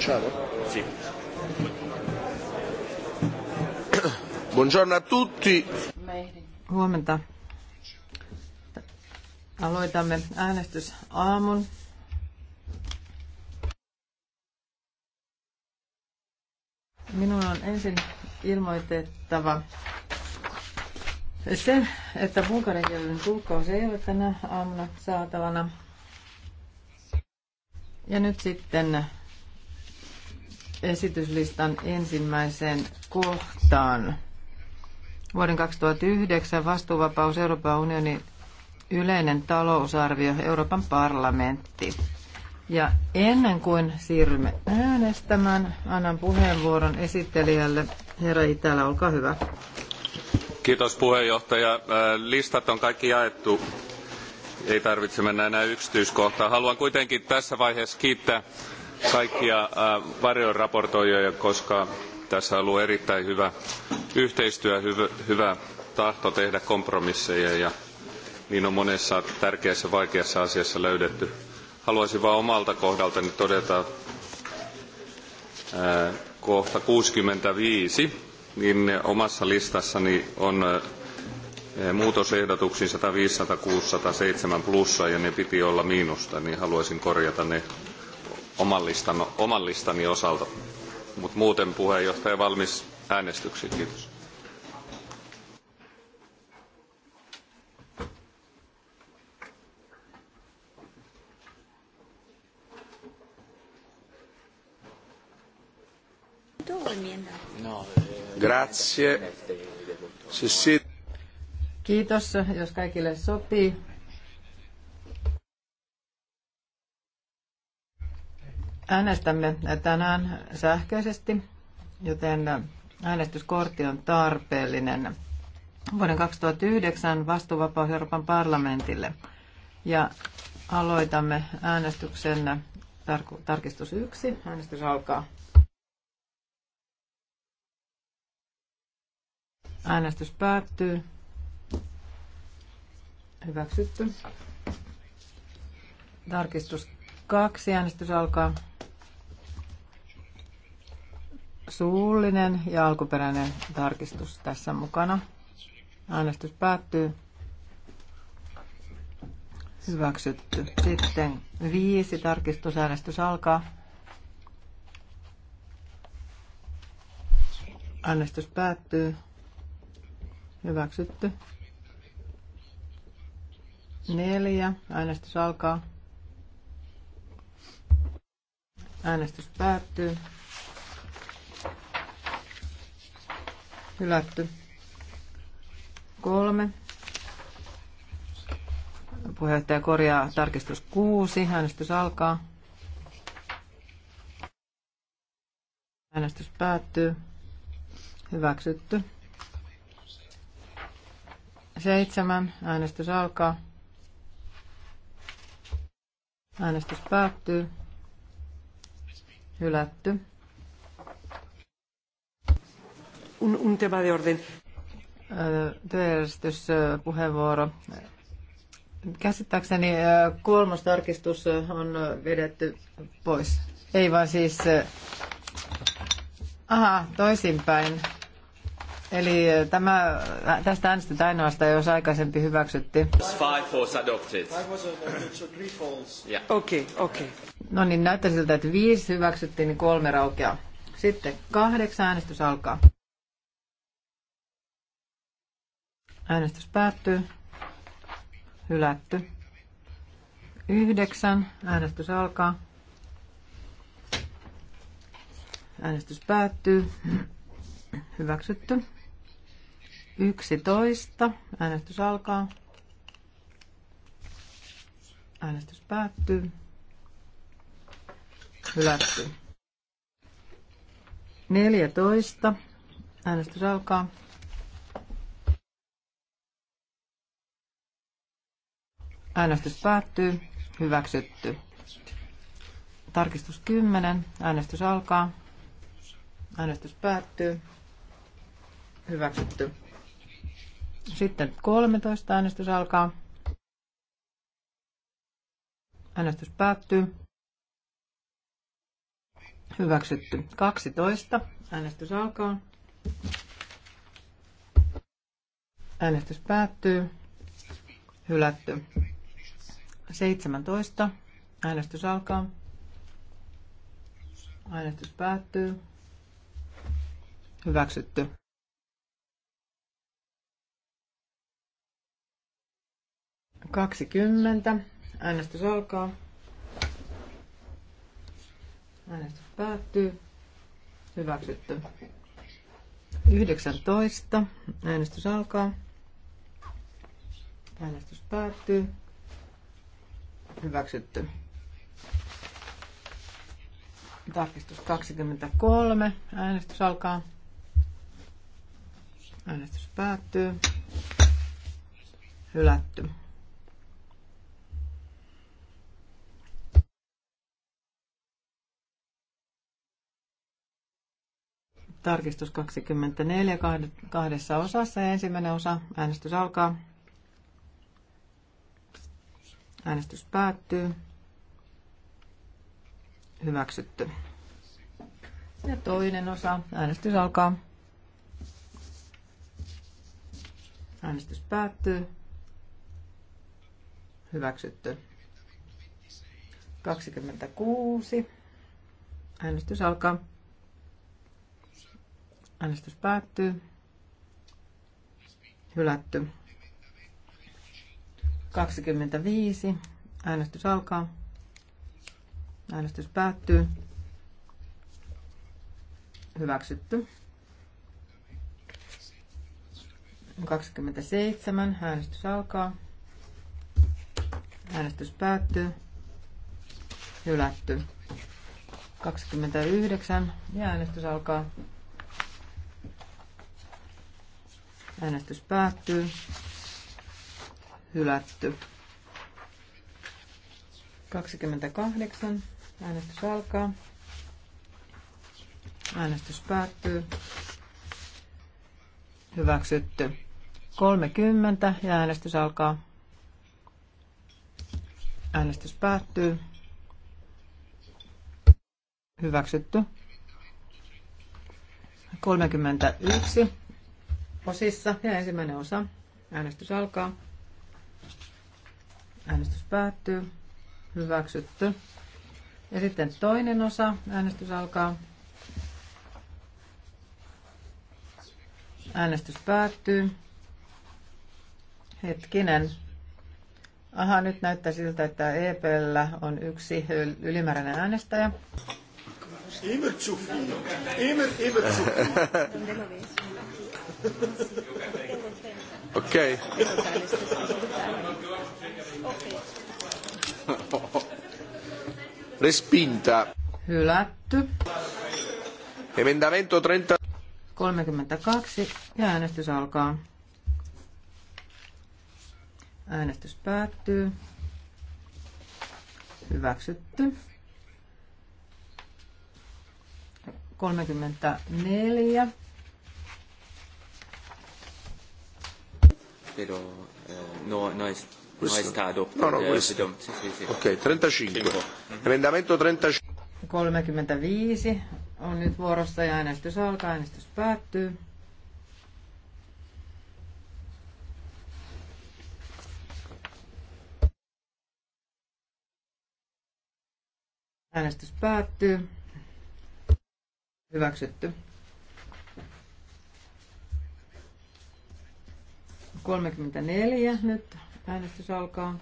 cominciamo? Sì. Buongiorno a tutti. Huomenta. Aloitamme äänestysaamun. Minun on ensin ilmoitettava se, että bulgarinkielinen tulkkaus ei ole tänä aamuna saatavana. Ja nyt sitten esityslistan ensimmäiseen kohtaan. Vuoden 2009 vastuuvapaus Euroopan unionin yleinen talousarvio Euroopan parlamentti. Ja ennen kuin siirrymme äänestämään, annan puheenvuoron esittelijälle. Herra Itälä, olkaa hyvä. Kiitos puheenjohtaja. Äh, listat on kaikki jaettu. Ei tarvitse mennä enää yksityiskohtaan. Haluan kuitenkin tässä vaiheessa kiittää kaikkia varjoraportoijia, koska tässä on ollut erittäin hyvä yhteistyö, hyvä tahto tehdä kompromisseja ja niin on monessa tärkeässä vaikeassa asiassa löydetty. Haluaisin vain omalta kohdaltani todeta ää, kohta 65, niin omassa listassani on ää, muutosehdotuksiin 105, 106, 107 plussa ja ne piti olla miinusta, niin haluaisin korjata ne oman, listan, oman listani osalta. Mutta muuten puheenjohtaja valmis äänestyksiin. Kiitos. Grazie. Kiitos, jos kaikille sopii. Äänestämme tänään sähköisesti, joten äänestyskortti on tarpeellinen. Vuoden 2009 vastuuvapaus Euroopan parlamentille. Ja aloitamme äänestyksen tar- tarkistus 1. Äänestys alkaa. Äänestys päättyy. Hyväksytty. Tarkistus kaksi. Äänestys alkaa suullinen ja alkuperäinen tarkistus tässä mukana. Äänestys päättyy. Hyväksytty. Sitten viisi tarkistusäänestys alkaa. Äänestys päättyy. Hyväksytty. Neljä. Äänestys alkaa. Äänestys päättyy. Hylätty. Kolme. Puheenjohtaja korjaa tarkistus kuusi. Äänestys alkaa. Äänestys päättyy. Hyväksytty. Seitsemän. Äänestys alkaa. Äänestys päättyy. Hylätty. un, tema de orden. Käsittääkseni äh, kolmas tarkistus äh, on vedetty pois. Ei vaan siis, äh, aha, toisinpäin. Eli tämä, tästä äänestetään ainoastaan, jos aikaisempi hyväksyttiin. Five was adopted. Five was three No niin, näyttää siltä, että viisi hyväksyttiin, niin kolme raukeaa. Sitten kahdeksan äänestys alkaa. Äänestys päättyy. Hylätty. Yhdeksän. Äänestys alkaa. Äänestys päättyy. Hyväksytty. toista Äänestys alkaa. Äänestys päättyy. Hylätty. Neljätoista. Äänestys alkaa. Äänestys päättyy. Hyväksytty. Tarkistus 10. Äänestys alkaa. Äänestys päättyy. Hyväksytty. Sitten 13. Äänestys alkaa. Äänestys päättyy. Hyväksytty. 12. Äänestys alkaa. Äänestys päättyy. Hylätty. 17. Äänestys alkaa. Äänestys päättyy. Hyväksytty. Kaksikymmentä. Äänestys alkaa. Äänestys päättyy. Hyväksytty. Yhdeksäntoista Äänestys alkaa. Äänestys päättyy hyväksytty. Tarkistus 23. Äänestys alkaa. Äänestys päättyy. Hylätty. Tarkistus 24 kahdessa osassa. Ensimmäinen osa. Äänestys alkaa. Äänestys päättyy. Hyväksytty. Ja toinen osa. Äänestys alkaa. Äänestys päättyy. Hyväksytty. 26. Äänestys alkaa. Äänestys päättyy. Hylätty. 25. Äänestys alkaa. Äänestys päättyy. Hyväksytty. 27. Äänestys alkaa. Äänestys päättyy. Hylätty. 29. Ja äänestys alkaa. Äänestys päättyy hylätty. 28. Äänestys alkaa. Äänestys päättyy. Hyväksytty. 30 ja äänestys alkaa. Äänestys päättyy. Hyväksytty. 31 osissa ja ensimmäinen osa. Äänestys alkaa. Äänestys päättyy. Hyväksytty. Ja sitten toinen osa. Äänestys alkaa. Äänestys päättyy. Hetkinen. Aha, nyt näyttää siltä, että EPllä on yksi ylimääräinen äänestäjä. Immer Immer, Okei. Okay. Respinta. Hylätty. Emendamento 30. 32. Ja äänestys alkaa. Äänestys päättyy. Hyväksytty. 34. Pero eh, no, no es Questo... No, No, eh, questo. Ok, 35. Emendamento 35. 35 on nyt vuorossa ja äänestys alkaa, äänestys päättyy. Äänestys päättyy. Hyväksytty. 34 nyt Äänestys alkaa.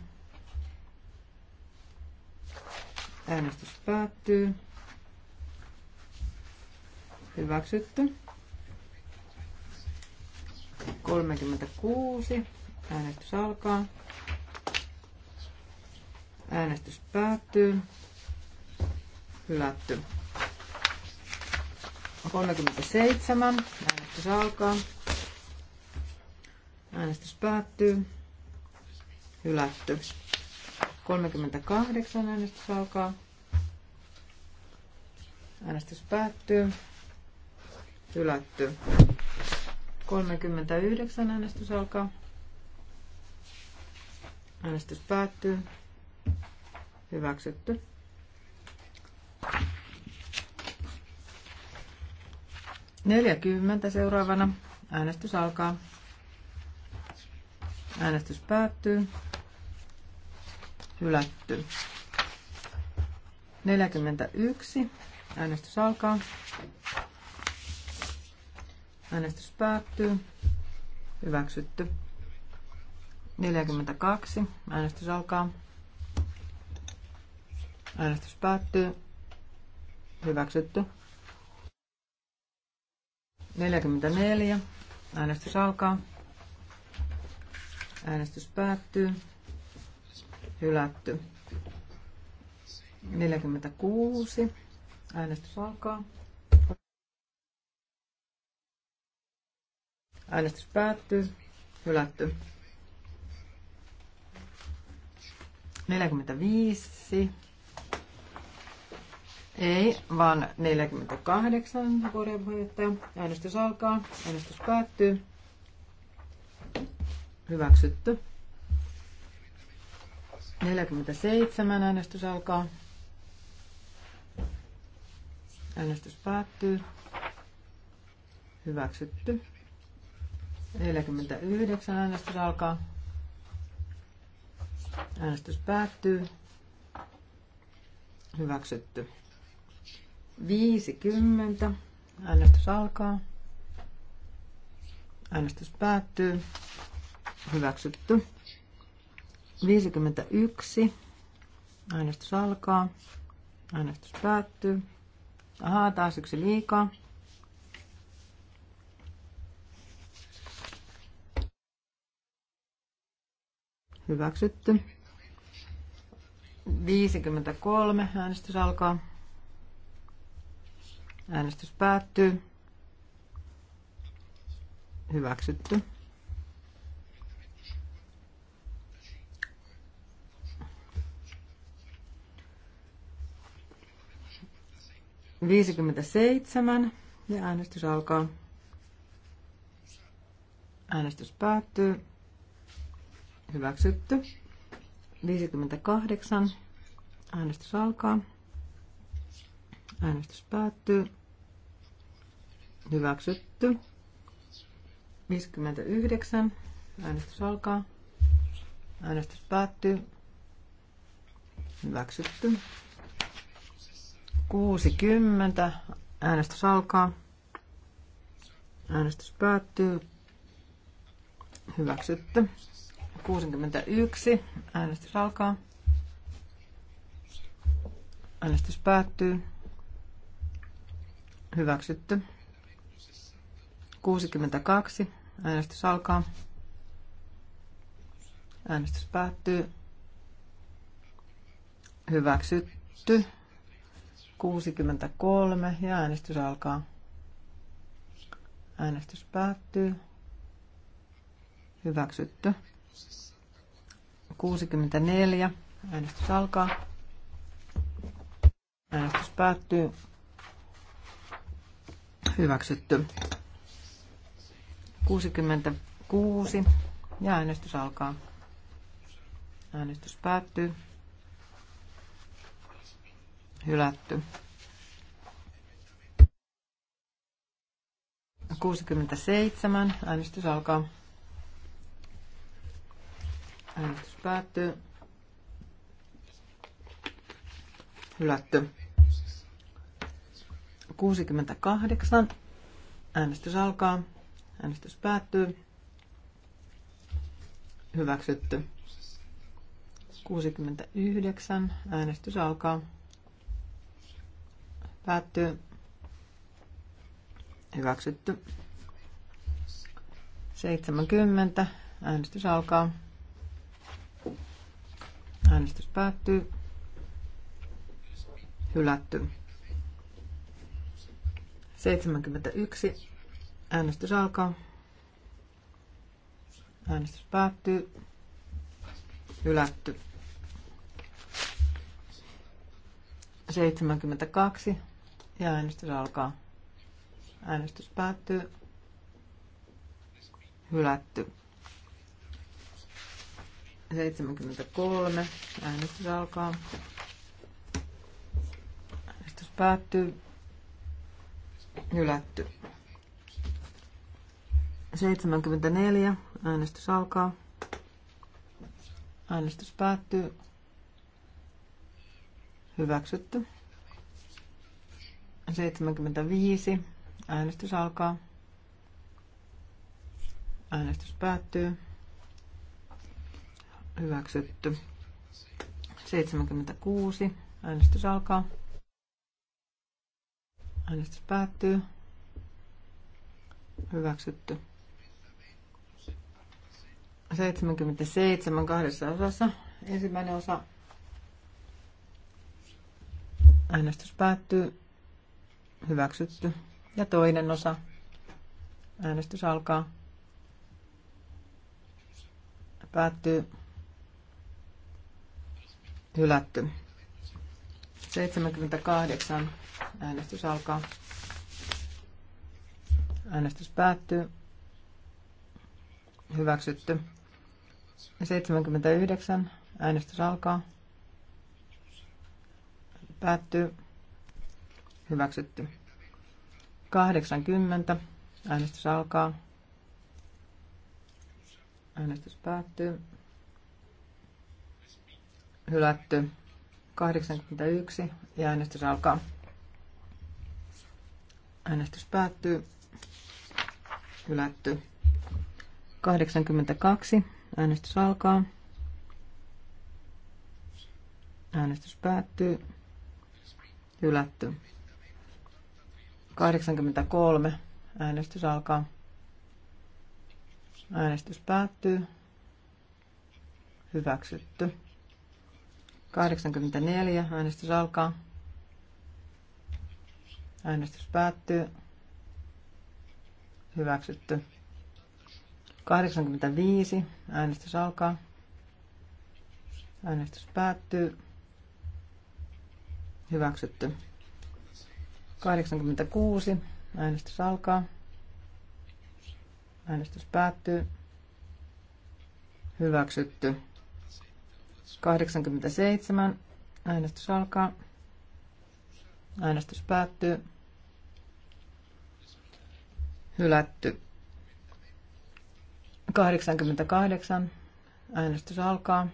Äänestys päättyy. Hyväksytty. 36. Äänestys alkaa. Äänestys päättyy. Hylätty. 37. Äänestys alkaa. Äänestys päättyy hylätty. 38 äänestys alkaa. Äänestys päättyy. Hylätty. 39 äänestys alkaa. Äänestys päättyy. Hyväksytty. Neljäkymmentä seuraavana. Äänestys alkaa. Äänestys päättyy hylätty. 41. Äänestys alkaa. Äänestys päättyy. Hyväksytty. 42. Äänestys alkaa. Äänestys päättyy. Hyväksytty. 44. Äänestys alkaa. Äänestys päättyy hylätty. 46. Äänestys alkaa. Äänestys päättyy. Hylätty. 45. Ei, vaan 48 vuoden puheenjohtaja. Äänestys alkaa. Äänestys päättyy. Hyväksytty. 47 äänestys alkaa. Äänestys päättyy. Hyväksytty. 49 äänestys alkaa. Äänestys päättyy. Hyväksytty. 50. Äänestys alkaa. Äänestys päättyy. Hyväksytty. 51. Äänestys alkaa. Äänestys päättyy. Ahaa, taas yksi liikaa. Hyväksytty. 53. Äänestys alkaa. Äänestys päättyy. Hyväksytty. 57 ja äänestys alkaa. Äänestys päättyy. Hyväksytty. 58. Äänestys alkaa. Äänestys päättyy. Hyväksytty. 59. Äänestys alkaa. Äänestys päättyy. Hyväksytty. 60. Äänestys alkaa. Äänestys päättyy. Hyväksytty. 61. Äänestys alkaa. Äänestys päättyy. Hyväksytty. 62. Äänestys alkaa. Äänestys päättyy. Hyväksytty. 63 ja äänestys alkaa. Äänestys päättyy. Hyväksytty. 64. Äänestys alkaa. Äänestys päättyy. Hyväksytty. 66. Ja äänestys alkaa. Äänestys päättyy. Hylätty. 67. Äänestys alkaa. Äänestys päättyy. Hylätty. 68. Äänestys alkaa. Äänestys päättyy. Hyväksytty. 69. Äänestys alkaa. Päättyy. Hyväksytty. 70. Äänestys alkaa. Äänestys päättyy. Hylätty. 71. Äänestys alkaa. Äänestys päättyy. Hylätty. 72. Ja äänestys alkaa. Äänestys päättyy. Hylätty. 73. Äänestys alkaa. Äänestys päättyy. Hylätty. 74. Äänestys alkaa. Äänestys päättyy. Hyväksytty. 75. Äänestys alkaa. Äänestys päättyy. Hyväksytty. 76. Äänestys alkaa. Äänestys päättyy. Hyväksytty. 77 kahdessa osassa. Ensimmäinen osa. Äänestys päättyy hyväksytty. Ja toinen osa. Äänestys alkaa. Päättyy. Hylätty. 78. Äänestys alkaa. Äänestys päättyy. Hyväksytty. 79. Äänestys alkaa. Päättyy. Hyväksytty. 80. Äänestys alkaa. Äänestys päättyy. Hylätty. 81 ja äänestys alkaa. Äänestys päättyy. Hylätty. 82. Äänestys alkaa. Äänestys päättyy. Hylätty. 83. Äänestys alkaa. Äänestys päättyy. Hyväksytty. 84. Äänestys alkaa. Äänestys päättyy. Hyväksytty. 85. Äänestys alkaa. Äänestys päättyy. Hyväksytty. 86. Äänestys alkaa. Äänestys päättyy. Hyväksytty. 87. Äänestys alkaa. Äänestys päättyy. Hylätty. 88. Äänestys alkaa.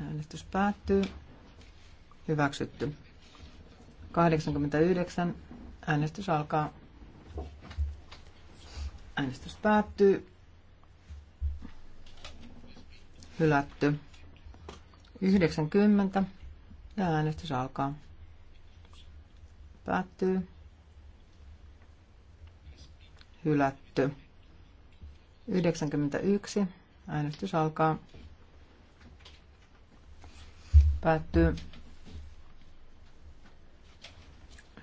Äänestys päättyy. Hyväksytty. 89. Äänestys alkaa. Äänestys päättyy. Hylätty. 90. Ja äänestys alkaa. Päättyy. Hylätty. 91. Äänestys alkaa. Päättyy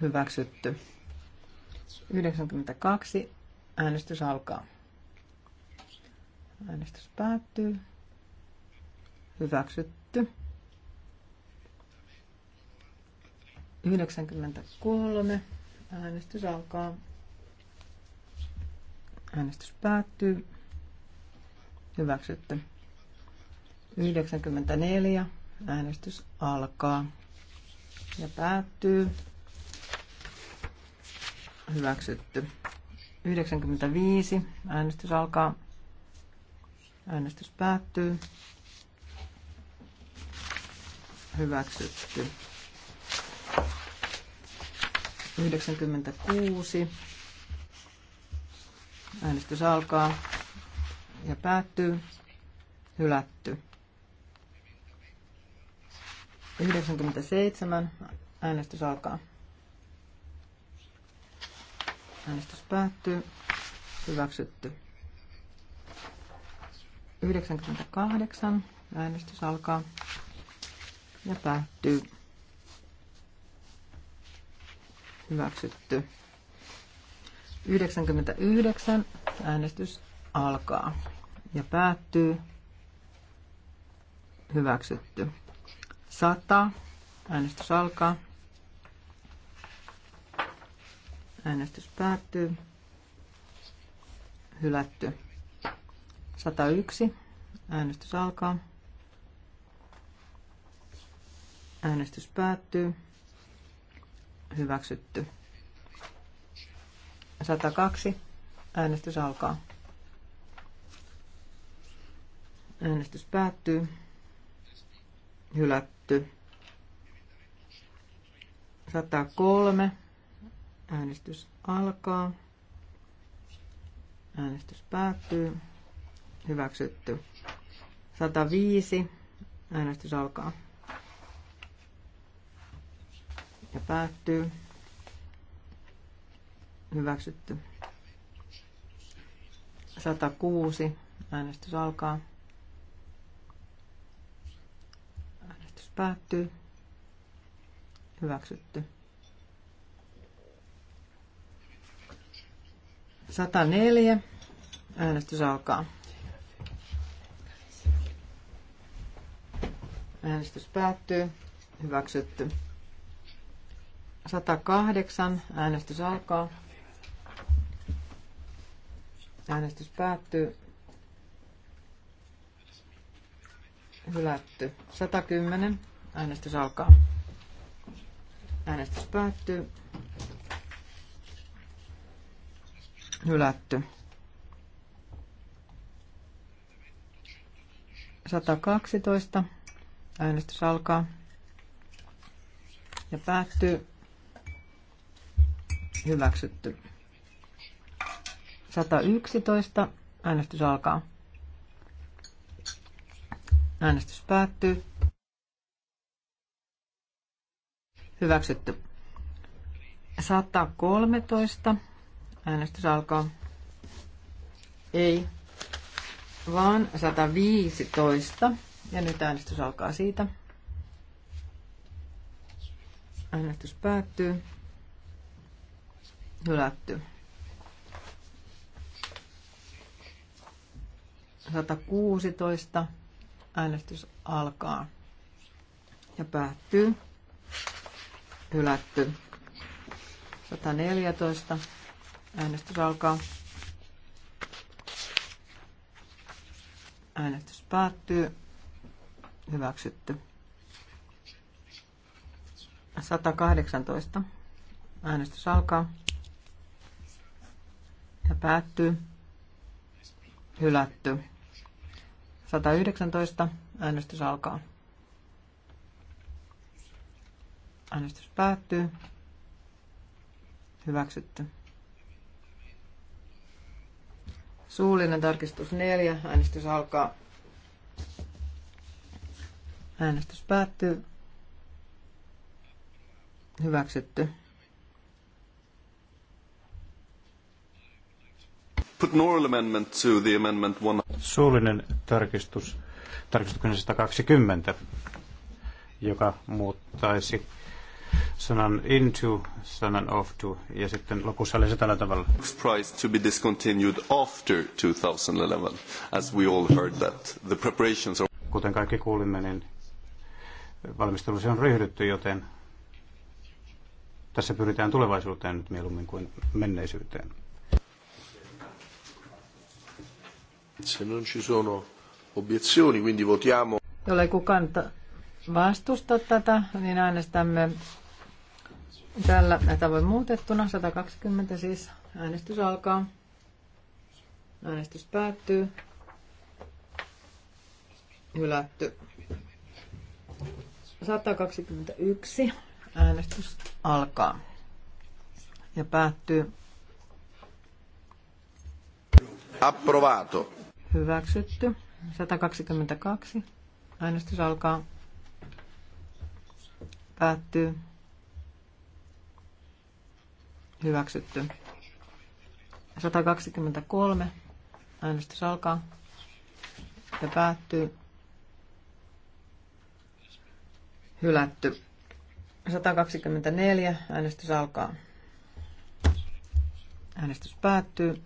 hyväksytty. 92. Äänestys alkaa. Äänestys päättyy. Hyväksytty. 93. Äänestys alkaa. Äänestys päättyy. Hyväksytty. 94. Äänestys alkaa ja päättyy hyväksytty. 95. Äänestys alkaa. Äänestys päättyy. Hyväksytty. 96. Äänestys alkaa ja päättyy. Hylätty. 97. Äänestys alkaa. Äänestys päättyy. Hyväksytty. 98. Äänestys alkaa ja päättyy. Hyväksytty. 99. Äänestys alkaa ja päättyy. Hyväksytty. 100. Äänestys alkaa Äänestys päättyy. Hylätty. 101. Äänestys alkaa. Äänestys päättyy. Hyväksytty. 102. Äänestys alkaa. Äänestys päättyy. Hylätty. 103. Äänestys alkaa. Äänestys päättyy. Hyväksytty. 105. Äänestys alkaa. Ja päättyy. Hyväksytty. 106. Äänestys alkaa. Äänestys päättyy. Hyväksytty. 104. Äänestys alkaa. Äänestys päättyy. Hyväksytty. 108. Äänestys alkaa. Äänestys päättyy. Hylätty. 110. Äänestys alkaa. Äänestys päättyy. hylätty. 112. Äänestys alkaa ja päättyy. Hyväksytty. 111. Äänestys alkaa. Äänestys päättyy. Hyväksytty. 113. Äänestys alkaa. Ei, vaan 115. Ja nyt äänestys alkaa siitä. Äänestys päättyy. Hylätty. 116. Äänestys alkaa ja päättyy. Hylätty. 114. Äänestys alkaa. Äänestys päättyy. Hyväksytty. 118. Äänestys alkaa. Ja päättyy. Hylätty. 119. Äänestys alkaa. Äänestys päättyy. Hyväksytty. Suullinen tarkistus 4. Äänestys alkaa. Äänestys päättyy. Hyväksytty. Put an oral amendment to the amendment one. Suullinen tarkistus tarkistus 120, joka muuttaisi sanan into, sanan off to, ja sitten lopussa oli se tällä tavalla. Price to be discontinued after 2011, as we all heard that the preparations are... Kuten kaikki kuulimme, niin valmistelussa on ryhdytty, joten tässä pyritään tulevaisuuteen nyt mieluummin kuin menneisyyteen. Se non ci sono obiezioni, quindi votiamo. Jollei kukaan vastusta tätä, niin äänestämme Tällä tavoin muutettuna 120 siis äänestys alkaa. Äänestys päättyy. Hylätty. 121 äänestys alkaa ja päättyy. Approvato. Hyväksytty. 122. Äänestys alkaa. Päättyy. Hyväksytty. 123. Äänestys alkaa ja päättyy. Hylätty. 124. Äänestys alkaa. Äänestys päättyy.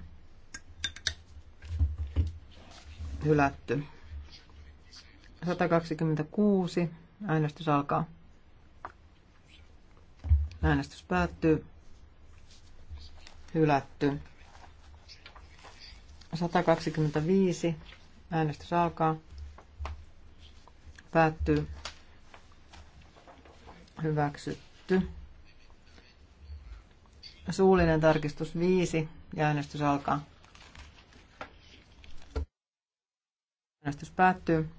Hylätty. 126. Äänestys alkaa. Äänestys päättyy hylätty. 125. Äänestys alkaa. Päättyy. Hyväksytty. Suullinen tarkistus 5 ja äänestys alkaa. Äänestys päättyy.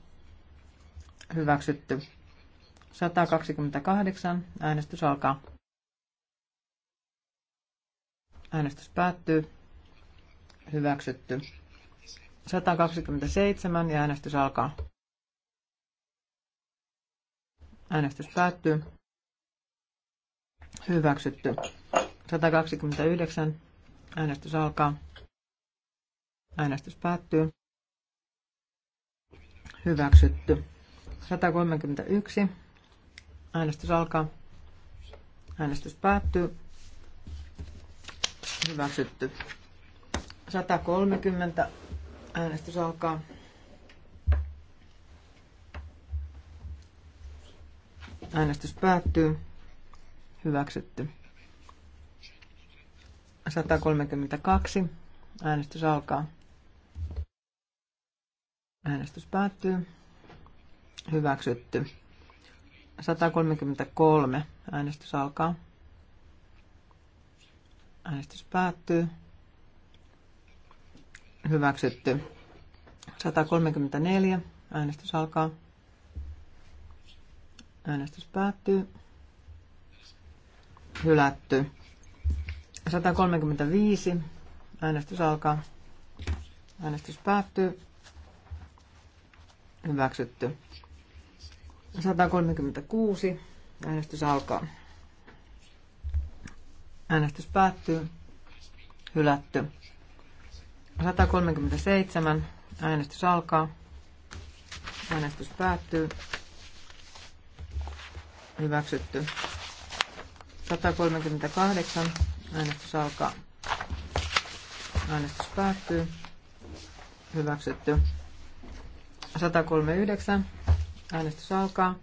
Hyväksytty. 128. Äänestys alkaa. Äänestys päättyy. Hyväksytty. 127 ja äänestys alkaa. Äänestys päättyy. Hyväksytty. 129. Äänestys alkaa. Äänestys päättyy. Hyväksytty. 131. Äänestys alkaa. Äänestys päättyy hyväksytty. 130 äänestys alkaa. Äänestys päättyy. Hyväksytty. 132. Äänestys alkaa. Äänestys päättyy. Hyväksytty. 133. Äänestys alkaa. Äänestys päättyy. Hyväksytty. 134. Äänestys alkaa. Äänestys päättyy. Hylätty. 135. Äänestys alkaa. Äänestys päättyy. Hyväksytty. 136. Äänestys alkaa. Äänestys päättyy. Hylätty. 137. Äänestys alkaa. Äänestys päättyy. Hyväksytty. 138. Äänestys alkaa. Äänestys päättyy. Hyväksytty. 139. Äänestys alkaa.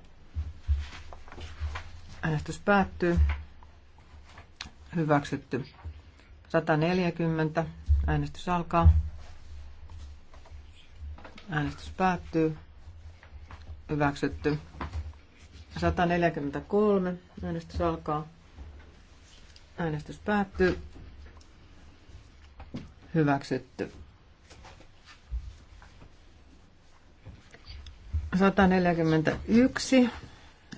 Äänestys päättyy hyväksytty. 140. Äänestys alkaa. Äänestys päättyy. Hyväksytty. 143. Äänestys alkaa. Äänestys päättyy. Hyväksytty. 141.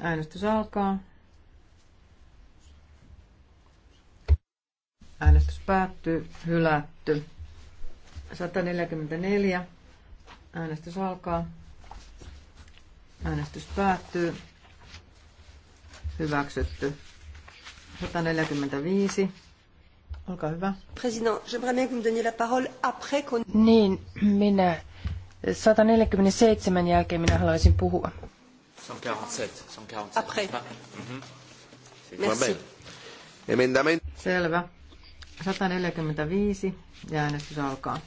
Äänestys alkaa. Äänestys päättyy. Hylätty. 144. Äänestys alkaa. Äänestys päättyy. Hyväksytty. 145. Olkaa hyvä. President, j'aimerais bien que vous me donniez la parole après qu'on... Niin, minä 147 jälkeen minä haluaisin puhua. 147. 147. Après. Mm-hmm. Merci. Selvä. 145 ja äänestys alkaa.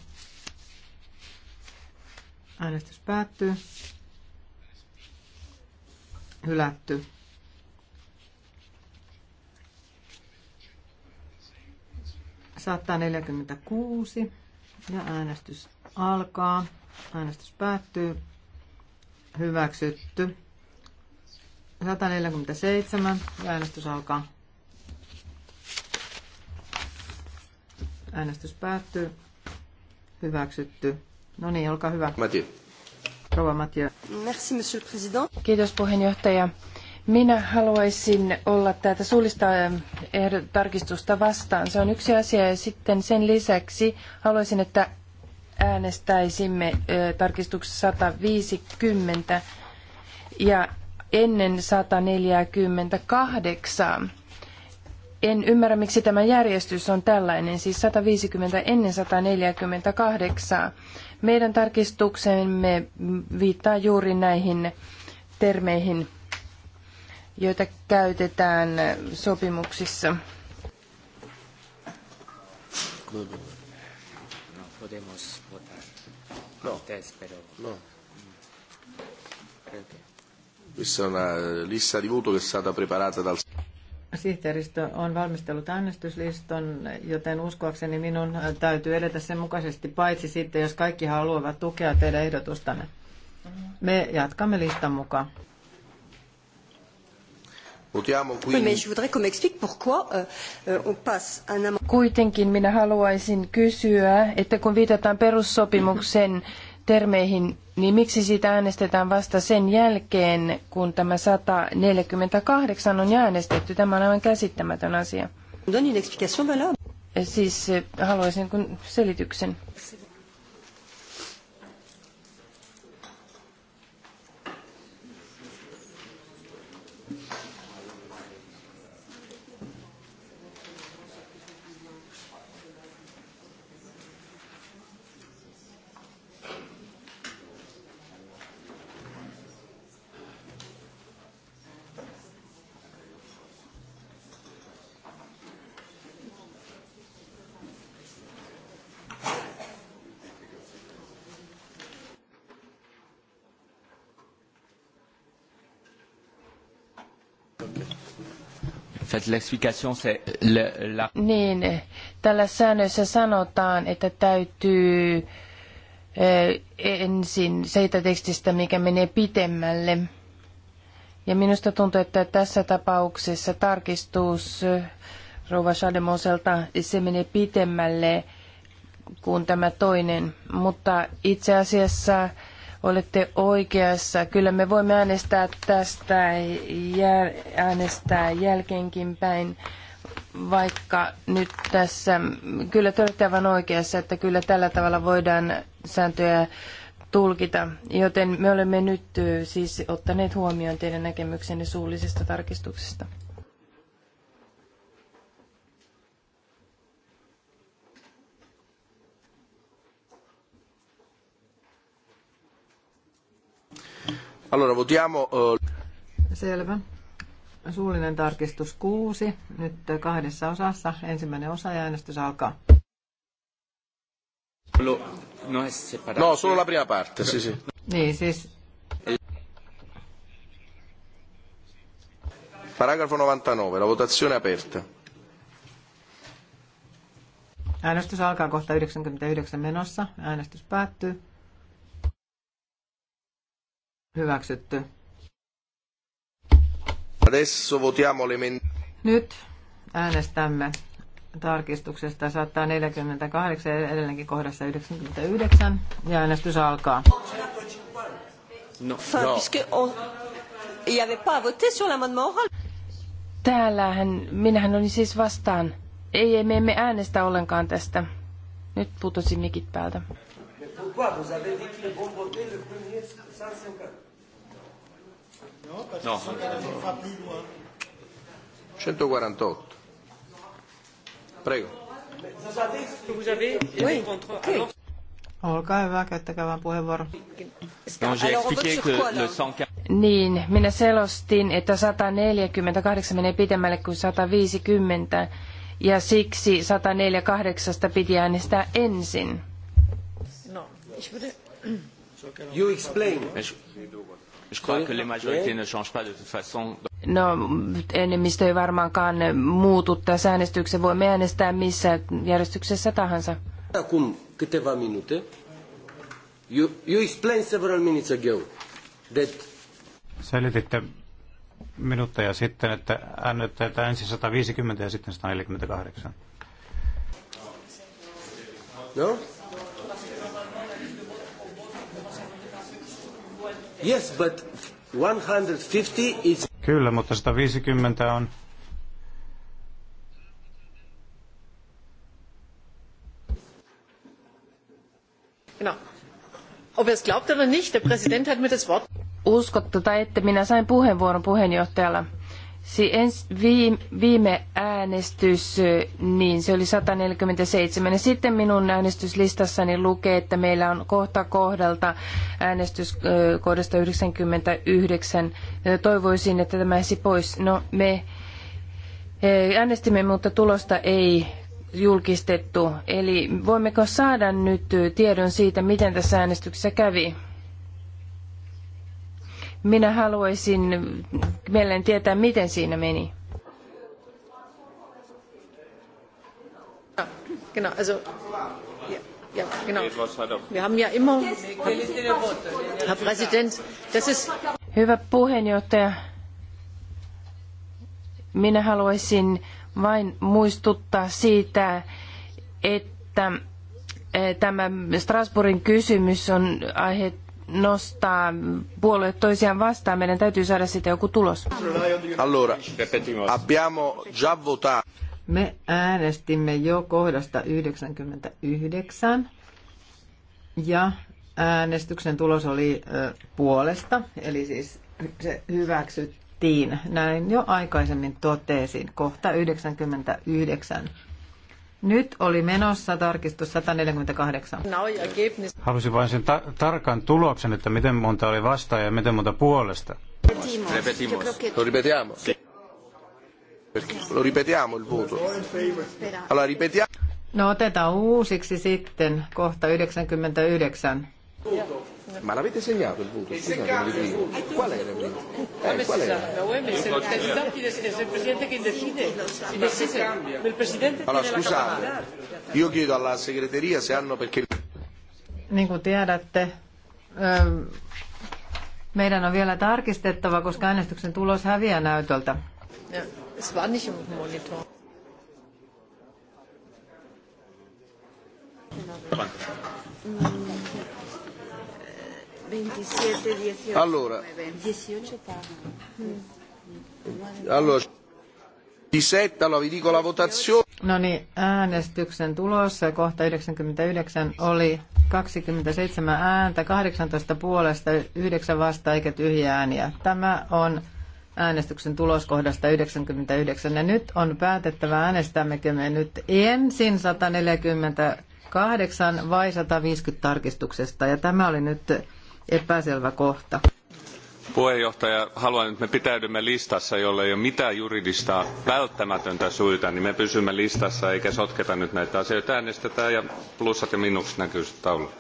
Äänestys päättyy. Hylätty. Saattaa 46 ja äänestys alkaa. Äänestys päättyy. Hyväksytty. 147 ja äänestys alkaa. Äänestys päättyy. Hyväksytty. No niin, olkaa hyvä. Matti. Rova Mattia. Merci, monsieur le président. Kiitos puheenjohtaja. Minä haluaisin olla tätä suullista ähm, tarkistusta vastaan. Se on yksi asia ja sitten sen lisäksi haluaisin, että äänestäisimme äh, tarkistuksessa 150 ja ennen 148. En ymmärrä, miksi tämä järjestys on tällainen, siis 150 ennen 148. Meidän tarkistuksemme viittaa juuri näihin termeihin, joita käytetään sopimuksissa. No. No. Questa è una lista di voto che è stata preparata dal... Sihteeristö on valmistellut äänestysliston, joten uskoakseni minun täytyy edetä sen mukaisesti, paitsi sitten, jos kaikki haluavat tukea teidän ehdotustanne. Me jatkamme listan mukaan. Euh, euh, Kuitenkin minä haluaisin kysyä, että kun viitataan perussopimuksen termeihin, niin miksi siitä äänestetään vasta sen jälkeen, kun tämä 148 on äänestetty? Tämä on aivan käsittämätön asia. Siis eh, haluaisin selityksen. Niin, tällä säännössä sanotaan, että täytyy eh, ensin seitä tekstistä, mikä menee pitemmälle. Ja minusta tuntuu, että tässä tapauksessa tarkistus Rouva Shademoselta, se menee pitemmälle kuin tämä toinen. Mutta itse asiassa Olette oikeassa. Kyllä me voimme äänestää tästä jär, äänestää jälkeenkin päin, vaikka nyt tässä, kyllä te olette aivan oikeassa, että kyllä tällä tavalla voidaan sääntöjä tulkita. Joten me olemme nyt siis ottaneet huomioon teidän näkemyksenne suullisesta tarkistuksesta. Allora votiamo... Eh, Selvä. Suullinen tarkistus 6, nyt kahdessa osassa. Ensimmäinen osa ja äänestys alkaa. No, no solo la prima parte, sì, sì. Niin, siis... Paragrafo 99, la votazione aperta. Äänestys alkaa kohta 99 menossa. Äänestys päättyy. Hyväksytty. Adesso votiamo Nyt äänestämme tarkistuksesta 148 ja edelleenkin kohdassa 99 ja äänestys alkaa. No. no. Täällähän, minähän olin siis vastaan. Ei, ei, me emme äänestä ollenkaan tästä. Nyt putosi mikit päältä. No, perché no. sono 148. Prego. Olkaa hyvä, käyttäkää vaan puheenvuoro. niin, minä selostin, että 148 menee pidemmälle kuin 150 ja siksi 148 piti äänestää ensin. No, you explain. Je crois que les majorités ne changent pas de toute façon. No, enemmistö ei varmaankaan muutu tässä äänestyksessä. Voimme äänestää missä järjestyksessä tahansa. Acum câteva minute, you, you explain several minutes ago that... Selititte minuutteja sitten, että äänestetään ensin 150 ja sitten 148. No? Yes, but 150 is... Kyllä, mutta 150 on... Genau. Ob nicht, der Präsident hat mir das Wort... Uskottu tai ette, minä sain puheenvuoron puheenjohtajalla viime äänestys, niin se oli 147. Ja sitten minun äänestyslistassani lukee, että meillä on kohta kohdalta äänestyskohdasta 99. Toivoisin, että tämä jäisi pois. No me äänestimme, mutta tulosta ei julkistettu. Eli voimmeko saada nyt tiedon siitä, miten tässä äänestyksessä kävi? Minä haluaisin mielen tietää, miten siinä meni. Ah, genau, also ja, genau. Wir haben ja immer, Herr Präsident, das ist... Hyvä puheenjohtaja, minä haluaisin vain muistuttaa siitä, että eh, tämä Strasbourgin kysymys on aihe nostaa puolueet toisiaan vastaan. Meidän täytyy saada siitä joku tulos. Allora, abbiamo già votato. Me äänestimme jo kohdasta 99 ja äänestyksen tulos oli puolesta, eli siis se hyväksyttiin. Näin jo aikaisemmin totesin, kohta 99 nyt oli menossa tarkistus 148. Halusin vain sen ta- tarkan tuloksen, että miten monta oli vastaan ja miten monta puolesta. Lo ripetiamo. Lo ripetiamo il voto. Allora ripetiamo. No otetaan uusiksi sitten kohta 99. Ma l'avete segnato il voto? il Qual era il voto? Eh, qual era? il Presidente che decide. Allora scusate, io chiedo alla segreteria se hanno perché... Niin tiedätte, ehm, meidän on vielä tarkistettava, koska äänestyksen tulos häviää näytöltä. Ja, 27, 18. Allora. 18 Allora. 17, allora vi dico la votazione. No niin, äänestyksen tulos kohta 99 oli 27 ääntä, 18 puolesta, 9 vasta eikä tyhjä ääniä. Tämä on äänestyksen tuloskohdasta 99. Ja nyt on päätettävä äänestämmekö me nyt ensin 148 vai 150 tarkistuksesta. Ja tämä oli nyt epäselvä kohta. Puheenjohtaja, haluan, että me pitäydymme listassa, jolle ei ole mitään juridista välttämätöntä syytä, niin me pysymme listassa eikä sotketa nyt näitä asioita. Äänestetään ja plussat ja miinukset näkyy taululla.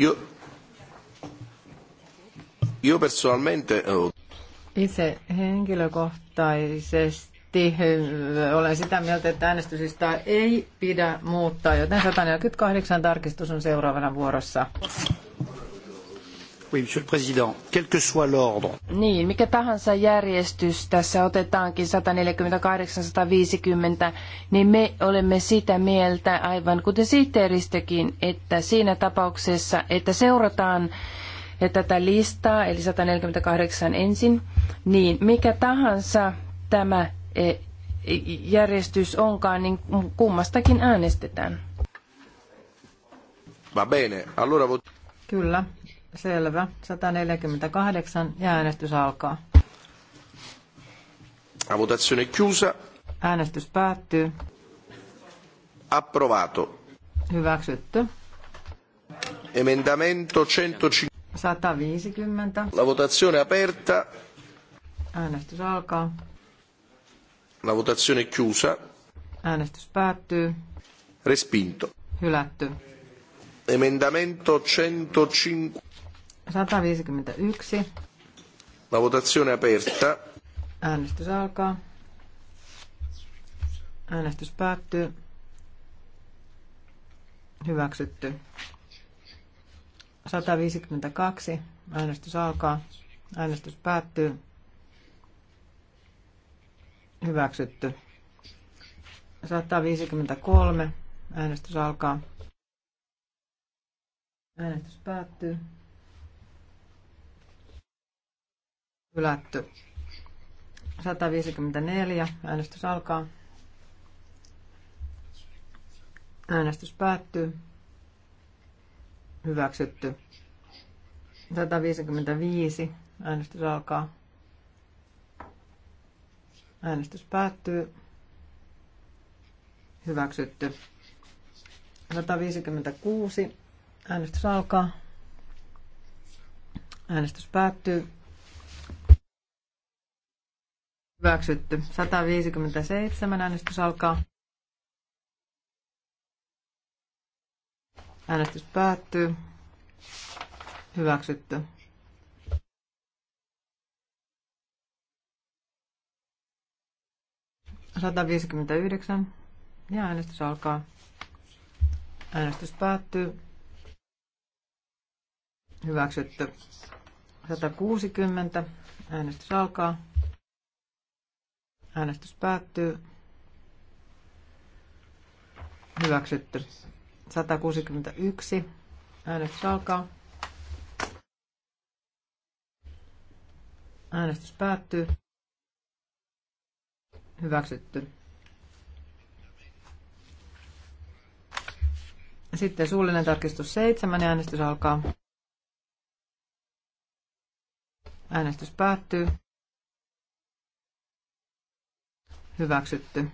Io, io personalmente... Itse henkilökohtaisesti yleisesti olen sitä mieltä, että äänestysistä ei pidä muuttaa, joten 148 tarkistus on seuraavana vuorossa. Oui, monsieur le président, quel que soit l'ordre. Niin, mikä tahansa järjestys tässä otetaankin 148-150, niin me olemme sitä mieltä, aivan kuten sihteeristökin, että siinä tapauksessa, että seurataan eh, tätä listaa, eli 148 ensin, niin mikä tahansa tämä järjestys onkaan, niin kummastakin äänestetään. Va bene, allora vot... Kyllä, selvä. 148 ja äänestys alkaa. La votazione chiusa. Äänestys päättyy. Approvato. Hyväksytty. Emendamento 150. 150. La votazione aperta. Äänestys alkaa. La votazione è chiusa. Äänestys päättyy. Respinto. Hylätty. Emendamento 105. 151. La votazione è aperta. Äänestys alkaa. Äänestys päättyy. Hyväksytty. 152. Äänestys alkaa. Äänestys päättyy. Hyväksytty. 153. Äänestys alkaa. Äänestys päättyy. Hylätty. 154. Äänestys alkaa. Äänestys päättyy. Hyväksytty. 155. Äänestys alkaa. Äänestys päättyy. Hyväksytty. 156. Äänestys alkaa. Äänestys päättyy. Hyväksytty. 157. Äänestys alkaa. Äänestys päättyy. Hyväksytty. 159. Ja äänestys alkaa. Äänestys päättyy. Hyväksytty. 160. Äänestys alkaa. Äänestys päättyy. Hyväksytty. 161. Äänestys alkaa. Äänestys päättyy hyväksytty. Sitten suullinen tarkistus 7, äänestys alkaa. Äänestys päättyy. Hyväksytty.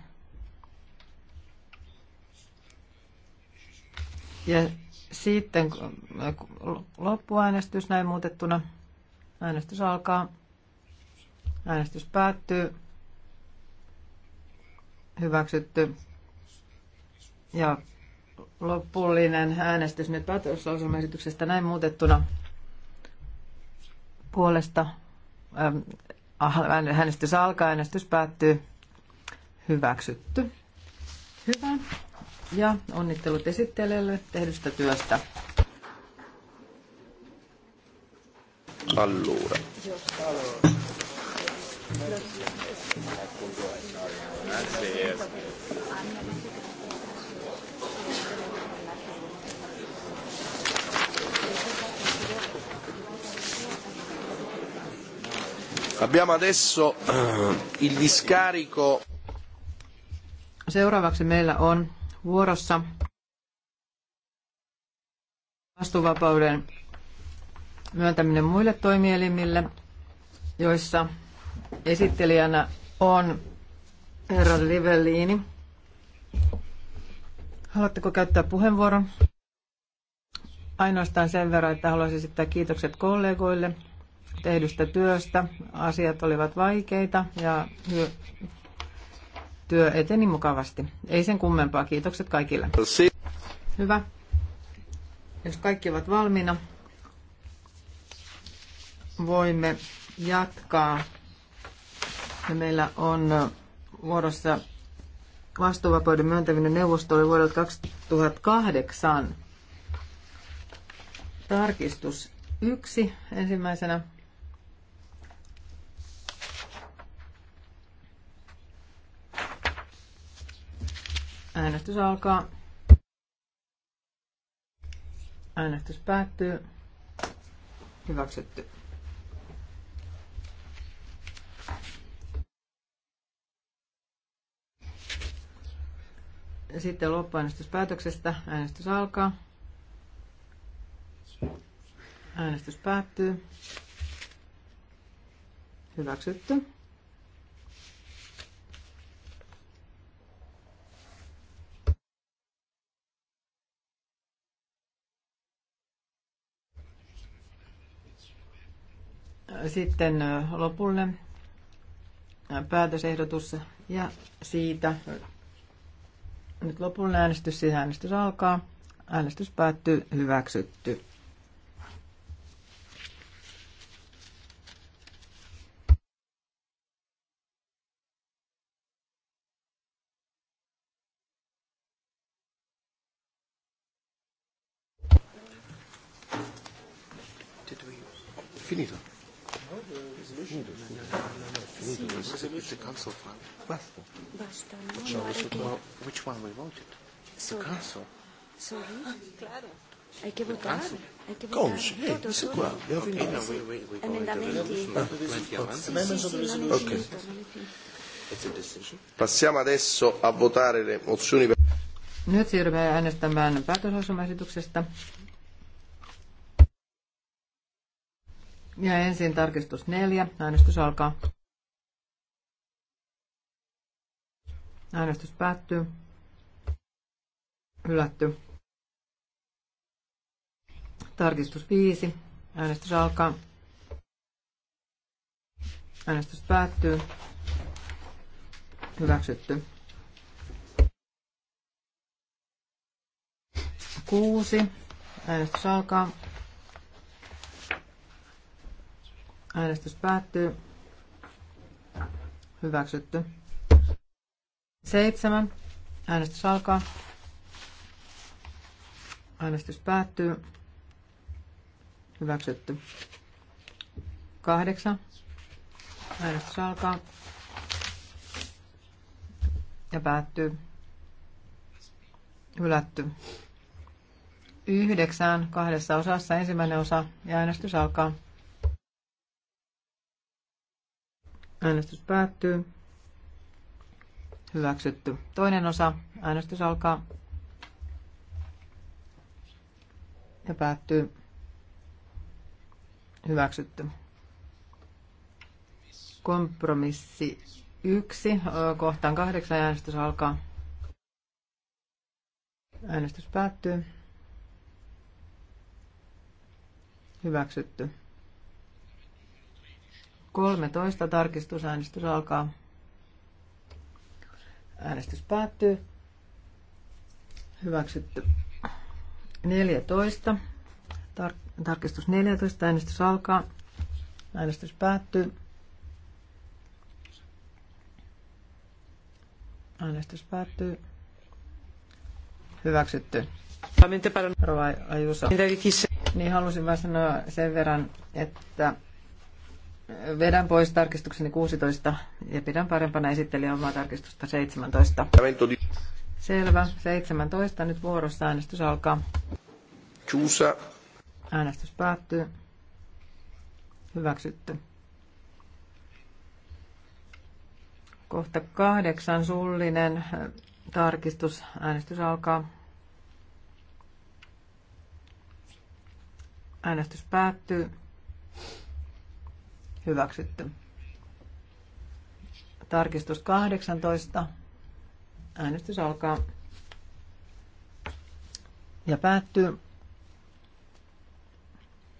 Ja sitten loppuäänestys näin muutettuna. Äänestys alkaa. Äänestys päättyy hyväksytty. Ja lopullinen äänestys nyt päätöslauselmaesityksestä näin muutettuna puolesta. Äänestys alkaa, äänestys päättyy. Hyväksytty. Hyvä. Ja onnittelut esittelijälle tehdystä työstä. Allora. Allora. Así es. Abbiamo adesso eh, il discarico. Seuraavaksi meillä on vuorossa vastuvapauden myöntäminen muille toimielimille, joissa esittelijänä on Herra Livellini. Haluatteko käyttää puheenvuoron? Ainoastaan sen verran, että haluaisin esittää kiitokset kollegoille tehdystä työstä. Asiat olivat vaikeita ja työ eteni mukavasti. Ei sen kummempaa. Kiitokset kaikille. Hyvä. Jos kaikki ovat valmiina, voimme jatkaa. Ja meillä on muodossa vastuuvapauden myöntäminen neuvostolle vuodelta 2008. Tarkistus yksi ensimmäisenä. Äänestys alkaa. Äänestys päättyy. Hyväksytty. Sitten loppuäänestyspäätöksestä. Äänestys alkaa. Äänestys päättyy. Hyväksytty. Sitten lopullinen päätösehdotus ja siitä nyt lopullinen äänestys, siis äänestys alkaa. Äänestys päättyy, hyväksytty. caso. Sorry? Claro. Hay que votar. eh, qua, finito. Emendamenti. Ok. Passiamo adesso a votare le mozioni per... Nyt siirrymme äänestämään päätöslausumaesityksestä. Ja ensin tarkistus neljä. Äänestys alkaa. Äänestys päättyy. Hylätty. Tarkistus 5. Äänestys alkaa. Äänestys päättyy. Hyväksytty. 6. Äänestys alkaa. Äänestys päättyy. Hyväksytty. 7. Äänestys alkaa. Äänestys päättyy. Hyväksytty. Kahdeksan. Äänestys alkaa. Ja päättyy. Hylätty. Yhdeksän. kahdessa osassa ensimmäinen osa ja äänestys alkaa. Äänestys päättyy. Hyväksytty. Toinen osa. Äänestys alkaa. ja päättyy hyväksytty. Kompromissi yksi kohtaan kahdeksan äänestys alkaa. Äänestys päättyy. Hyväksytty. 13 tarkistusäänestys alkaa. Äänestys päättyy. Hyväksytty. 14. Tar- tarkistus 14. Äänestys alkaa. Äänestys päättyy. Äänestys päättyy. Hyväksytty. Rova Ajusa. Niin halusin vain sanoa sen verran, että vedän pois tarkistukseni 16 ja pidän parempana esittelijän omaa tarkistusta 17. Selvä. 17. Nyt vuorossa äänestys alkaa. Chusa. Äänestys päättyy. Hyväksytty. Kohta kahdeksan sullinen tarkistus. Äänestys alkaa. Äänestys päättyy. Hyväksytty. Tarkistus 18. Äänestys alkaa ja päättyy.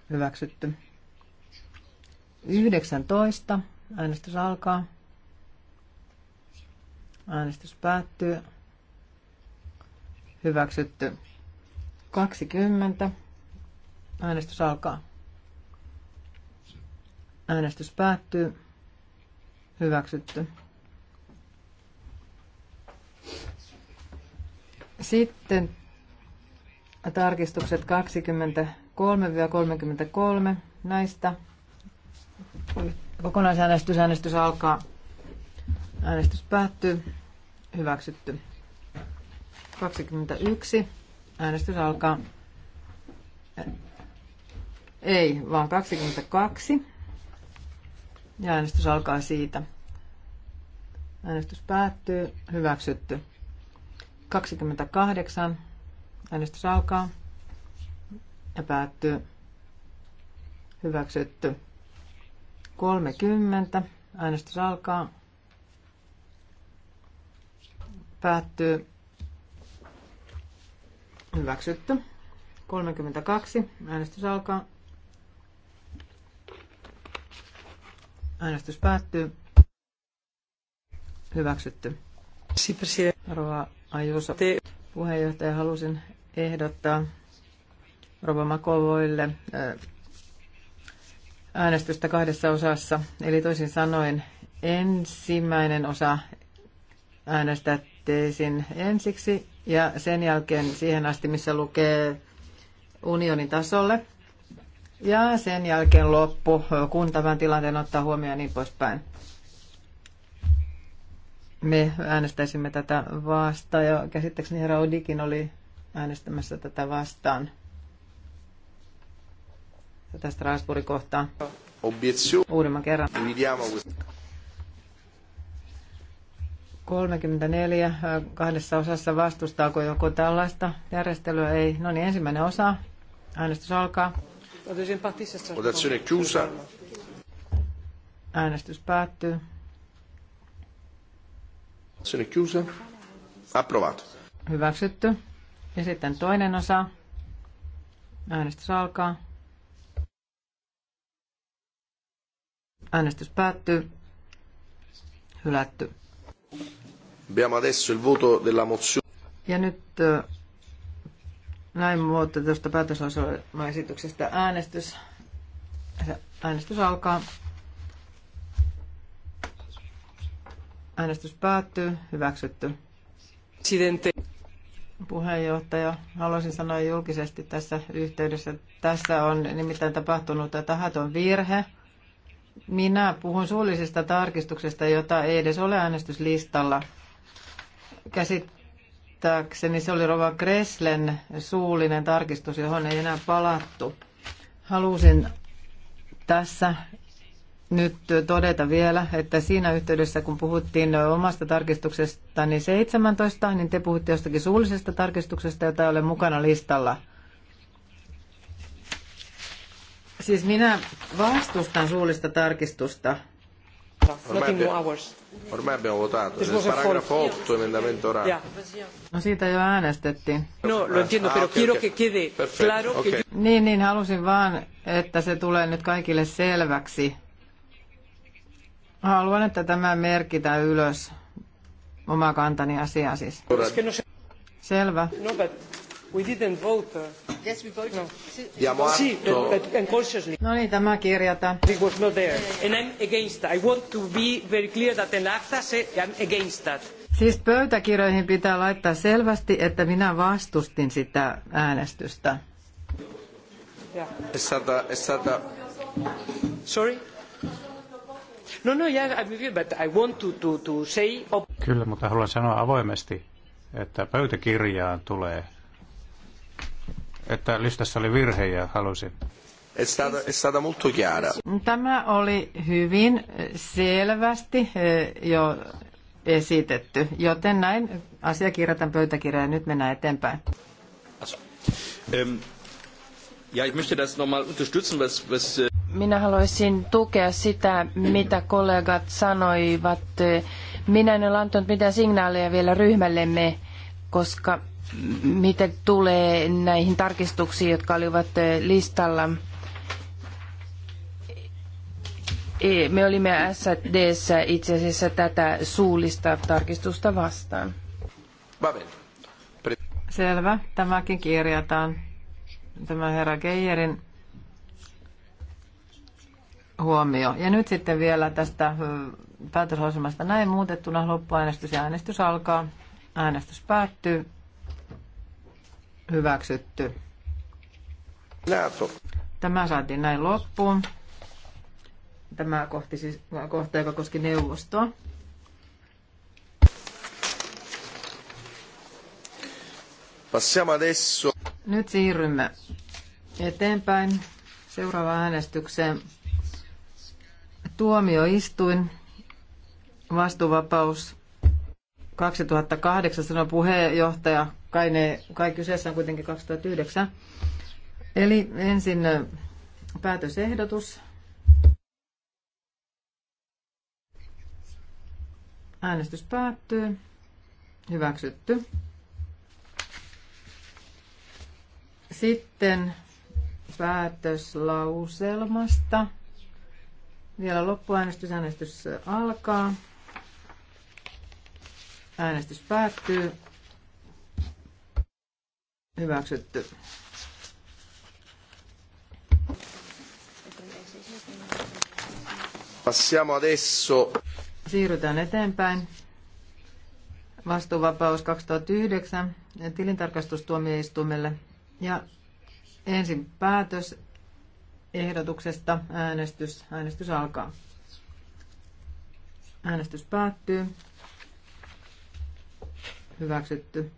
Hyväksytty. 19. Äänestys alkaa. Äänestys päättyy. Hyväksytty. 20. Äänestys alkaa. Äänestys päättyy. Hyväksytty. Sitten tarkistukset 23-33 näistä. Kokonaisäänestys, äänestys alkaa. Äänestys päättyy. Hyväksytty. 21. Äänestys alkaa. Ei, vaan 22. Ja äänestys alkaa siitä. Äänestys päättyy. Hyväksytty. 28. Äänestys alkaa ja päättyy. Hyväksytty. 30. Äänestys alkaa. Päättyy. Hyväksytty. 32. Äänestys alkaa. Äänestys päättyy. Hyväksytty. Rova Ajuso. Puheenjohtaja, halusin ehdottaa Rova Makovoille äh, äänestystä kahdessa osassa. Eli toisin sanoen ensimmäinen osa äänestätteisin ensiksi ja sen jälkeen siihen asti, missä lukee unionin tasolle. Ja sen jälkeen loppu, kun tämän tilanteen ottaa huomioon ja niin poispäin me äänestäisimme tätä vastaan ja käsittääkseni herra Odikin oli äänestämässä tätä vastaan tätä Strasbourgin kohtaa. Uudemman kerran. 34 äh, kahdessa osassa vastustaako joku tällaista järjestelyä? Ei. No niin, ensimmäinen osa. Äänestys alkaa. Äänestys päättyy. Se oli Approvato. Hyväksytty. Ja sitten toinen osa. Äänestys alkaa. Äänestys päättyy. Hylätty. Abbiamo adesso il voto della mozione. Ja nyt näin muotoitusta tuosta päätöslauselmaesityksestä äänestys. Äänestys alkaa. Äänestys päättyy. Hyväksytty. Presidente. Puheenjohtaja, haluaisin sanoa julkisesti tässä yhteydessä, tässä on nimittäin tapahtunut tahaton virhe. Minä puhun suullisesta tarkistuksesta, jota ei edes ole äänestyslistalla. Käsittääkseni se oli Rova Kreslen suullinen tarkistus, johon ei enää palattu. Halusin tässä nyt todeta vielä, että siinä yhteydessä, kun puhuttiin omasta tarkistuksesta, niin 17, niin te puhutte jostakin suullisesta tarkistuksesta, jota ei ole mukana listalla. Siis minä vastustan suullista tarkistusta. Ormai abbiamo votato. Paragrafo 8, emendamento orale. No siitä jo äänestettiin. No, lo ah, entiendo, ah, pero quiero que quede claro que... Niin, niin, halusin vaan, että se tulee nyt kaikille selväksi. Haluan, että tämä merkitään ylös. Oma kantani asiaa siis. Selvä. No, but we didn't vote. Uh, yes, we voted. No. Diamo sì, but, but unconsciously. No niin, tämä kirjata. It was not there. And I'm against that. I want to be very clear that in acta I'm against that. Siis pöytäkirjoihin pitää laittaa selvästi, että minä vastustin sitä äänestystä. Yeah. È stata, Sorry? No, no, yeah, but I want to, to, to say... Kyllä, mutta haluan sanoa avoimesti, että pöytäkirjaan tulee, että listassa oli virhe ja halusin. Tämä oli hyvin selvästi eh, jo esitetty, joten näin asia kirjataan pöytäkirjaan ja nyt mennään eteenpäin. Ähm, ja, ich möchte das nochmal unterstützen, was, was äh, minä haluaisin tukea sitä, mitä kollegat sanoivat. Minä en ole antanut mitään signaaleja vielä ryhmällemme, koska mitä tulee näihin tarkistuksiin, jotka olivat eh, listalla. E, me olimme SDssä itse asiassa tätä suullista tarkistusta vastaan. Selvä. Tämäkin kirjataan. Tämä herra Geijerin huomio. Ja nyt sitten vielä tästä päätöslauselmasta näin muutettuna loppuäänestys ja äänestys alkaa. Äänestys päättyy. Hyväksytty. Tämä saatiin näin loppuun. Tämä kohti siis, kohta, joka koski neuvostoa. Passiamo adesso. Nyt siirrymme eteenpäin seuraavaan äänestykseen. Tuomioistuin, vastuvapaus 2008, sanoi puheenjohtaja, kai, ne, kai kyseessä on kuitenkin 2009. Eli ensin päätösehdotus. Äänestys päättyy. Hyväksytty. Sitten päätöslauselmasta. Vielä loppuäänestys. Äänestys alkaa. Äänestys päättyy. Hyväksytty. Passiamo adesso. Siirrytään eteenpäin. Vastuuvapaus 2009 tilintarkastustuomioistuimelle. Ja ensin päätös ehdotuksesta äänestys. Äänestys alkaa. Äänestys päättyy. Hyväksytty.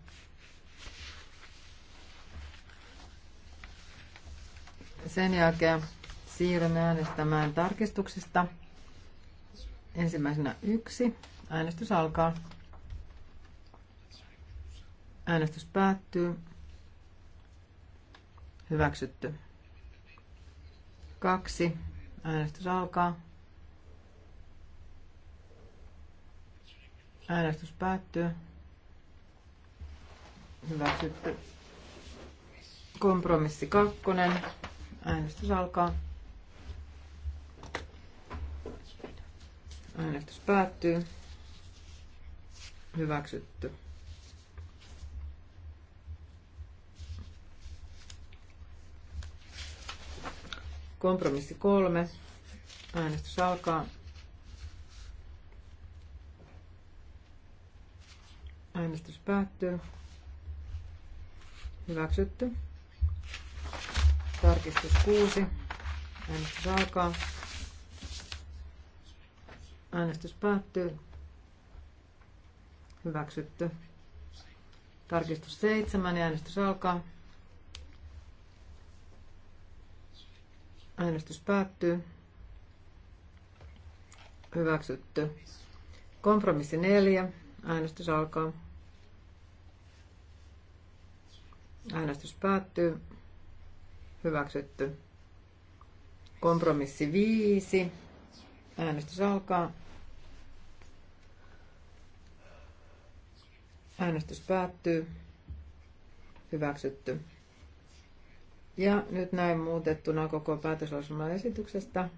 Sen jälkeen siirrymme äänestämään tarkistuksista. Ensimmäisenä yksi. Äänestys alkaa. Äänestys päättyy. Hyväksytty kaksi. Äänestys alkaa. Äänestys päättyy. Hyväksytty. Kompromissi kakkonen. Äänestys alkaa. Äänestys päättyy. Hyväksytty. Kompromissi kolme. Äänestys alkaa. Äänestys päättyy. Hyväksytty. Tarkistus 6. Äänestys alkaa. Äänestys päättyy. Hyväksytty. Tarkistus 7. Äänestys alkaa. Äänestys päättyy. Hyväksytty. Kompromissi 4. Äänestys alkaa. Äänestys päättyy. Hyväksytty. Kompromissi 5. Äänestys alkaa. Äänestys päättyy. Hyväksytty. Ja nyt näin muutettuna koko päätöslausuman esityksestä.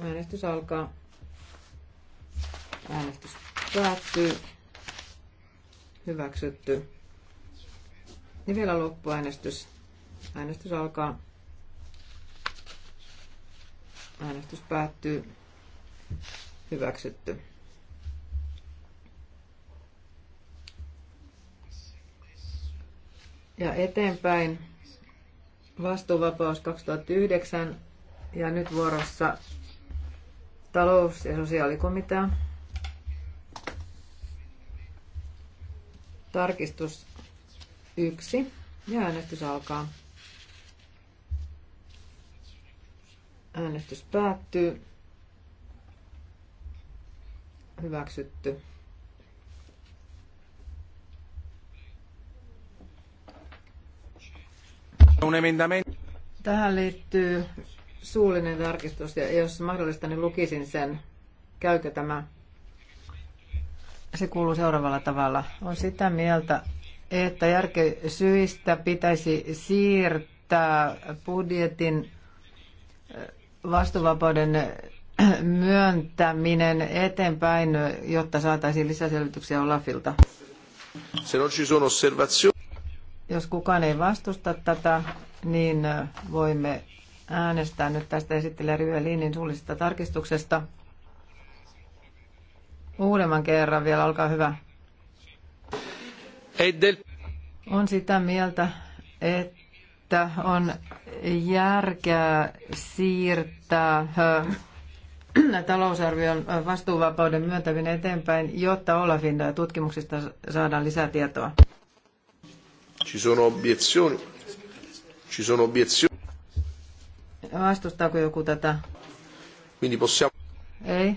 Äänestys alkaa. Äänestys päättyy. Hyväksytty. Ja vielä loppuäänestys. Äänestys alkaa. Äänestys päättyy. Hyväksytty. Ja eteenpäin vastuuvapaus 2009 ja nyt vuorossa talous- ja sosiaalikomitea. Tarkistus 1 ja äänestys alkaa. Äänestys päättyy. Hyväksytty. Tähän liittyy suullinen tarkistus, ja jos mahdollista, niin lukisin sen. Käykö tämä? Se kuuluu seuraavalla tavalla. On sitä mieltä, että järkeisyistä pitäisi siirtää budjetin äh, vastuvapauden äh, myöntäminen eteenpäin, jotta saataisiin lisäselvityksiä Olafilta. Se on osservazioni. Jos kukaan ei vastusta tätä, niin äh, voimme äänestää nyt tästä esittelijä Liinin suullisesta tarkistuksesta. Uudemman kerran vielä, olkaa hyvä. On sitä mieltä, että on järkeä siirtää äh, talousarvion äh, vastuuvapauden myöntäminen eteenpäin, jotta Olafin tutkimuksista saadaan lisää tietoa. Ci sono obiezioni? Ci sono obiezioni? Vastustaako joku tätä? Quindi possiamo... Ei.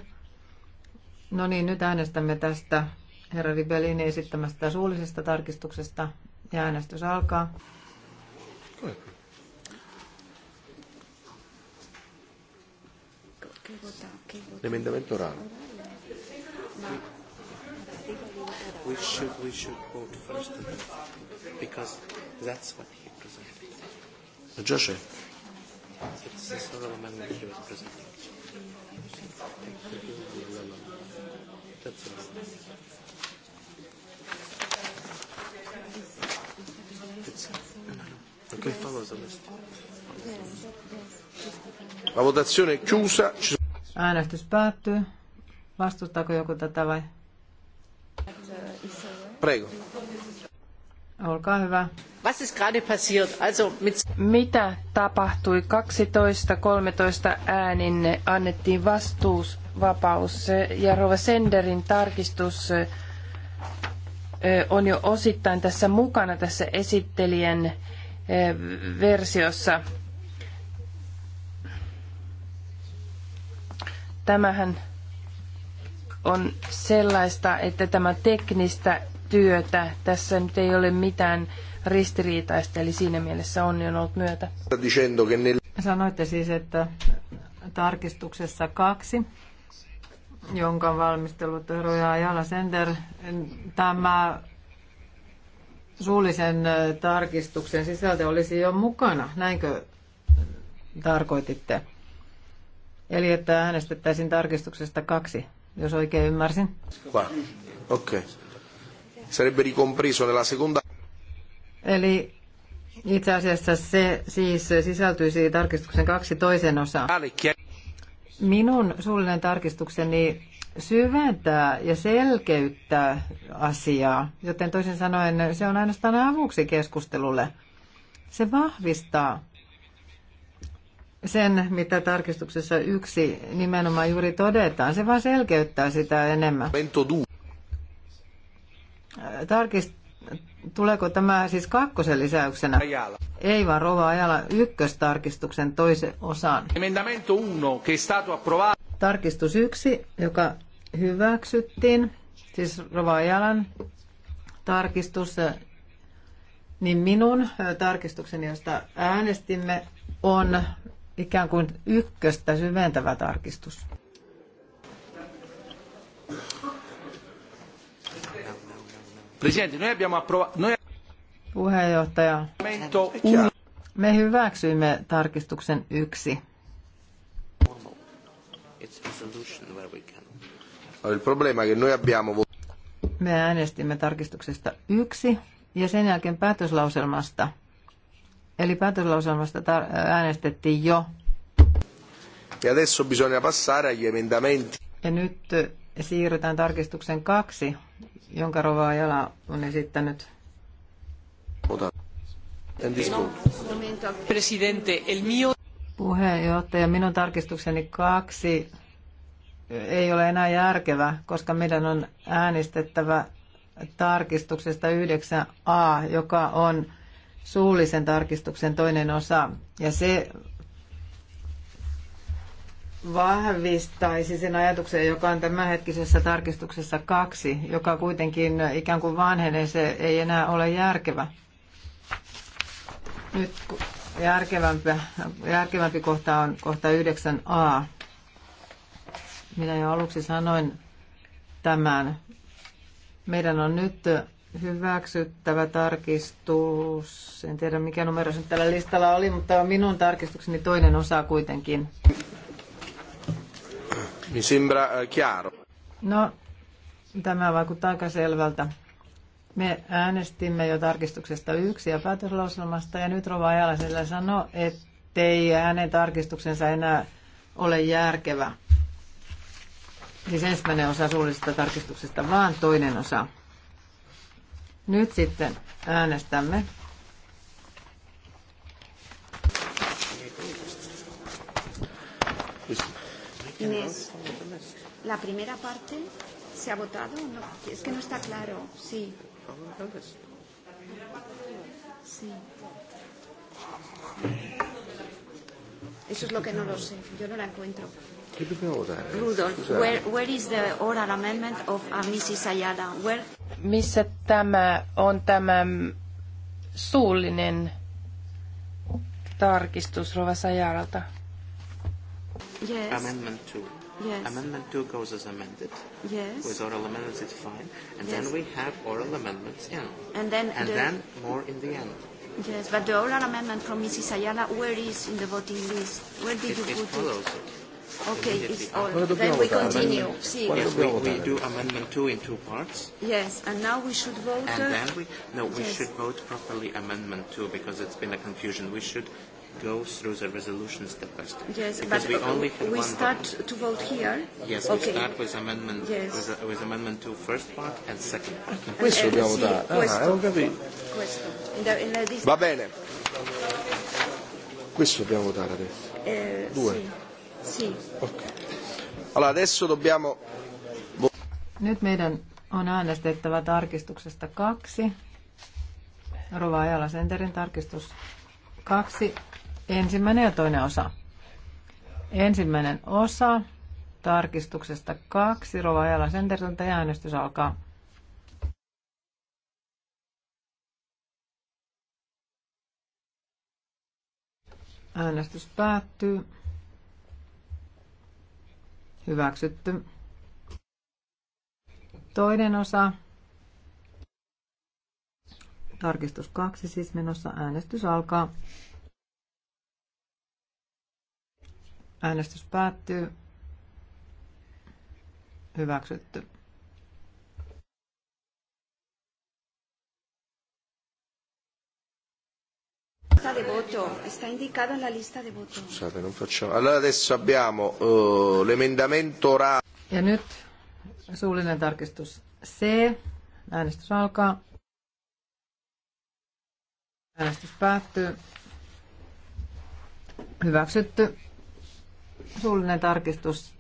No niin, nyt äänestämme tästä herra Ribelini esittämästä suullisesta tarkistuksesta ja äänestys alkaa. L'emendamento orale we should we should vote first of all because that's what he presented. Joshua. It's the sort of he was presenting. That's all. La votazione è chiusa. Äänestys päättyy. Vastustaako joku tätä vai? Prego. Olkaa hyvä. Was ist gerade passiert? Also mit... Mitä tapahtui? 12 äänin annettiin vastuusvapaus ja Rova Senderin tarkistus on jo osittain tässä mukana tässä esittelijän versiossa. Tämähän on sellaista, että tämä teknistä työtä. Tässä nyt ei ole mitään ristiriitaista, eli siinä mielessä onni on ollut myötä. Sanoitte siis, että tarkistuksessa kaksi, jonka on valmistellut Roja Ajala Sender, tämä suullisen tarkistuksen sisältö olisi jo mukana, näinkö tarkoititte? Eli että äänestettäisiin tarkistuksesta kaksi, jos oikein ymmärsin. Okei. Okay sarebbe ricompreso nella seconda... Eli itse asiassa se siis sisältyisi tarkistuksen kaksi toisen osaan. Minun suullinen tarkistukseni syventää ja selkeyttää asiaa, joten toisin sanoen se on ainoastaan avuksi keskustelulle. Se vahvistaa sen, mitä tarkistuksessa yksi nimenomaan juuri todetaan. Se vain selkeyttää sitä enemmän tarkist, tuleeko tämä siis kakkosen lisäyksenä? Ajala. Ei vaan Rova Ajala ykköstarkistuksen toisen osan. Emendamento uno, che è stato approvato. Tarkistus yksi, joka hyväksyttiin, siis Rova Ajalan tarkistus, niin minun tarkistukseni, josta äänestimme, on ikään kuin ykköstä syventävä tarkistus. Presidente, noi abbiamo approvato... Noi... Puheenjohtaja, me hyväksyimme tarkistuksen yksi. Me äänestimme tarkistuksesta yksi ja sen jälkeen päätöslauselmasta. Eli päätöslauselmasta äänestettiin jo. Ja e adesso bisogna passare agli emendamenti. Ja nyt siirrytään tarkistuksen kaksi jonka Rova Ajala on esittänyt. Presidente, el mio... Puheenjohtaja, minun tarkistukseni kaksi ei ole enää järkevä, koska meidän on äänestettävä tarkistuksesta 9a, joka on suullisen tarkistuksen toinen osa. Ja se vahvistaisi sen ajatuksen, joka on tämänhetkisessä tarkistuksessa kaksi, joka kuitenkin ikään kuin vanhenee, se ei enää ole järkevä. Nyt järkevämpi, järkevämpi kohta on kohta 9a. Minä jo aluksi sanoin tämän. Meidän on nyt hyväksyttävä tarkistus. En tiedä mikä numero se tällä listalla oli, mutta minun tarkistukseni toinen osa kuitenkin. Mi sembra eh, chiaro. No, tämä vaikuttaa aika selvältä. Me äänestimme jo tarkistuksesta yksi ja päätöslauselmasta ja nyt Rova Ajalaisella sanoi, ettei hänen tarkistuksensa enää ole järkevä. Siis ensimmäinen osa suullisesta tarkistuksesta, vaan toinen osa. Nyt sitten äänestämme. Yes. La primera parte se ha votado. o No, es que no está claro. Sí. Sí. Eso es lo que no lo sé. Yo no la encuentro. Rudolf, where, where is the oral amendment of uh, Mrs. Ayala? Where... Missä tämä on tämä suullinen tarkistus Rova Sajaralta? Yes. Amendment 2. Yes. Amendment 2 goes as amended. Yes. With oral amendments, it's fine. And yes. then we have oral amendments in. And then, and the, then more in the end. Yes, but the oral amendment from Mrs. Ayala, where is in the voting list? Where did it, you it put follows it? it? Okay, it's Well, Then we continue. See, Yes, we, we do amendment two in two parts. Yes, and now we should vote. And uh, then we no, we yes. should vote properly amendment two because it's been a confusion. We should go through the resolution step by step. Yes, because but we only have we one start vote. to vote here. Yes, okay. we start with amendment yes. with, uh, with amendment to first part and second part. Okay. Questo dobbiamo sì, Ah, ho capito. Questo. In the, in the Va bene. Questo dobbiamo votare adesso. Eh, Due. Sì. sì. Okay. Allora adesso dobbiamo Nyt meidän on äänestettävä tarkistuksesta kaksi. Rova Ajala Senterin tarkistus kaksi Ensimmäinen ja toinen osa. Ensimmäinen osa tarkistuksesta kaksi. Rova Ajala Sentertöltä ja äänestys alkaa. Äänestys päättyy. Hyväksytty. Toinen osa. Tarkistus kaksi siis menossa. Äänestys alkaa. Äänestys päättyy. Hyväksytty. lista lista eh, Ja nyt suullinen tarkistus C. Äänestys alkaa. Äänestys päättyy. Hyväksytty. Suullinen tarkistus.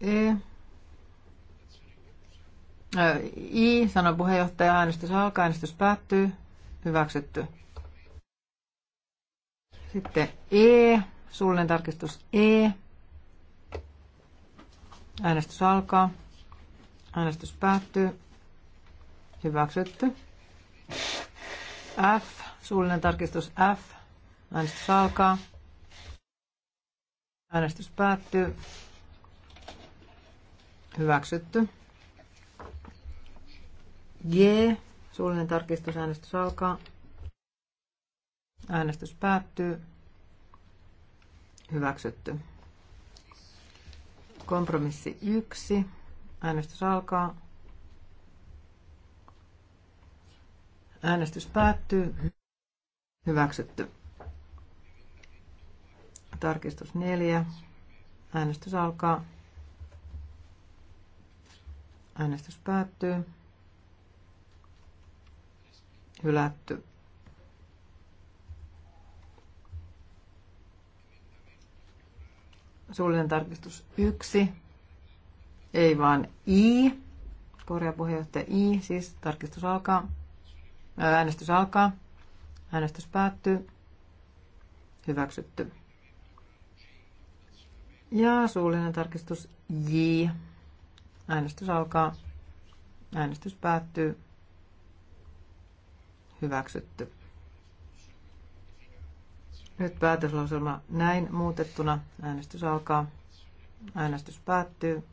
E. I, sanoi puheenjohtaja, äänestys alkaa, äänestys päättyy, hyväksytty. Sitten E, suullinen tarkistus E. Äänestys alkaa, äänestys päättyy, hyväksytty. F, suullinen tarkistus F, äänestys alkaa, Äänestys päättyy. Hyväksytty. G. Suullinen tarkistusäänestys alkaa. Äänestys päättyy. Hyväksytty. Kompromissi 1. Äänestys alkaa. Äänestys päättyy. Hyväksytty tarkistus 4. Äänestys alkaa. Äänestys päättyy. Hylätty. Suullinen tarkistus 1. Ei vaan I. Korja puheenjohtaja I. Siis tarkistus alkaa. Äänestys alkaa. Äänestys päättyy. Hyväksytty. Ja suullinen tarkistus J. Äänestys alkaa. Äänestys päättyy. Hyväksytty. Nyt päätöslauselma näin muutettuna. Äänestys alkaa. Äänestys päättyy.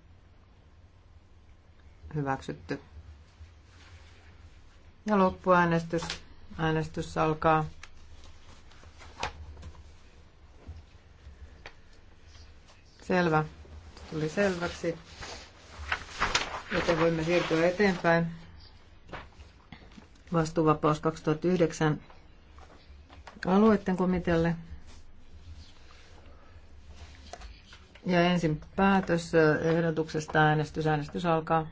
Hyväksytty. Ja loppuäänestys. Äänestys alkaa. Selvä. Tuli selväksi. Joten voimme siirtyä eteenpäin. Vastuuvapaus 2009 alueiden komitealle. Ja ensin päätös ehdotuksesta äänestys. Äänestys alkaa.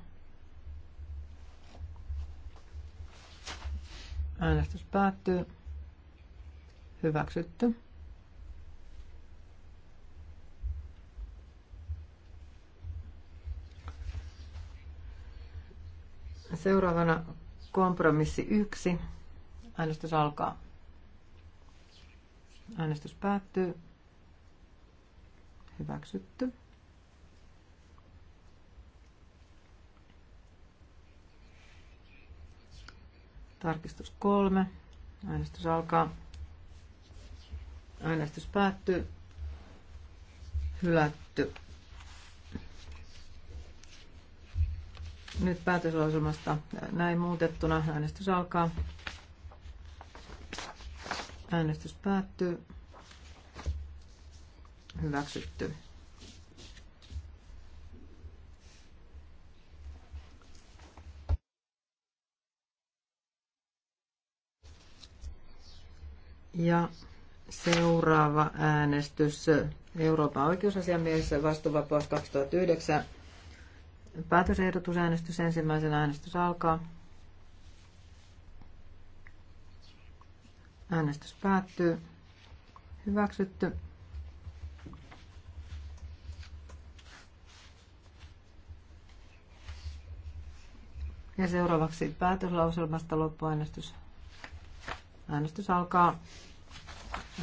Äänestys päättyy. Hyväksytty. Seuraavana kompromissi yksi. Äänestys alkaa. Äänestys päättyy. Hyväksytty. Tarkistus kolme. Äänestys alkaa. Äänestys päättyy. Hylätty. Nyt päätöslausumasta näin muutettuna äänestys alkaa. Äänestys päättyy. Hyväksytty. Ja seuraava äänestys. Euroopan oikeusasiamies vastuvapaus 2009. Päätösehdotusäänestys ensimmäisen äänestys alkaa. Äänestys päättyy. Hyväksytty. Ja seuraavaksi päätöslauselmasta loppuäänestys. Äänestys alkaa.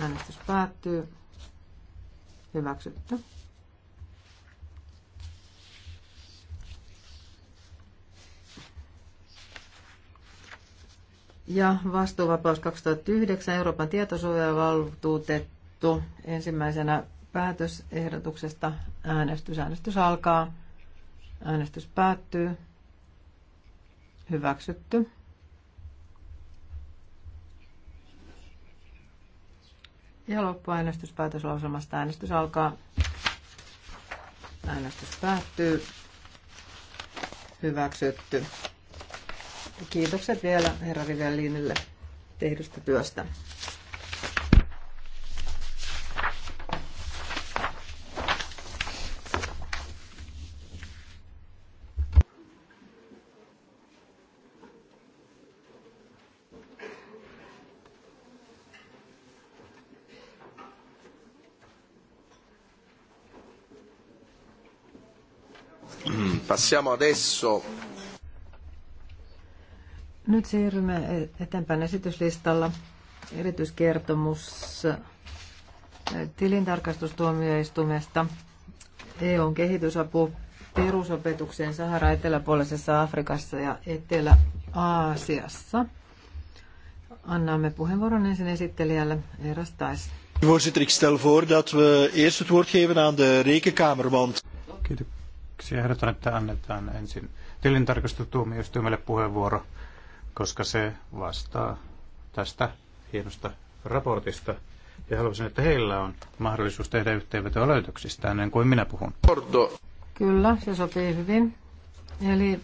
Äänestys päättyy. Hyväksytty. Ja vastuuvapaus 2009, Euroopan tietosuojavaltuutettu. Ensimmäisenä päätösehdotuksesta äänestys. Äänestys alkaa. Äänestys päättyy. Hyväksytty. Ja loppuäänestys päätöslauselmasta. Äänestys alkaa. Äänestys päättyy. Hyväksytty. Kiitokset vielä herra Rivellinille tehdystä työstä. Passiamo adesso nyt siirrymme eteenpäin esityslistalla. Erityiskertomus tilintarkastustuomioistuimesta EUn kehitysapu perusopetukseen Sahara eteläpuolisessa Afrikassa ja Etelä-Aasiassa. Annamme puheenvuoron ensin esittelijälle Eras Tais. Voorzitter, ik stel voor dat we eerst het woord geven aan de rekenkamer, want... Kiitoksia. Ehdotan, että annetaan ensin tilintarkastustuomioistuimelle puheenvuoro koska se vastaa tästä hienosta raportista. Ja haluaisin, että heillä on mahdollisuus tehdä yhteenvetoa löytöksistä ennen kuin minä puhun. Porto. Kyllä, se sopii hyvin. Eli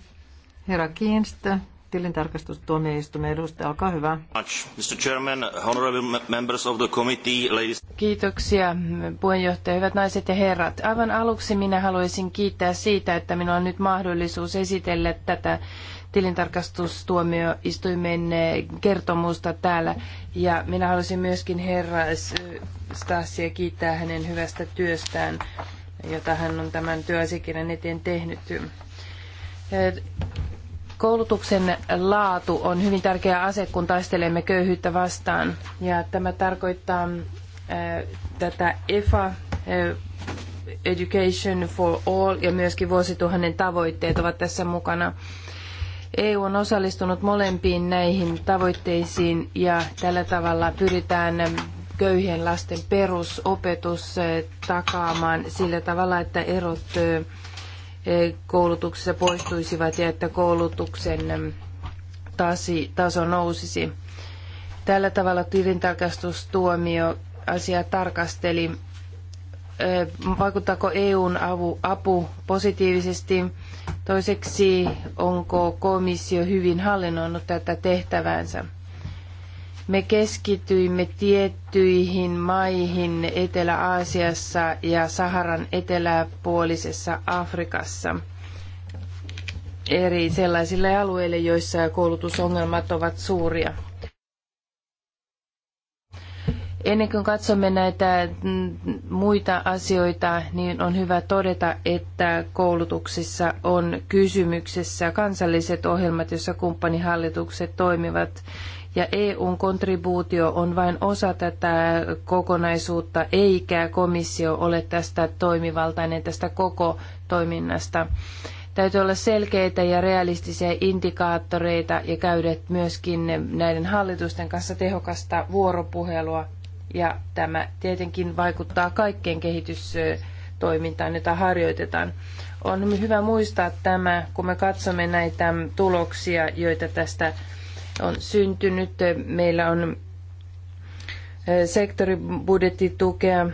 herra Kiinstö, tilintarkastustuomioistuimen edustaja, olkaa hyvä. Mr. Chairman, honorable members of the committee, ladies. Kiitoksia puheenjohtaja, hyvät naiset ja herrat. Aivan aluksi minä haluaisin kiittää siitä, että minulla on nyt mahdollisuus esitellä tätä tilintarkastustuomioistuimen eh, kertomusta täällä. Ja minä haluaisin myöskin herra Stasia kiittää hänen hyvästä työstään, jota hän on tämän työasiakirjan eteen tehnyt. Eh, koulutuksen laatu on hyvin tärkeä ase, kun taistelemme köyhyyttä vastaan. Ja tämä tarkoittaa eh, tätä EFA Education for All ja myöskin vuosituhannen tavoitteet ovat tässä mukana. EU on osallistunut molempiin näihin tavoitteisiin ja tällä tavalla pyritään köyhien lasten perusopetus eh, takaamaan sillä tavalla, että erot eh, koulutuksessa poistuisivat ja että koulutuksen eh, tasi, taso nousisi. Tällä tavalla tilintarkastustuomio asiaa tarkasteli. Vaikuttaako EUn avu, apu positiivisesti Toiseksi, onko komissio hyvin hallinnoinut tätä tehtäväänsä? Me keskityimme tiettyihin maihin Etelä-Aasiassa ja Saharan eteläpuolisessa Afrikassa eri sellaisille alueille, joissa koulutusongelmat ovat suuria. Ennen kuin katsomme näitä muita asioita, niin on hyvä todeta, että koulutuksissa on kysymyksessä kansalliset ohjelmat, joissa kumppanihallitukset toimivat. Ja EUn kontribuutio on vain osa tätä kokonaisuutta, eikä komissio ole tästä toimivaltainen tästä koko toiminnasta. Täytyy olla selkeitä ja realistisia indikaattoreita ja käydä myöskin näiden hallitusten kanssa tehokasta vuoropuhelua ja tämä tietenkin vaikuttaa kaikkeen kehitystoimintaan, jota harjoitetaan. On hyvä muistaa tämä, kun me katsomme näitä tuloksia, joita tästä on syntynyt. Meillä on eh, sektoribudjettitukea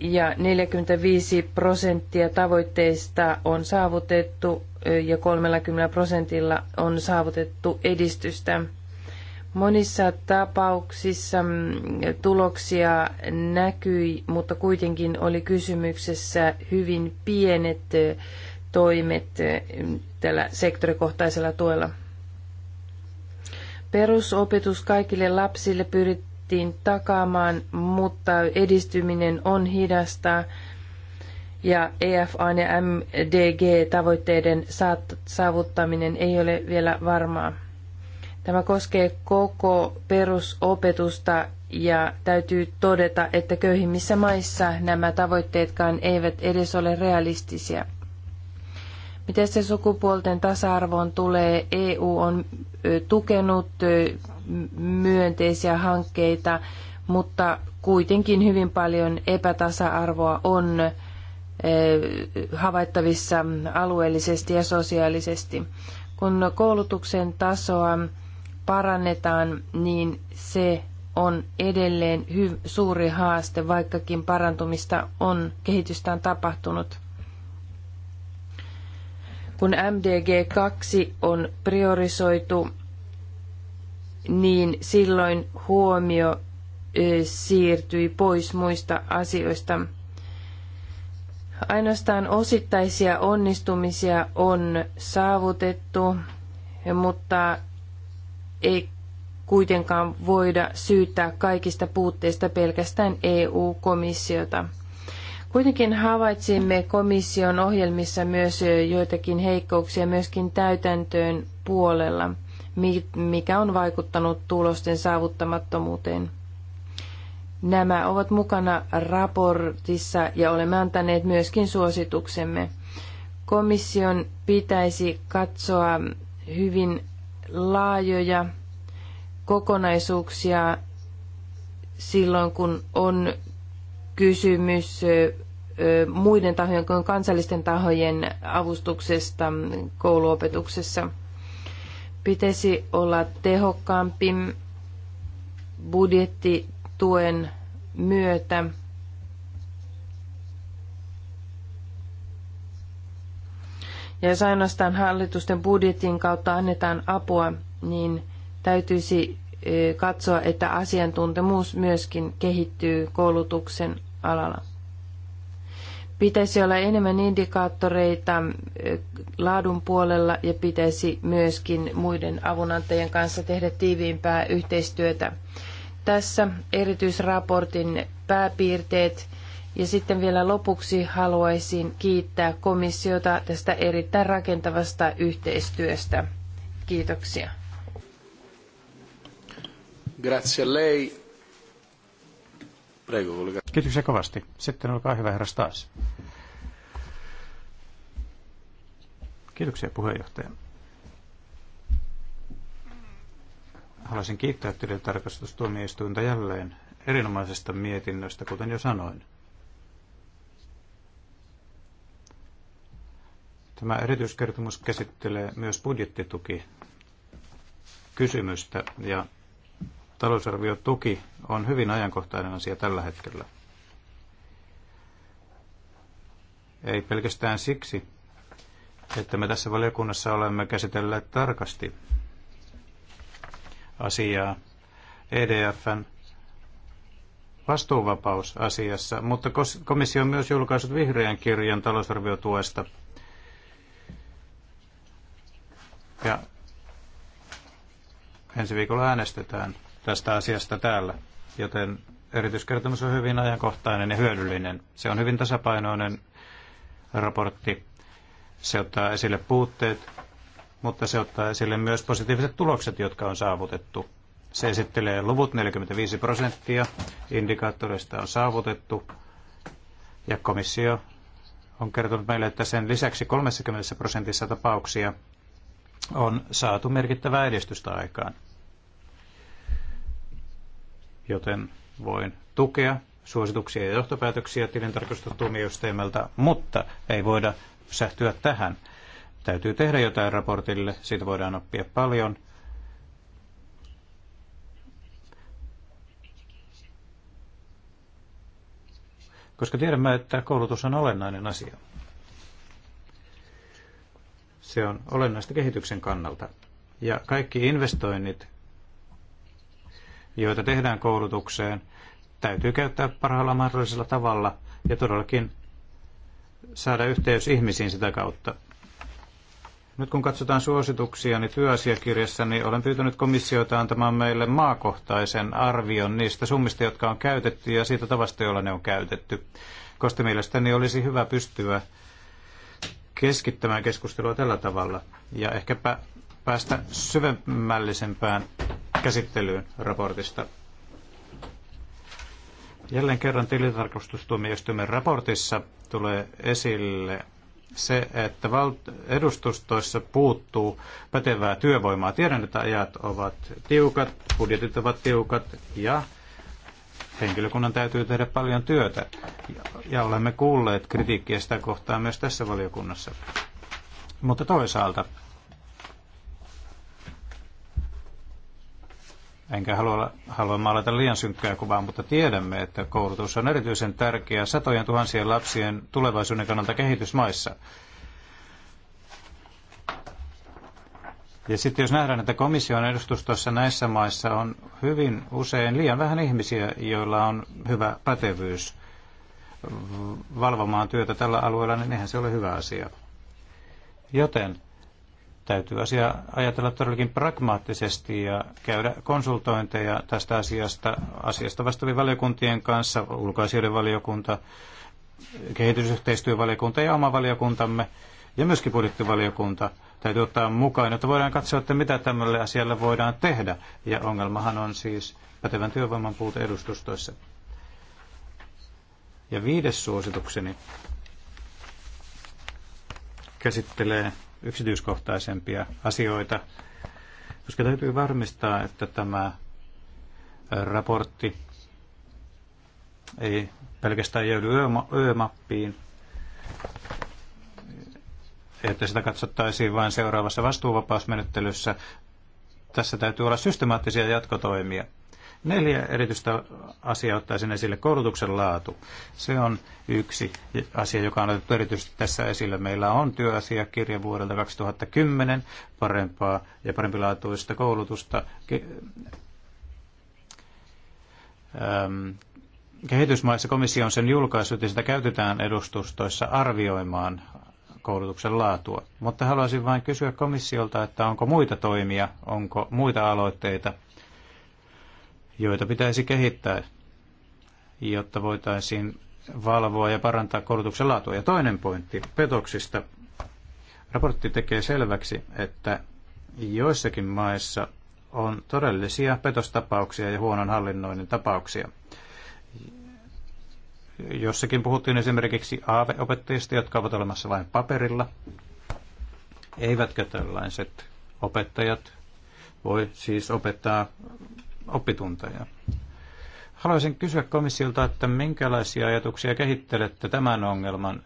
ja 45 prosenttia tavoitteista on saavutettu eh, ja 30 prosentilla on saavutettu edistystä. Monissa tapauksissa mm, tuloksia näkyi, mutta kuitenkin oli kysymyksessä hyvin pienet toimet tällä sektorikohtaisella tuella. Perusopetus kaikille lapsille pyrittiin takaamaan, mutta edistyminen on hidasta ja EFA ja MDG-tavoitteiden saavuttaminen ei ole vielä varmaa. Tämä koskee koko perusopetusta ja täytyy todeta, että köyhimmissä maissa nämä tavoitteetkaan eivät edes ole realistisia. Miten se sukupuolten tasa-arvoon tulee? EU on tukenut myönteisiä hankkeita, mutta kuitenkin hyvin paljon epätasa-arvoa on havaittavissa alueellisesti ja sosiaalisesti. Kun koulutuksen tasoa parannetaan, niin se on edelleen suuri haaste, vaikkakin parantumista on, kehitystä on tapahtunut. Kun MDG2 on priorisoitu, niin silloin huomio siirtyi pois muista asioista. Ainoastaan osittaisia onnistumisia on saavutettu, mutta ei kuitenkaan voida syyttää kaikista puutteista pelkästään EU-komissiota. Kuitenkin havaitsimme komission ohjelmissa myös joitakin heikkouksia myöskin täytäntöön puolella, mikä on vaikuttanut tulosten saavuttamattomuuteen. Nämä ovat mukana raportissa ja olemme antaneet myöskin suosituksemme. Komission pitäisi katsoa hyvin laajoja kokonaisuuksia silloin, kun on kysymys muiden tahojen kuin kansallisten tahojen avustuksesta kouluopetuksessa. Pitäisi olla tehokkaampi budjettituen myötä Ja jos ainoastaan hallitusten budjetin kautta annetaan apua, niin täytyisi e, katsoa, että asiantuntemus myöskin kehittyy koulutuksen alalla. Pitäisi olla enemmän indikaattoreita e, laadun puolella ja pitäisi myöskin muiden avunantajien kanssa tehdä tiiviimpää yhteistyötä. Tässä erityisraportin pääpiirteet ja sitten vielä lopuksi haluaisin kiittää komissiota tästä erittäin rakentavasta yhteistyöstä. Kiitoksia. Grazie lei. Prego, Kiitoksia kovasti. Sitten olkaa hyvä herra Staas. Kiitoksia puheenjohtaja. Haluaisin kiittää tilintarkastustuomioistuinta jälleen erinomaisesta mietinnöstä, kuten jo sanoin. Tämä erityiskertomus käsittelee myös budjettituki kysymystä ja talousarviotuki on hyvin ajankohtainen asia tällä hetkellä. Ei pelkästään siksi, että me tässä valiokunnassa olemme käsitelleet tarkasti asiaa EDFn vastuuvapausasiassa, mutta komissio on myös julkaissut vihreän kirjan talousarviotuesta – Ja ensi viikolla äänestetään tästä asiasta täällä, joten erityiskertomus on hyvin ajankohtainen ja hyödyllinen. Se on hyvin tasapainoinen raportti. Se ottaa esille puutteet, mutta se ottaa esille myös positiiviset tulokset, jotka on saavutettu. Se esittelee luvut 45 prosenttia indikaattoreista on saavutettu ja komissio on kertonut meille, että sen lisäksi 30 prosentissa tapauksia on saatu merkittävää edistystä aikaan. Joten voin tukea suosituksia ja johtopäätöksiä tilintarkastustuomioistuimelta, mutta ei voida sähtyä tähän. Täytyy tehdä jotain raportille, siitä voidaan oppia paljon. Koska tiedämme, että koulutus on olennainen asia. Se on olennaista kehityksen kannalta. Ja kaikki investoinnit, joita tehdään koulutukseen, täytyy käyttää parhaalla mahdollisella tavalla ja todellakin saada yhteys ihmisiin sitä kautta. Nyt kun katsotaan suosituksia niin työasiakirjassa, niin olen pyytänyt komissiota antamaan meille maakohtaisen arvion niistä summista, jotka on käytetty ja siitä tavasta, jolla ne on käytetty. Koska mielestäni olisi hyvä pystyä keskittämään keskustelua tällä tavalla ja ehkäpä päästä syvemmällisempään käsittelyyn raportista. Jälleen kerran tilintarkastustuomioistuimen raportissa tulee esille se, että edustustoissa puuttuu pätevää työvoimaa. Tiedän, että ajat ovat tiukat, budjetit ovat tiukat ja henkilökunnan täytyy tehdä paljon työtä. Ja olemme kuulleet kritiikkiä sitä kohtaa myös tässä valiokunnassa. Mutta toisaalta, enkä halua, halua maalata liian synkkää kuvaa, mutta tiedämme, että koulutus on erityisen tärkeää satojen tuhansien lapsien tulevaisuuden kannalta kehitysmaissa. Ja sitten jos nähdään, että komission edustustossa näissä maissa on hyvin usein liian vähän ihmisiä, joilla on hyvä pätevyys valvomaan työtä tällä alueella, niin eihän se ole hyvä asia. Joten täytyy asia ajatella todellakin pragmaattisesti ja käydä konsultointeja tästä asiasta, asiasta vastaavien valiokuntien kanssa, ulkoasioiden valiokunta, kehitysyhteistyövaliokunta ja oma valiokuntamme ja myöskin budjettivaliokunta – täytyy ottaa mukaan, että voidaan katsoa, että mitä tämmölle asialle voidaan tehdä. Ja ongelmahan on siis pätevän työvoiman puute edustustoissa. Ja viides suositukseni käsittelee yksityiskohtaisempia asioita, koska täytyy varmistaa, että tämä raportti ei pelkästään joudu öömappiin, että sitä katsottaisiin vain seuraavassa vastuuvapausmenettelyssä. Tässä täytyy olla systemaattisia jatkotoimia. Neljä erityistä asiaa ottaisin esille. Koulutuksen laatu. Se on yksi asia, joka on otettu erityisesti tässä esille. Meillä on työasiakirja vuodelta 2010 parempaa ja parempilaatuista koulutusta ähm, kehitysmaissa komissio on sen julkaissut ja sitä käytetään edustustoissa arvioimaan koulutuksen laatua. Mutta haluaisin vain kysyä komissiolta, että onko muita toimia, onko muita aloitteita, joita pitäisi kehittää, jotta voitaisiin valvoa ja parantaa koulutuksen laatua. Ja toinen pointti petoksista. Raportti tekee selväksi, että joissakin maissa on todellisia petostapauksia ja huonon hallinnoinnin tapauksia – Jossakin puhuttiin esimerkiksi aaveopettajista, jotka ovat olemassa vain paperilla. Eivätkä tällaiset opettajat voi siis opettaa oppitunteja. Haluaisin kysyä komissiolta, että minkälaisia ajatuksia kehittelette tämän ongelman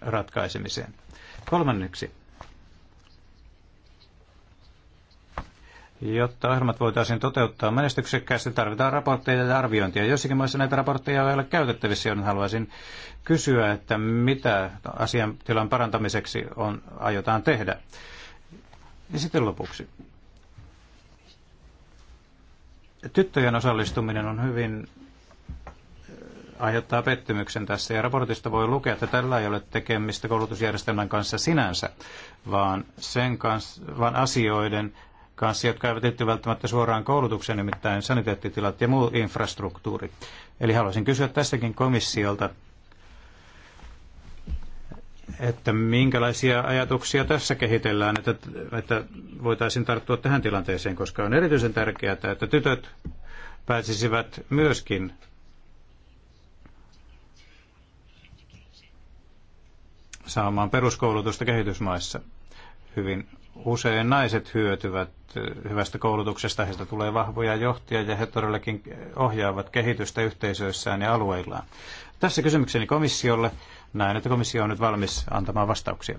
ratkaisemiseen. Kolmanneksi, Jotta ohjelmat voitaisiin toteuttaa menestyksekkäästi, tarvitaan raportteja ja arviointia. Joissakin maissa näitä raportteja ei ole käytettävissä, joten haluaisin kysyä, että mitä asiantilan parantamiseksi on, aiotaan tehdä. Ja sitten lopuksi. Tyttöjen osallistuminen on hyvin äh, aiheuttaa pettymyksen tässä. Ja raportista voi lukea, että tällä ei ole tekemistä koulutusjärjestelmän kanssa sinänsä, vaan, sen kanssa, vaan asioiden kanssa, jotka eivät liitty välttämättä suoraan koulutukseen, nimittäin saniteettitilat ja muu infrastruktuuri. Eli haluaisin kysyä tästäkin komissiolta, että minkälaisia ajatuksia tässä kehitellään, että, että voitaisiin tarttua tähän tilanteeseen, koska on erityisen tärkeää, että tytöt pääsisivät myöskin saamaan peruskoulutusta kehitysmaissa hyvin usein naiset hyötyvät hyvästä koulutuksesta, heistä tulee vahvoja johtajia ja he todellakin ohjaavat kehitystä yhteisöissään ja alueillaan. Tässä kysymykseni komissiolle. Näen, että komissio on nyt valmis antamaan vastauksia.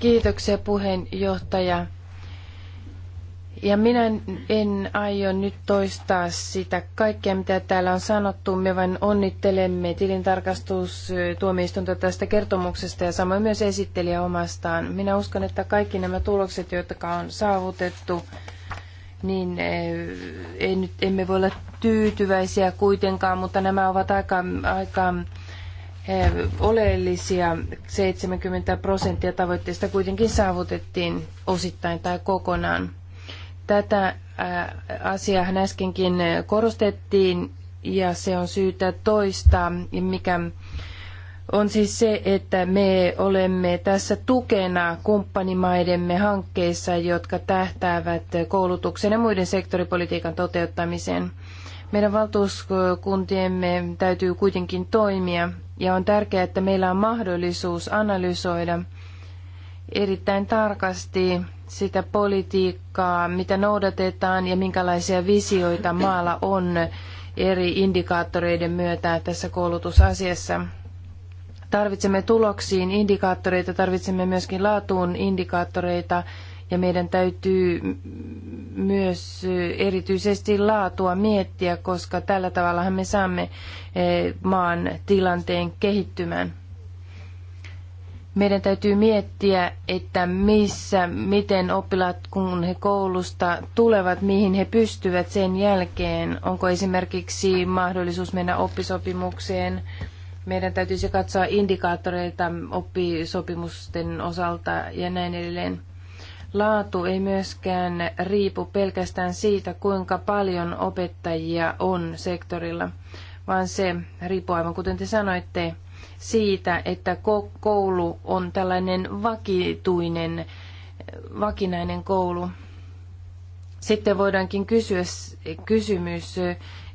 Kiitoksia puheenjohtaja. Ja minä en aio nyt toistaa sitä kaikkea, mitä täällä on sanottu. Me vain onnittelemme tilintarkastustuomioistuinta tästä kertomuksesta ja samoin myös esittelijä omastaan. Minä uskon, että kaikki nämä tulokset, jotka on saavutettu, niin eh, ei nyt, emme voi olla tyytyväisiä kuitenkaan, mutta nämä ovat aika, aika eh, oleellisia. 70 prosenttia tavoitteista kuitenkin saavutettiin osittain tai kokonaan. Tätä asiaa hän äskenkin korostettiin ja se on syytä toistaa, mikä on siis se, että me olemme tässä tukena kumppanimaidemme hankkeissa, jotka tähtäävät koulutuksen ja muiden sektoripolitiikan toteuttamiseen. Meidän valtuuskuntiemme täytyy kuitenkin toimia ja on tärkeää, että meillä on mahdollisuus analysoida – erittäin tarkasti sitä politiikkaa, mitä noudatetaan ja minkälaisia visioita maalla on eri indikaattoreiden myötä tässä koulutusasiassa. Tarvitsemme tuloksiin indikaattoreita, tarvitsemme myöskin laatuun indikaattoreita ja meidän täytyy myös erityisesti laatua miettiä, koska tällä tavallahan me saamme eh, maan tilanteen kehittymään. Meidän täytyy miettiä, että missä, miten oppilaat, kun he koulusta tulevat, mihin he pystyvät sen jälkeen. Onko esimerkiksi mahdollisuus mennä oppisopimukseen? Meidän täytyisi katsoa indikaattoreita oppisopimusten osalta ja näin edelleen. Laatu ei myöskään riipu pelkästään siitä, kuinka paljon opettajia on sektorilla, vaan se riippuu aivan kuten te sanoitte, siitä, että koulu on tällainen vakituinen, vakinainen koulu. Sitten voidaankin kysyä kysymys,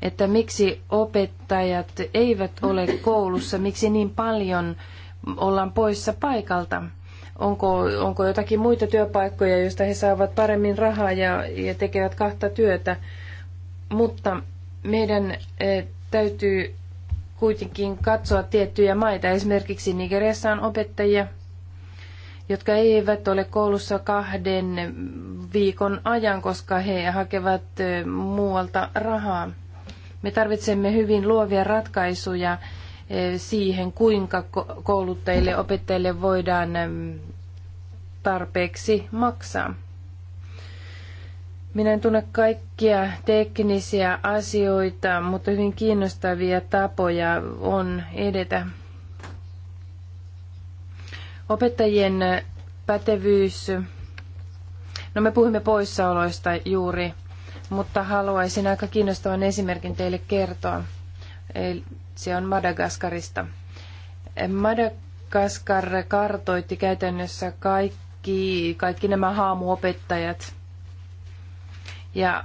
että miksi opettajat eivät ole koulussa, miksi niin paljon ollaan poissa paikalta. Onko, onko jotakin muita työpaikkoja, joista he saavat paremmin rahaa ja, ja tekevät kahta työtä. Mutta meidän eh, täytyy kuitenkin katsoa tiettyjä maita. Esimerkiksi Nigeriassa on opettajia, jotka eivät ole koulussa kahden viikon ajan, koska he hakevat muualta rahaa. Me tarvitsemme hyvin luovia ratkaisuja siihen, kuinka kouluttajille, opettajille voidaan tarpeeksi maksaa. Minä en tunne kaikkia teknisiä asioita, mutta hyvin kiinnostavia tapoja on edetä. Opettajien pätevyys. No me puhumme poissaoloista juuri, mutta haluaisin aika kiinnostavan esimerkin teille kertoa. Se on Madagaskarista. Madagaskar kartoitti käytännössä kaikki, kaikki nämä haamuopettajat – ja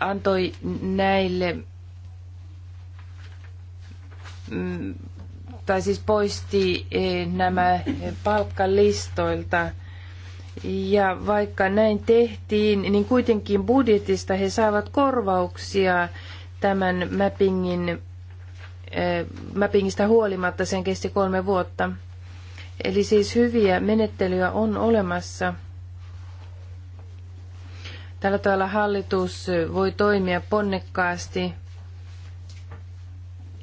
antoi näille, mm, tai siis poisti eh, nämä palkkalistoilta. Ja vaikka näin tehtiin, niin kuitenkin budjetista he saavat korvauksia tämän mappingin, eh, mappingista huolimatta. Sen kesti kolme vuotta. Eli siis hyviä menettelyjä on olemassa. Tällä tavalla hallitus voi toimia ponnekkaasti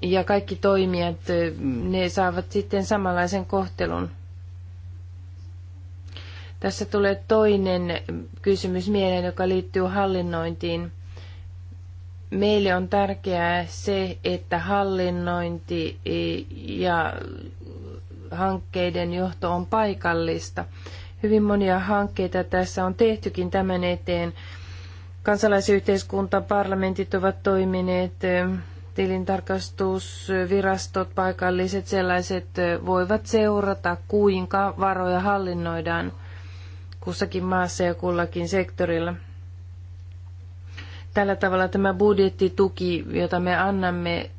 ja kaikki toimijat, ne saavat sitten samanlaisen kohtelun. Tässä tulee toinen kysymys mieleen, joka liittyy hallinnointiin. Meille on tärkeää se, että hallinnointi ja hankkeiden johto on paikallista. Hyvin monia hankkeita tässä on tehtykin tämän eteen. Kansalaisyhteiskunta, parlamentit ovat toimineet, tilintarkastusvirastot, paikalliset sellaiset voivat seurata, kuinka varoja hallinnoidaan kussakin maassa ja kullakin sektorilla. Tällä tavalla tämä budjettituki, jota me annamme,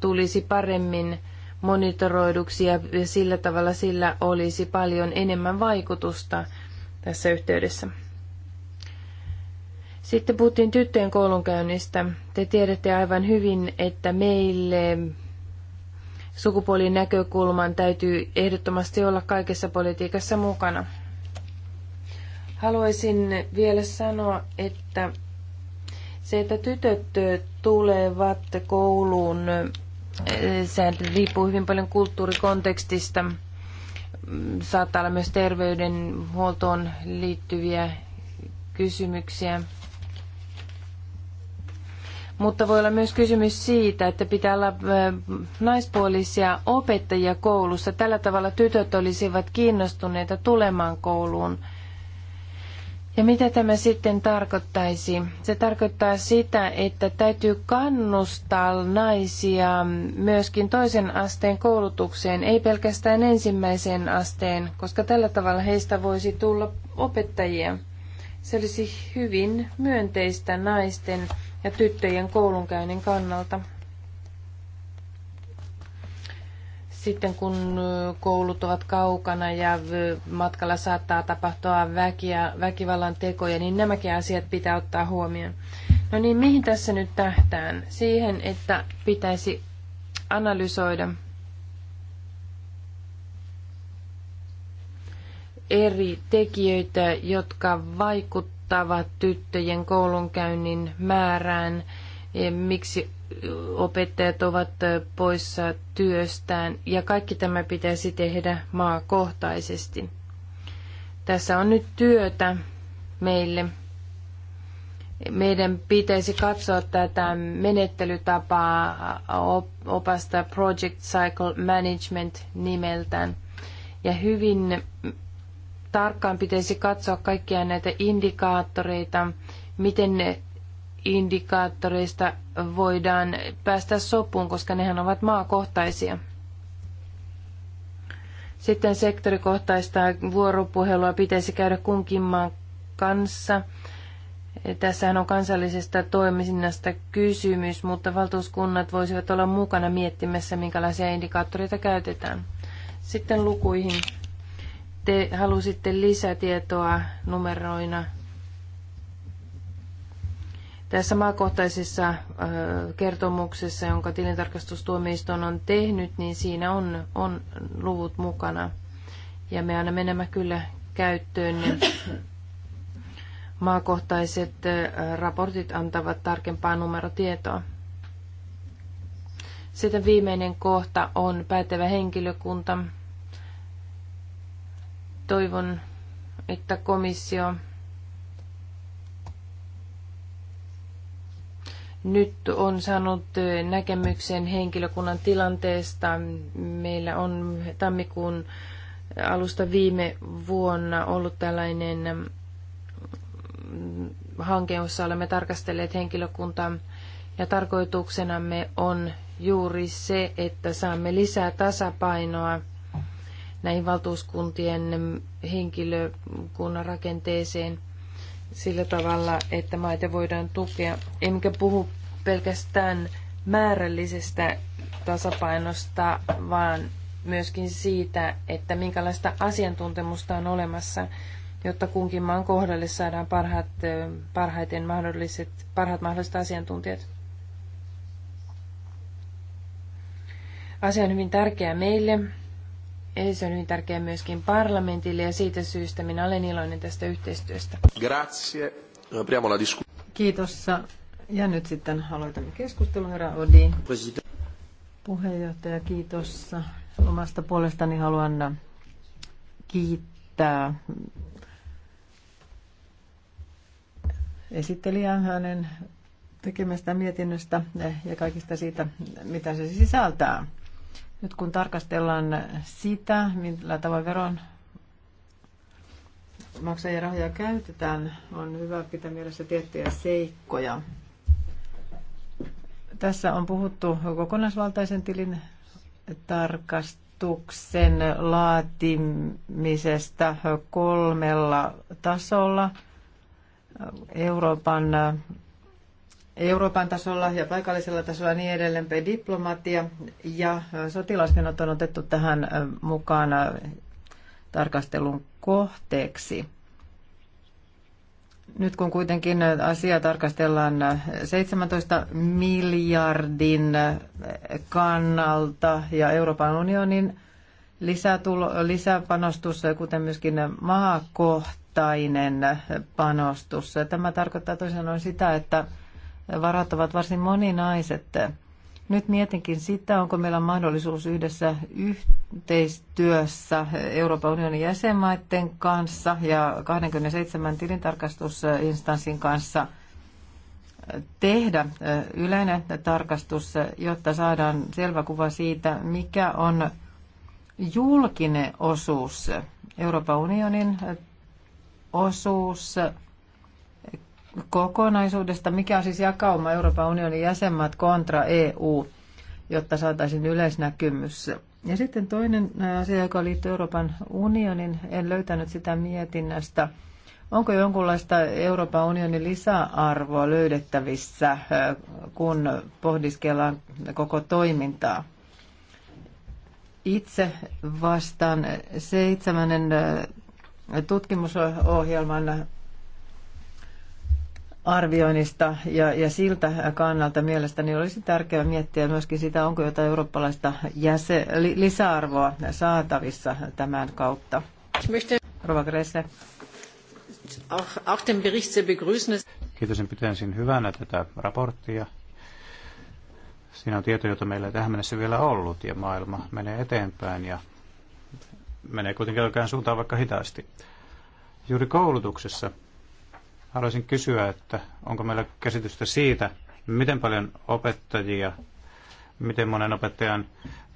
tulisi paremmin monitoroiduksi ja sillä tavalla sillä olisi paljon enemmän vaikutusta tässä yhteydessä. Sitten puhuttiin tyttöjen koulunkäynnistä. Te tiedätte aivan hyvin, että meille sukupuolin näkökulman täytyy ehdottomasti olla kaikessa politiikassa mukana. Haluaisin vielä sanoa, että se, että tytöt tulevat kouluun Äh, se riippuu hyvin paljon kulttuurikontekstista. Mm, saattaa olla myös terveydenhuoltoon liittyviä kysymyksiä. Mutta voi olla myös kysymys siitä, että pitää olla äh, naispuolisia opettajia koulussa. Tällä tavalla tytöt olisivat kiinnostuneita tulemaan kouluun. Ja mitä tämä sitten tarkoittaisi? Se tarkoittaa sitä, että täytyy kannustaa naisia myöskin toisen asteen koulutukseen, ei pelkästään ensimmäiseen asteen, koska tällä tavalla heistä voisi tulla opettajia. Se olisi hyvin myönteistä naisten ja tyttöjen koulunkäynnin kannalta. Sitten kun koulut ovat kaukana ja matkalla saattaa tapahtua väkiä, väkivallan tekoja, niin nämäkin asiat pitää ottaa huomioon. No niin, mihin tässä nyt tähtään? Siihen, että pitäisi analysoida eri tekijöitä, jotka vaikuttavat tyttöjen koulunkäynnin määrään, e, miksi opettajat ovat poissa työstään ja kaikki tämä pitäisi tehdä maakohtaisesti. Tässä on nyt työtä meille. Meidän pitäisi katsoa tätä menettelytapaa opasta Project Cycle Management nimeltään. Ja hyvin tarkkaan pitäisi katsoa kaikkia näitä indikaattoreita, miten ne indikaattoreista voidaan päästä sopuun, koska nehän ovat maakohtaisia. Sitten sektorikohtaista vuoropuhelua pitäisi käydä kunkin maan kanssa. Tässähän on kansallisesta toiminnasta kysymys, mutta valtuuskunnat voisivat olla mukana miettimässä, minkälaisia indikaattoreita käytetään. Sitten lukuihin. Te halusitte lisätietoa numeroina tässä maakohtaisessa kertomuksessa, jonka tilintarkastustuomioistuin on tehnyt, niin siinä on, on luvut mukana. Ja me annamme nämä kyllä käyttöön. Maakohtaiset raportit antavat tarkempaa numerotietoa. Sitten viimeinen kohta on pätevä henkilökunta. Toivon, että komissio nyt on saanut näkemyksen henkilökunnan tilanteesta. Meillä on tammikuun alusta viime vuonna ollut tällainen mm, hanke, jossa olemme tarkastelleet henkilökuntaa ja tarkoituksenamme on juuri se, että saamme lisää tasapainoa näihin valtuuskuntien mm, henkilökunnan rakenteeseen sillä tavalla, että maita voidaan tukea. Emmekä puhu pelkästään määrällisestä tasapainosta, vaan myöskin siitä, että minkälaista asiantuntemusta on olemassa, jotta kunkin maan kohdalle saadaan parhaat, parhaiten mahdolliset, parhaat mahdolliset asiantuntijat. Asia on hyvin tärkeä meille, se on hyvin tärkeää myöskin parlamentille ja siitä syystä minä olen iloinen tästä yhteistyöstä. Grazie. Apriamo la Kiitos. Ja nyt sitten aloitamme keskustelun, herra Odi. President. Puheenjohtaja, kiitos. Omasta puolestani haluan kiittää esittelijää hänen tekemästä mietinnöstä ja kaikista siitä, mitä se sisältää. Nyt kun tarkastellaan sitä, millä tavalla veron maksajien rahoja käytetään, on hyvä pitää mielessä tiettyjä seikkoja. Tässä on puhuttu kokonaisvaltaisen tilin tarkastuksen laatimisesta kolmella tasolla. Euroopan Euroopan tasolla ja paikallisella tasolla ja niin edelleen, diplomatia ja sotilasmenot on otettu tähän mukaan tarkastelun kohteeksi. Nyt kun kuitenkin asiaa tarkastellaan 17 miljardin kannalta ja Euroopan unionin lisätulo, lisäpanostus, kuten myöskin maakohtainen panostus. Tämä tarkoittaa tosiaan sitä, että varat ovat varsin moninaiset. Nyt mietinkin sitä, onko meillä mahdollisuus yhdessä yhteistyössä Euroopan unionin jäsenmaiden kanssa ja 27 tilintarkastusinstanssin kanssa tehdä yleinen tarkastus, jotta saadaan selvä kuva siitä, mikä on julkinen osuus, Euroopan unionin osuus kokonaisuudesta, mikä on siis jakauma Euroopan unionin jäsenmaat kontra EU, jotta saataisiin yleisnäkymys. Ja sitten toinen äh, asia, joka liittyy Euroopan unionin, en löytänyt sitä mietinnästä. Onko jonkunlaista Euroopan unionin lisäarvoa löydettävissä, äh, kun pohdiskellaan koko toimintaa? Itse vastaan seitsemännen äh, tutkimusohjelman arvioinnista ja, ja siltä kannalta mielestäni olisi tärkeää miettiä myöskin sitä, onko jotain eurooppalaista li, lisäarvoa saatavissa tämän kautta. Rova Gressle. Kiitos, pitäisin hyvänä tätä raporttia. Siinä on tieto, jota meillä ei tähän mennessä vielä ollut, ja maailma menee eteenpäin, ja menee kuitenkin oikeaan suuntaan vaikka hitaasti. Juuri koulutuksessa Haluaisin kysyä, että onko meillä käsitystä siitä, miten paljon opettajia, miten monen opettajan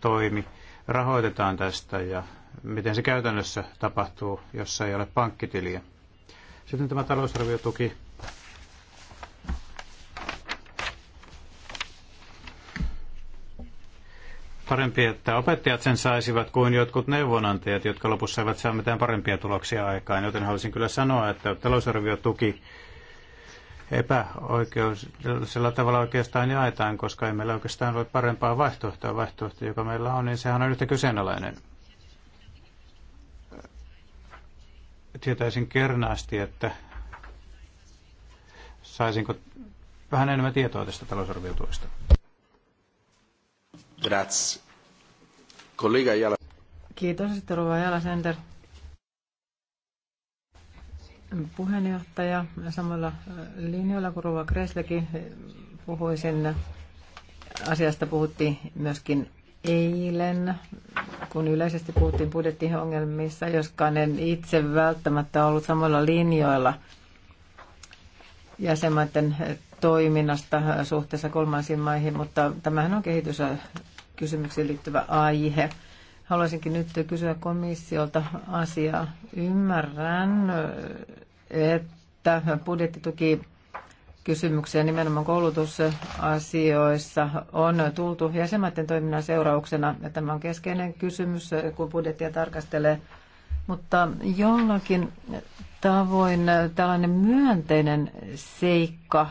toimi rahoitetaan tästä ja miten se käytännössä tapahtuu, jos ei ole pankkitiliä. Sitten tämä talousarviotuki parempi, että opettajat sen saisivat kuin jotkut neuvonantajat, jotka lopussa eivät saa mitään parempia tuloksia aikaan. Joten haluaisin kyllä sanoa, että tuki epäoikeudella tavalla oikeastaan jaetaan, koska ei meillä oikeastaan ole parempaa vaihtoehtoa. Vaihtoehto, joka meillä on, niin sehän on yhtä kyseenalainen. Tietäisin kernaasti, että saisinko vähän enemmän tietoa tästä talousarviotuesta. Grazie. Kollega Jala. Kiitos, että Rova Jala Sender. Puheenjohtaja, samalla äh, linjoilla kuin Rova Kreslekin äh, puhui sen asiasta puhuttiin myöskin eilen, kun yleisesti puhuttiin budjettiongelmissa, joskaan en itse välttämättä ollut samalla linjoilla jäsenmaiden äh, toiminnasta suhteessa kolmansiin maihin, mutta tämähän on kehityskysymyksiin liittyvä aihe. Haluaisinkin nyt kysyä komissiolta asiaa. Ymmärrän, että budjettituki kysymyksiä nimenomaan koulutusasioissa on tultu jäsenmaiden toiminnan seurauksena. Ja tämä on keskeinen kysymys, kun budjettia tarkastelee mutta jollakin tavoin tällainen myönteinen seikka,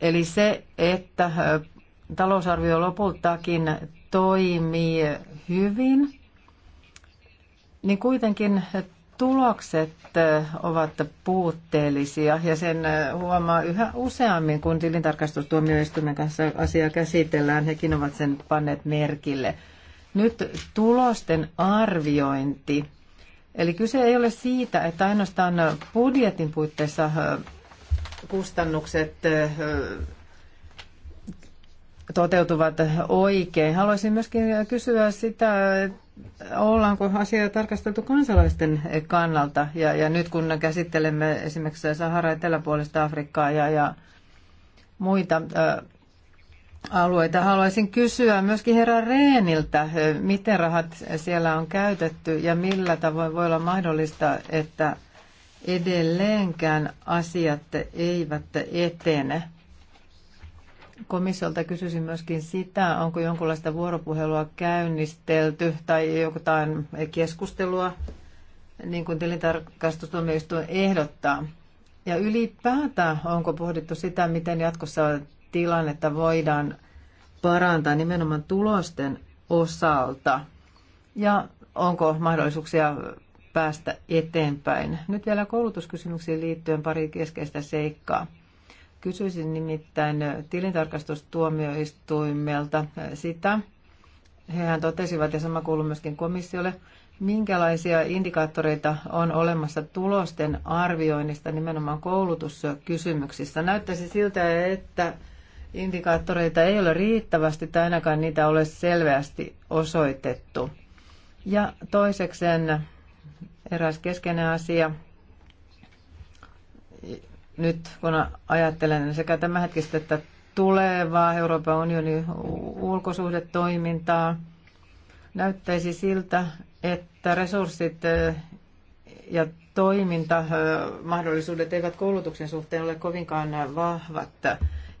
eli se, että talousarvio lopultakin toimii hyvin, niin kuitenkin tulokset ovat puutteellisia ja sen huomaa yhä useammin, kun tilintarkastustuomioistuimen kanssa asiaa käsitellään. Hekin ovat sen panneet merkille. Nyt tulosten arviointi. Eli kyse ei ole siitä, että ainoastaan budjetin puitteissa kustannukset toteutuvat oikein. Haluaisin myöskin kysyä sitä, ollaanko asiaa tarkasteltu kansalaisten kannalta. Ja, ja nyt kun käsittelemme esimerkiksi Sahara eteläpuolista Afrikkaa ja, ja muita alueita. Haluaisin kysyä myöskin herra Reeniltä, miten rahat siellä on käytetty ja millä tavoin voi olla mahdollista, että edelleenkään asiat eivät etene. Komissiolta kysyisin myöskin sitä, onko jonkinlaista vuoropuhelua käynnistelty tai jotain keskustelua, niin kuin tilintarkastustuomioistuin ehdottaa. Ja ylipäätään onko pohdittu sitä, miten jatkossa tilannetta voidaan parantaa nimenomaan tulosten osalta ja onko mahdollisuuksia päästä eteenpäin. Nyt vielä koulutuskysymyksiin liittyen pari keskeistä seikkaa. Kysyisin nimittäin tilintarkastustuomioistuimelta sitä, hehän totesivat ja sama kuuluu myöskin komissiolle, minkälaisia indikaattoreita on olemassa tulosten arvioinnista nimenomaan koulutuskysymyksissä. Näyttäisi siltä, että indikaattoreita ei ole riittävästi tai ainakaan niitä ole selvästi osoitettu. Ja toisekseen eräs keskeinen asia, nyt kun ajattelen sekä hetkistä että tulevaa Euroopan unionin ulkosuhdetoimintaa, näyttäisi siltä, että resurssit ja toimintamahdollisuudet eivät koulutuksen suhteen ole kovinkaan vahvat.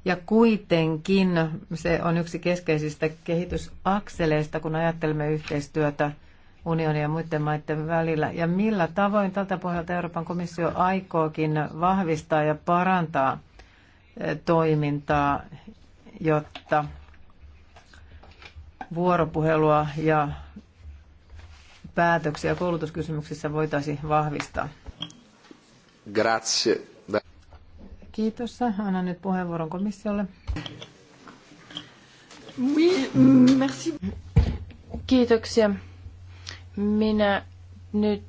Ja kuitenkin se on yksi keskeisistä kehitysakseleista, kun ajattelemme yhteistyötä unionin ja muiden maiden välillä. Ja millä tavoin tältä pohjalta Euroopan komissio aikookin vahvistaa ja parantaa eh, toimintaa, jotta vuoropuhelua ja päätöksiä koulutuskysymyksissä voitaisiin vahvistaa. Grazie. Kiitos. Annan nyt puheenvuoron komissiolle. Oui, merci. Kiitoksia. Minä nyt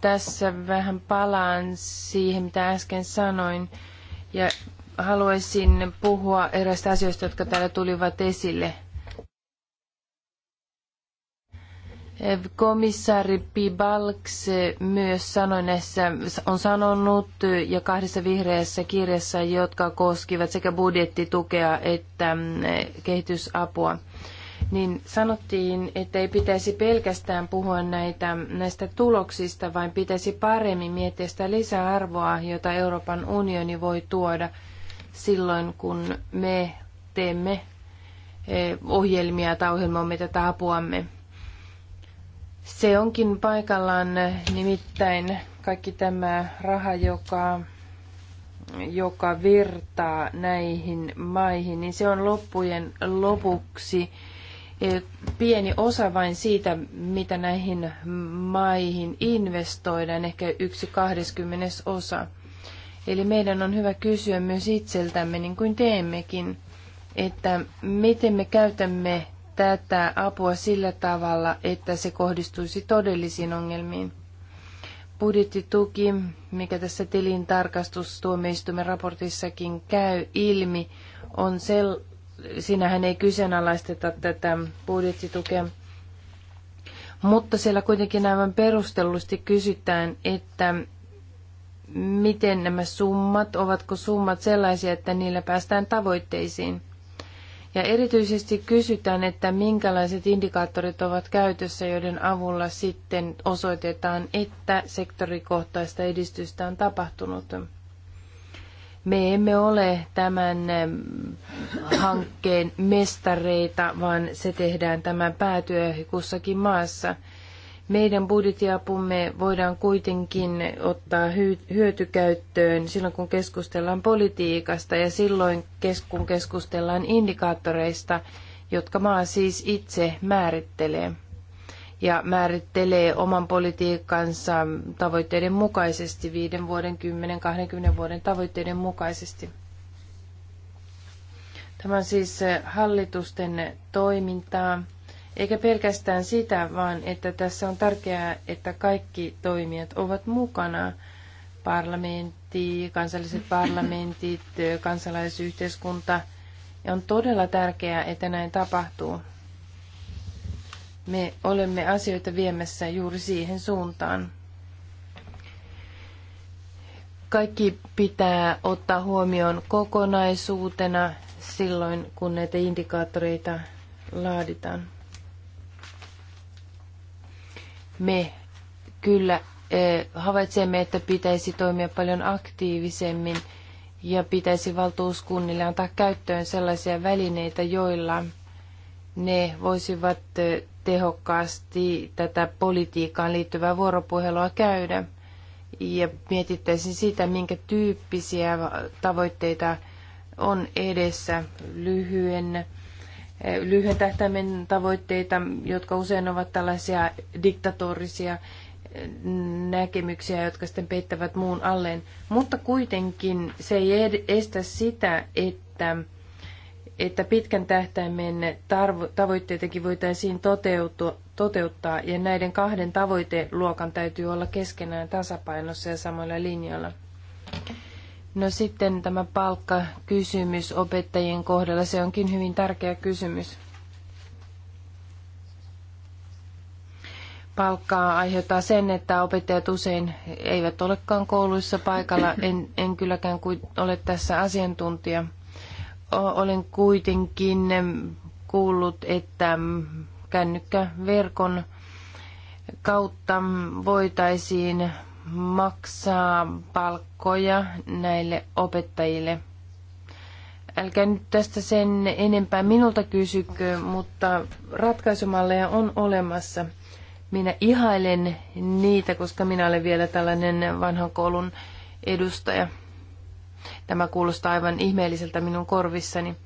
tässä vähän palaan siihen, mitä äsken sanoin, ja haluaisin puhua eräistä asioista, jotka täällä tulivat esille – Komissaari Pibalks myös sanoi näissä, on sanonut ja kahdessa vihreässä kirjassa, jotka koskivat sekä budjettitukea että mm, kehitysapua, niin sanottiin, että ei pitäisi pelkästään puhua näitä, näistä tuloksista, vaan pitäisi paremmin miettiä sitä lisäarvoa, jota Euroopan unioni voi tuoda silloin, kun me teemme eh, ohjelmia tai ohjelmoimme tätä apuamme. Se onkin paikallaan, nimittäin kaikki tämä raha, joka, joka virtaa näihin maihin, niin se on loppujen lopuksi e, pieni osa vain siitä, mitä näihin maihin investoidaan, ehkä yksi kahdeskymmenes osa. Eli meidän on hyvä kysyä myös itseltämme, niin kuin teemmekin, että miten me käytämme tätä apua sillä tavalla, että se kohdistuisi todellisiin ongelmiin. Budjettituki, mikä tässä tilintarkastustuomioistuimen raportissakin käy ilmi, on sel- sinähän ei kyseenalaisteta tätä budjettitukea, mutta siellä kuitenkin aivan perustellusti kysytään, että miten nämä summat, ovatko summat sellaisia, että niillä päästään tavoitteisiin – ja erityisesti kysytään, että minkälaiset indikaattorit ovat käytössä, joiden avulla sitten osoitetaan, että sektorikohtaista edistystä on tapahtunut. Me emme ole tämän hankkeen mestareita, vaan se tehdään tämän päätyö kussakin maassa – meidän budjettiapumme voidaan kuitenkin ottaa hyötykäyttöön silloin, kun keskustellaan politiikasta ja silloin, kun keskustellaan indikaattoreista, jotka maa siis itse määrittelee ja määrittelee oman politiikkansa tavoitteiden mukaisesti, viiden vuoden, kymmenen kahdenkymmenen vuoden tavoitteiden mukaisesti. Tämä on siis hallitusten toimintaa eikä pelkästään sitä, vaan että tässä on tärkeää, että kaikki toimijat ovat mukana. Parlamentti, kansalliset parlamentit, kansalaisyhteiskunta. Ja on todella tärkeää, että näin tapahtuu. Me olemme asioita viemässä juuri siihen suuntaan kaikki pitää ottaa huomioon kokonaisuutena silloin, kun näitä indikaattoreita laaditaan. me kyllä havaitsemme, että pitäisi toimia paljon aktiivisemmin ja pitäisi valtuuskunnille antaa käyttöön sellaisia välineitä, joilla ne voisivat tehokkaasti tätä politiikkaan liittyvää vuoropuhelua käydä ja mietittäisiin sitä, minkä tyyppisiä tavoitteita on edessä lyhyen lyhyen tähtäimen tavoitteita, jotka usein ovat tällaisia diktatorisia eh, näkemyksiä, jotka sitten peittävät muun alleen. Mutta kuitenkin se ei estä sitä, että, että pitkän tähtäimen tarvo, tavoitteitakin voitaisiin toteutua, toteuttaa, ja näiden kahden tavoiteluokan täytyy olla keskenään tasapainossa ja samalla linjalla. No sitten tämä palkkakysymys opettajien kohdalla, se onkin hyvin tärkeä kysymys. Palkkaa aiheuttaa sen, että opettajat usein eivät olekaan kouluissa paikalla. En, en kylläkään ole tässä asiantuntija. Olen kuitenkin kuullut, että kännykkäverkon kautta voitaisiin maksaa palkkoja näille opettajille. Älkää nyt tästä sen enempää minulta kysykö, mutta ratkaisumalleja on olemassa. Minä ihailen niitä, koska minä olen vielä tällainen vanhan koulun edustaja. Tämä kuulostaa aivan ihmeelliseltä minun korvissani.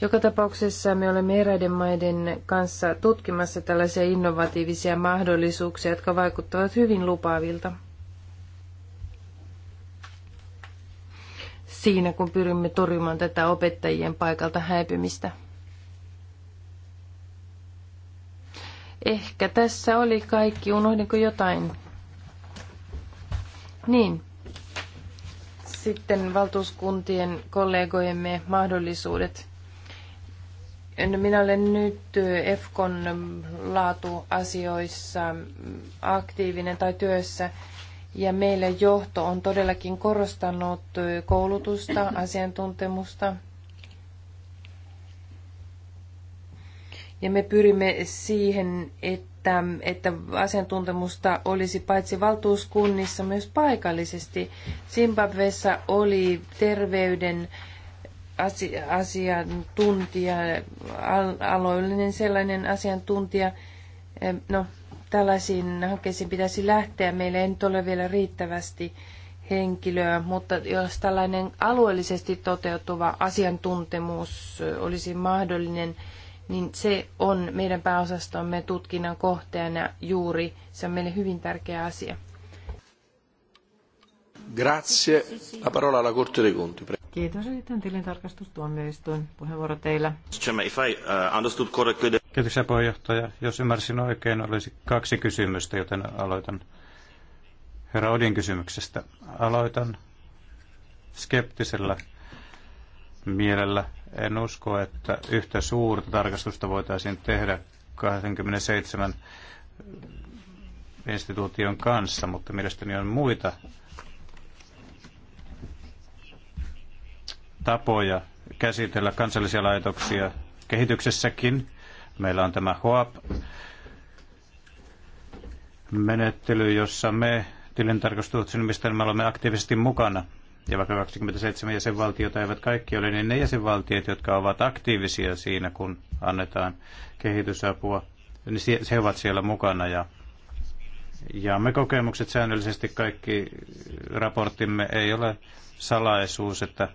Joka tapauksessa me olemme eräiden maiden kanssa tutkimassa tällaisia innovatiivisia mahdollisuuksia, jotka vaikuttavat hyvin lupaavilta. siinä, kun pyrimme torjumaan tätä opettajien paikalta häipymistä. Ehkä tässä oli kaikki. Unohdinko jotain? Niin. Sitten valtuuskuntien kollegojemme mahdollisuudet. Minä olen nyt EFKon laatuasioissa aktiivinen tai työssä ja meillä johto on todellakin korostanut koulutusta, asiantuntemusta. Ja me pyrimme siihen, että, että asiantuntemusta olisi paitsi valtuuskunnissa myös paikallisesti. Zimbabwessa oli terveyden asiantuntija, aloillinen sellainen asiantuntija, no tällaisiin hankkeisiin pitäisi lähteä. Meillä ei nyt ole vielä riittävästi henkilöä, mutta jos tällainen alueellisesti toteutuva asiantuntemus olisi mahdollinen, niin se on meidän pääosastomme tutkinnan kohteena juuri. Se on meille hyvin tärkeä asia. Grazie. La parola alla Corte dei Conti. Kiitos. Sitten tilintarkastustuomioistuin. Puheenvuoro teillä. If I, uh, understood correctly... Kiitoksia puheenjohtaja. Jos ymmärsin oikein, olisi kaksi kysymystä, joten aloitan herra Odin kysymyksestä. Aloitan skeptisellä mielellä. En usko, että yhtä suurta tarkastusta voitaisiin tehdä 27 instituution kanssa, mutta mielestäni on muita tapoja käsitellä kansallisia laitoksia kehityksessäkin. Meillä on tämä HOAP-menettely, jossa me me olemme aktiivisesti mukana. Ja vaikka 27 jäsenvaltiota eivät kaikki ole, niin ne jäsenvaltiot, jotka ovat aktiivisia siinä, kun annetaan kehitysapua, niin he ovat siellä mukana. Ja, ja me kokemukset säännöllisesti kaikki raporttimme ei ole salaisuus, että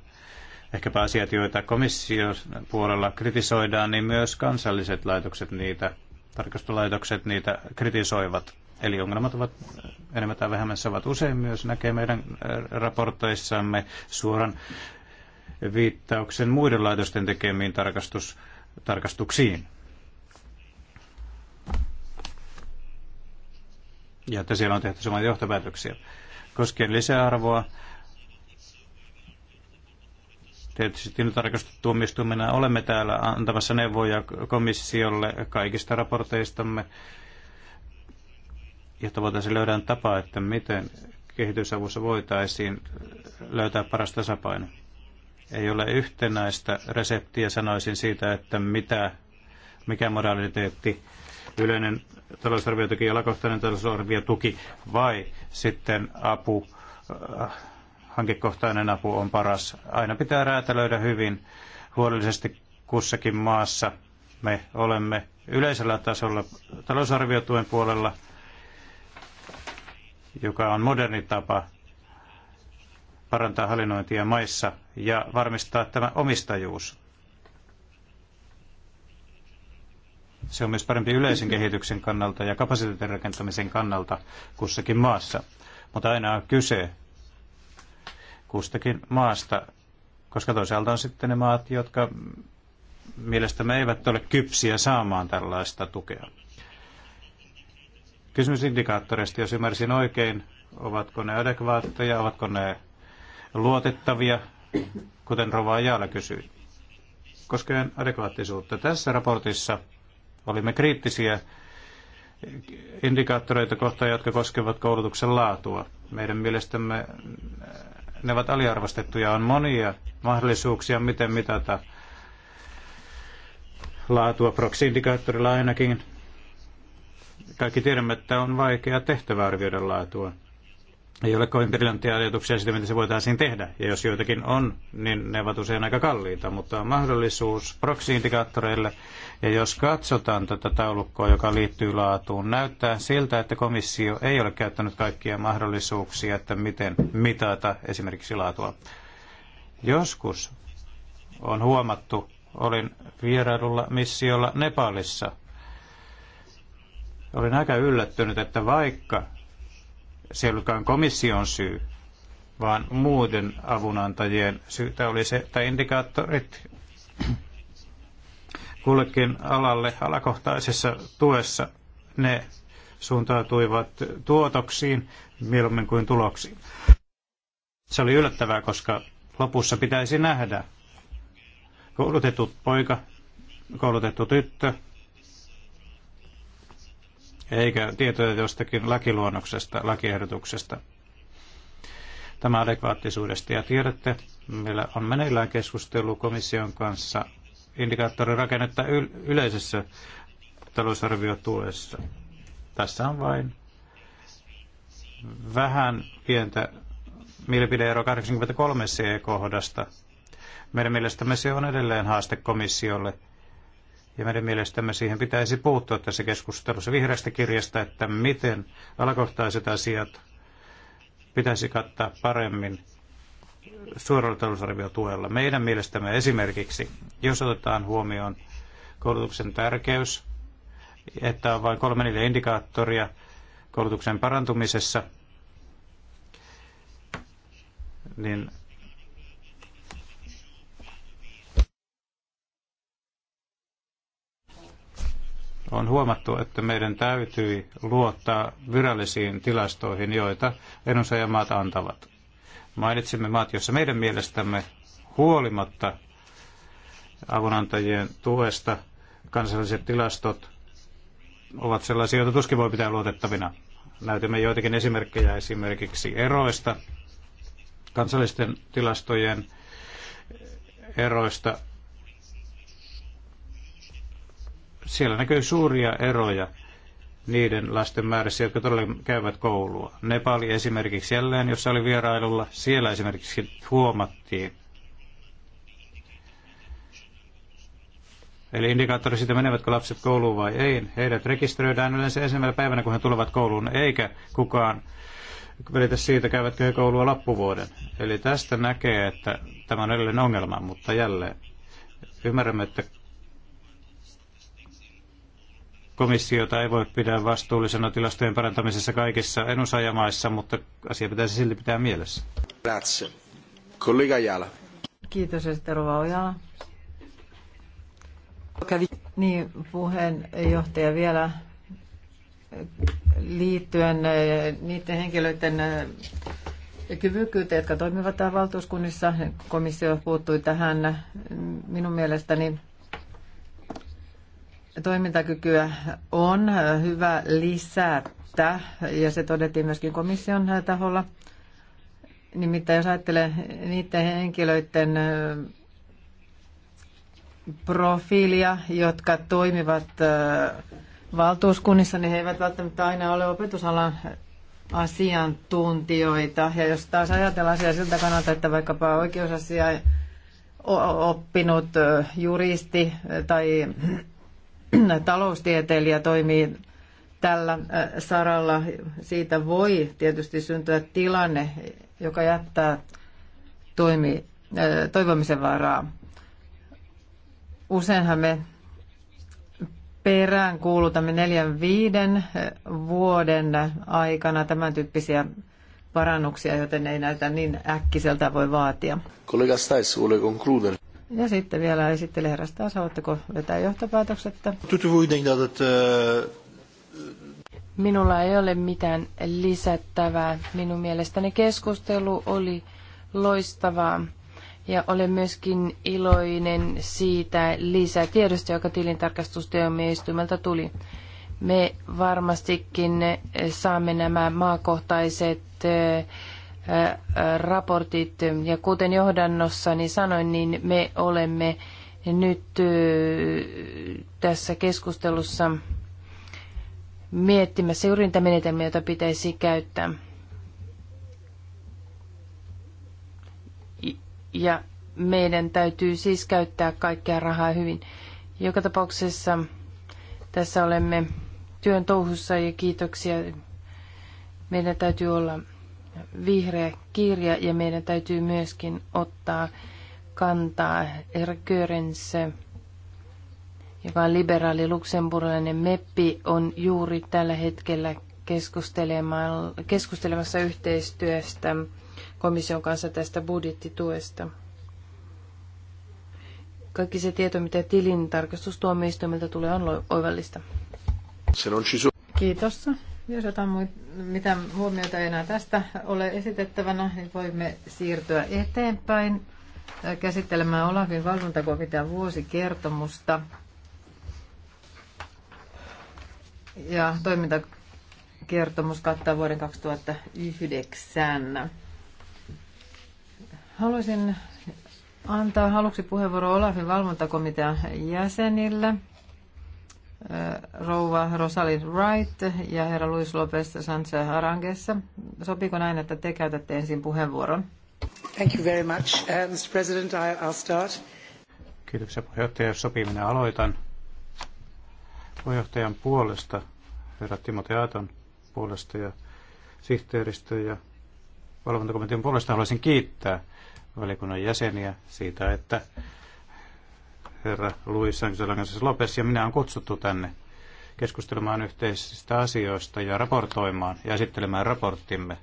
ehkäpä asiat, joita komission puolella kritisoidaan, niin myös kansalliset laitokset niitä, tarkastolaitokset niitä kritisoivat. Eli ongelmat ovat enemmän tai vähemmän ovat Usein myös näkee meidän äh, raporteissamme suoran viittauksen muiden laitosten tekemiin tarkastus, tarkastuksiin. Ja että siellä on tehty samoja johtopäätöksiä. Koskien lisäarvoa, Tietysti tarkastustuomioistuimena olemme täällä antamassa neuvoja komissiolle kaikista raporteistamme, jotta voitaisiin löydän tapa, että miten kehitysavussa voitaisiin löytää paras tasapaino. Ei ole yhtenäistä reseptiä, sanoisin siitä, että mitä, mikä moraliteetti yleinen talousarviotuki ja lakohtainen talousarviotuki vai sitten apu äh, hankekohtainen apu on paras. Aina pitää räätälöidä hyvin huolellisesti kussakin maassa. Me olemme yleisellä tasolla talousarviotuen puolella, joka on moderni tapa parantaa hallinnointia maissa ja varmistaa tämä omistajuus. Se on myös parempi yleisen kehityksen kannalta ja kapasiteetin rakentamisen kannalta kussakin maassa. Mutta aina on kyse kustakin maasta, koska toisaalta on sitten ne maat, jotka mielestämme eivät ole kypsiä saamaan tällaista tukea. Kysymys indikaattoreista, jos ymmärsin oikein, ovatko ne adekvaatteja, ovatko ne luotettavia, kuten Rova Jaala kysyi. Koskeen adekvaattisuutta, tässä raportissa olimme kriittisiä indikaattoreita kohtaan, jotka koskevat koulutuksen laatua. Meidän mielestämme ne ovat aliarvostettuja. On monia mahdollisuuksia, miten mitata laatua proxy-indikaattorilla ainakin. Kaikki tiedämme, että on vaikea tehtävä arvioida laatua. Ei ole kovin briljanttia ajatuksia siitä, mitä se voitaisiin tehdä. Ja jos joitakin on, niin ne ovat usein aika kalliita, mutta on mahdollisuus proxy-indikaattoreille ja jos katsotaan tätä taulukkoa, joka liittyy laatuun, näyttää siltä, että komissio ei ole käyttänyt kaikkia mahdollisuuksia, että miten mitata esimerkiksi laatua. Joskus on huomattu, olin vierailulla missiolla Nepalissa. Olin aika yllättynyt, että vaikka se ei ollutkaan komission syy, vaan muiden avunantajien syytä oli se, että indikaattorit kullekin alalle alakohtaisessa tuessa ne suuntautuivat tuotoksiin mieluummin kuin tuloksiin. Se oli yllättävää, koska lopussa pitäisi nähdä koulutettu poika, koulutettu tyttö, eikä tietoja jostakin lakiluonnoksesta, lakiehdotuksesta. Tämä adekvaattisuudesta ja tiedätte, meillä on meneillään keskustelu komission kanssa indikaattorirakennetta yleisessä talousarviotuessa. Tässä on vain vähän pientä mielipideero 83 C-kohdasta. Meidän mielestämme se on edelleen haaste komissiolle. Ja meidän mielestämme siihen pitäisi puuttua tässä keskustelussa vihreästä kirjasta, että miten alakohtaiset asiat pitäisi kattaa paremmin suoralla talousarviotuella. Meidän mielestämme esimerkiksi, jos otetaan huomioon koulutuksen tärkeys, että on vain kolme neljä indikaattoria koulutuksen parantumisessa, niin on huomattu, että meidän täytyy luottaa virallisiin tilastoihin, joita edunsaajamaat antavat. Mainitsimme maat, joissa meidän mielestämme huolimatta avunantajien tuesta kansalliset tilastot ovat sellaisia, joita tuskin voi pitää luotettavina. Näytimme joitakin esimerkkejä esimerkiksi eroista, kansallisten tilastojen eroista. Siellä näkyy suuria eroja niiden lasten määrässä, jotka todella käyvät koulua. Nepali esimerkiksi jälleen, jossa oli vierailulla, siellä esimerkiksi huomattiin. Eli indikaattori siitä, menevätkö lapset kouluun vai ei. Heidät rekisteröidään yleensä ensimmäisenä päivänä, kun he tulevat kouluun, eikä kukaan välitä siitä, käyvätkö he koulua loppuvuoden. Eli tästä näkee, että tämä on edelleen ongelma, mutta jälleen ymmärrämme, että komissiota ei voi pidä vastuullisena tilastojen parantamisessa kaikissa edunsaajamaissa, mutta asia pitäisi silti pitää mielessä. Grazie. Kollega Jala. Kiitos, Esterova Ojala. Niin, puheenjohtaja vielä liittyen eh, niiden henkilöiden eh, kyvykkyyteen, jotka toimivat täällä valtuuskunnissa. Komissio puuttui tähän minun mielestäni toimintakykyä on hyvä lisätä, ja se todettiin myöskin komission taholla. Nimittäin jos ajattelee niiden henkilöiden profiilia, jotka toimivat valtuuskunnissa, niin he eivät välttämättä aina ole opetusalan asiantuntijoita. Ja jos taas ajatellaan asiaa siltä kannalta, että vaikkapa oikeusasia oppinut juristi tai taloustieteilijä toimii tällä äh, saralla. Siitä voi tietysti syntyä tilanne, joka jättää toimi, äh, toivomisen varaa. Useinhan me perään kuulutamme neljän viiden äh, vuoden aikana tämän tyyppisiä parannuksia, joten ei näytä niin äkkiseltä voi vaatia. Kollega Stais, vuole concludere. Ja sitten vielä esittelee herrastaan, saatteko vetää johtopäätökset? Minulla ei ole mitään lisättävää. Minun mielestäni keskustelu oli loistavaa. Ja olen myöskin iloinen siitä lisätiedosta, joka tilintarkastustyömieistymältä tuli. Me varmastikin saamme nämä maakohtaiset raportit. Ja kuten johdannossani sanoin, niin me olemme nyt tässä keskustelussa miettimässä juuri niitä menetelmiä, joita pitäisi käyttää. Ja meidän täytyy siis käyttää kaikkea rahaa hyvin. Joka tapauksessa tässä olemme työn touhussa ja kiitoksia. Meidän täytyy olla vihreä kirja ja meidän täytyy myöskin ottaa kantaa Erkörens, joka on liberaali luksemburilainen meppi, on juuri tällä hetkellä keskustelemassa yhteistyöstä komission kanssa tästä budjettituesta. Kaikki se tieto, mitä tilintarkastustuomioistuimelta tulee, on oivallista. Siis- Kiitos. Jos jotain muut mitä huomiota ei enää tästä ole esitettävänä, niin voimme siirtyä eteenpäin käsittelemään Olafin valvontakomitean vuosikertomusta ja toimintakertomus kattaa vuoden 2009. Haluaisin antaa haluksi puheenvuoro Olafin valvontakomitean jäsenille. Äh, rouva Rosalind Wright ja herra Luis Lopez Sanchez Arangessa. Sopiiko näin, että te käytätte ensin puheenvuoron? Thank you very much, uh, Mr. President. I, I'll start. Kiitoksia puheenjohtaja. Jos sopii, minä aloitan. Puheenjohtajan puolesta, herra Timo Teaton puolesta ja sihteeristö ja valvontakomitean puolesta haluaisin kiittää valiokunnan jäseniä siitä, että herra Luis Sanchez Lopes ja minä on kutsuttu tänne keskustelemaan yhteisistä asioista ja raportoimaan ja esittelemään raporttimme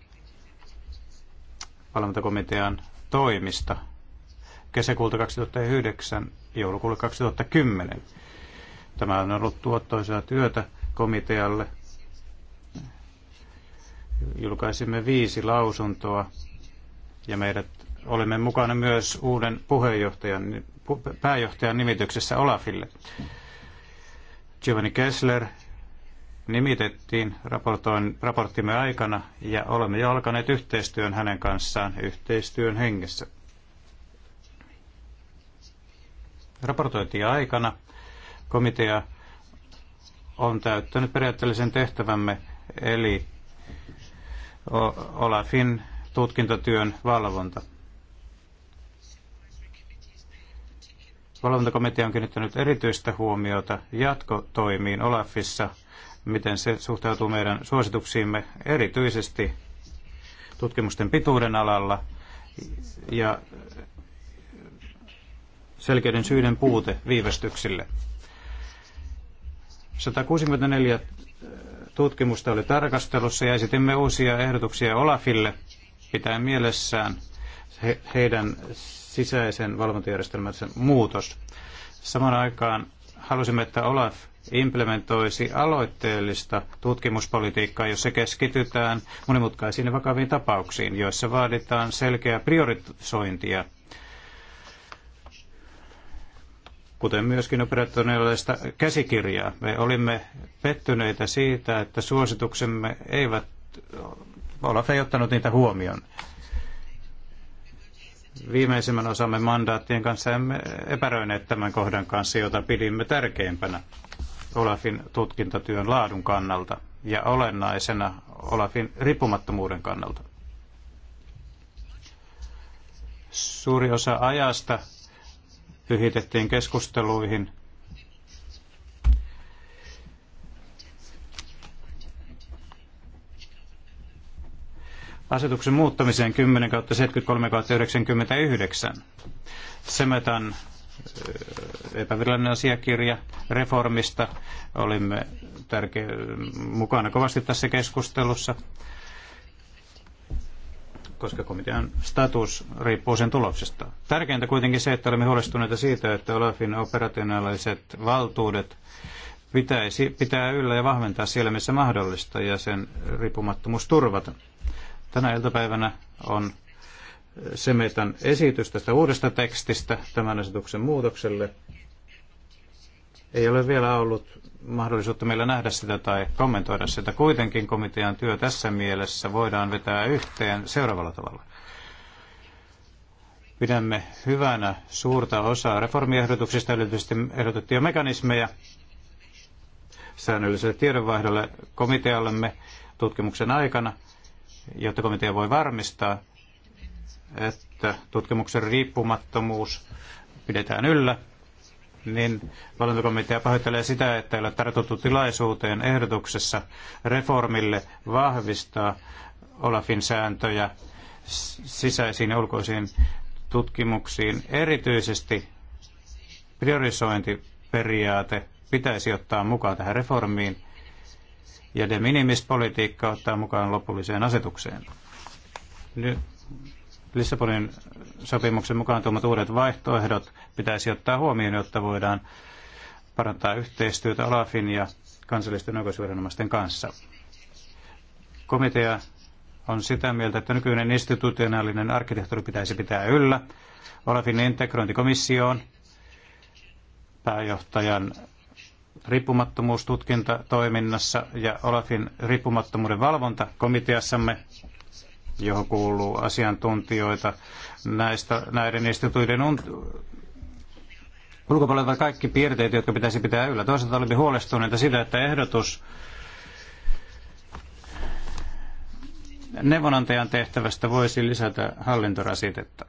valvontakomitean toimista kesäkuulta 2009 joulukuulta 2010. Tämä on ollut tuottoisaa työtä komitealle. Julkaisimme viisi lausuntoa ja meidät olemme mukana myös uuden puheenjohtajan pääjohtajan nimityksessä Olafille. Giovanni Kessler nimitettiin raporttimme aikana ja olemme jo alkaneet yhteistyön hänen kanssaan yhteistyön hengessä. Raportointia aikana komitea on täyttänyt periaatteellisen tehtävämme eli Olafin tutkintatyön valvonta. Valvontakomitea on kiinnittänyt erityistä huomiota jatkotoimiin Olafissa, miten se suhtautuu meidän suosituksiimme erityisesti tutkimusten pituuden alalla ja selkeiden syiden puute viivästyksille. 164 tutkimusta oli tarkastelussa ja esitimme uusia ehdotuksia Olafille pitäen mielessään heidän sisäisen valvontajärjestelmän muutos. Samaan aikaan halusimme, että Olaf implementoisi aloitteellista tutkimuspolitiikkaa, jossa keskitytään monimutkaisiin ja vakaviin tapauksiin, joissa vaaditaan selkeää priorisointia, kuten myöskin operationaalista käsikirjaa. Me olimme pettyneitä siitä, että suosituksemme eivät, Olaf ei ottanut niitä huomioon viimeisimmän osamme mandaattien kanssa emme epäröineet tämän kohdan kanssa, jota pidimme tärkeimpänä Olafin tutkintatyön laadun kannalta ja olennaisena Olafin riippumattomuuden kannalta. Suuri osa ajasta pyhitettiin keskusteluihin – asetuksen muuttamiseen 10 73 99. Semetan epävirallinen asiakirja reformista. Olimme tärkeä mukana kovasti tässä keskustelussa, koska komitean status riippuu sen tuloksesta. Tärkeintä kuitenkin se, että olemme huolestuneita siitä, että Olafin operationaaliset valtuudet pitäisi pitää yllä ja vahventaa siellä, missä mahdollista, ja sen riippumattomuus turvata tänä iltapäivänä on eh, Semetan esitys tästä uudesta tekstistä tämän asetuksen muutokselle. Ei ole vielä ollut mahdollisuutta meillä nähdä sitä tai kommentoida sitä. Kuitenkin komitean työ tässä mielessä voidaan vetää yhteen seuraavalla tavalla. Pidämme hyvänä suurta osaa reformiehdotuksista, erityisesti ehdotettuja mekanismeja säännölliselle tiedonvaihdolle komiteallemme tutkimuksen aikana – jotta komitea voi varmistaa, että tutkimuksen riippumattomuus pidetään yllä, niin valintokomitea pahoittelee sitä, että ei ole tartuttu tilaisuuteen ehdotuksessa reformille vahvistaa Olafin sääntöjä sisäisiin ja ulkoisiin tutkimuksiin. Erityisesti priorisointiperiaate pitäisi ottaa mukaan tähän reformiin – ja de minimis-politiikka ottaa mukaan lopulliseen asetukseen. Nyt Lissabonin sopimuksen mukaan tuomat uudet vaihtoehdot pitäisi ottaa huomioon, jotta voidaan parantaa yhteistyötä Olafin ja kansallisten oikeusviranomaisten kanssa. Komitea on sitä mieltä, että nykyinen institutionaalinen arkkitehtuuri pitäisi pitää yllä. Olafin integrointikomissioon komissioon pääjohtajan riippumattomuustutkintatoiminnassa ja Olafin riippumattomuuden valvontakomiteassamme, johon kuuluu asiantuntijoita näistä, näiden instituutioiden ulkopuolella kaikki piirteet, jotka pitäisi pitää yllä. Toisaalta olimme huolestuneita siitä, että ehdotus neuvonantajan tehtävästä voisi lisätä hallintorasitetta.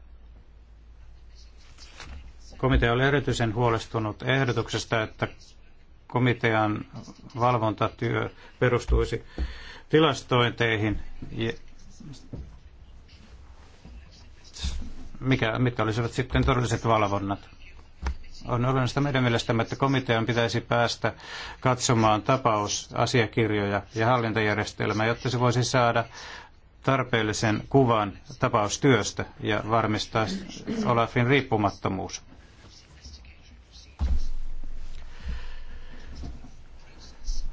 Komitea oli erityisen huolestunut ehdotuksesta, että komitean valvontatyö perustuisi tilastointeihin, mikä, mitkä olisivat sitten todelliset valvonnat. On olennaista meidän mielestämme, että komitean pitäisi päästä katsomaan tapausasiakirjoja ja hallintajärjestelmää, jotta se voisi saada tarpeellisen kuvan tapaustyöstä ja varmistaa Olafin riippumattomuus.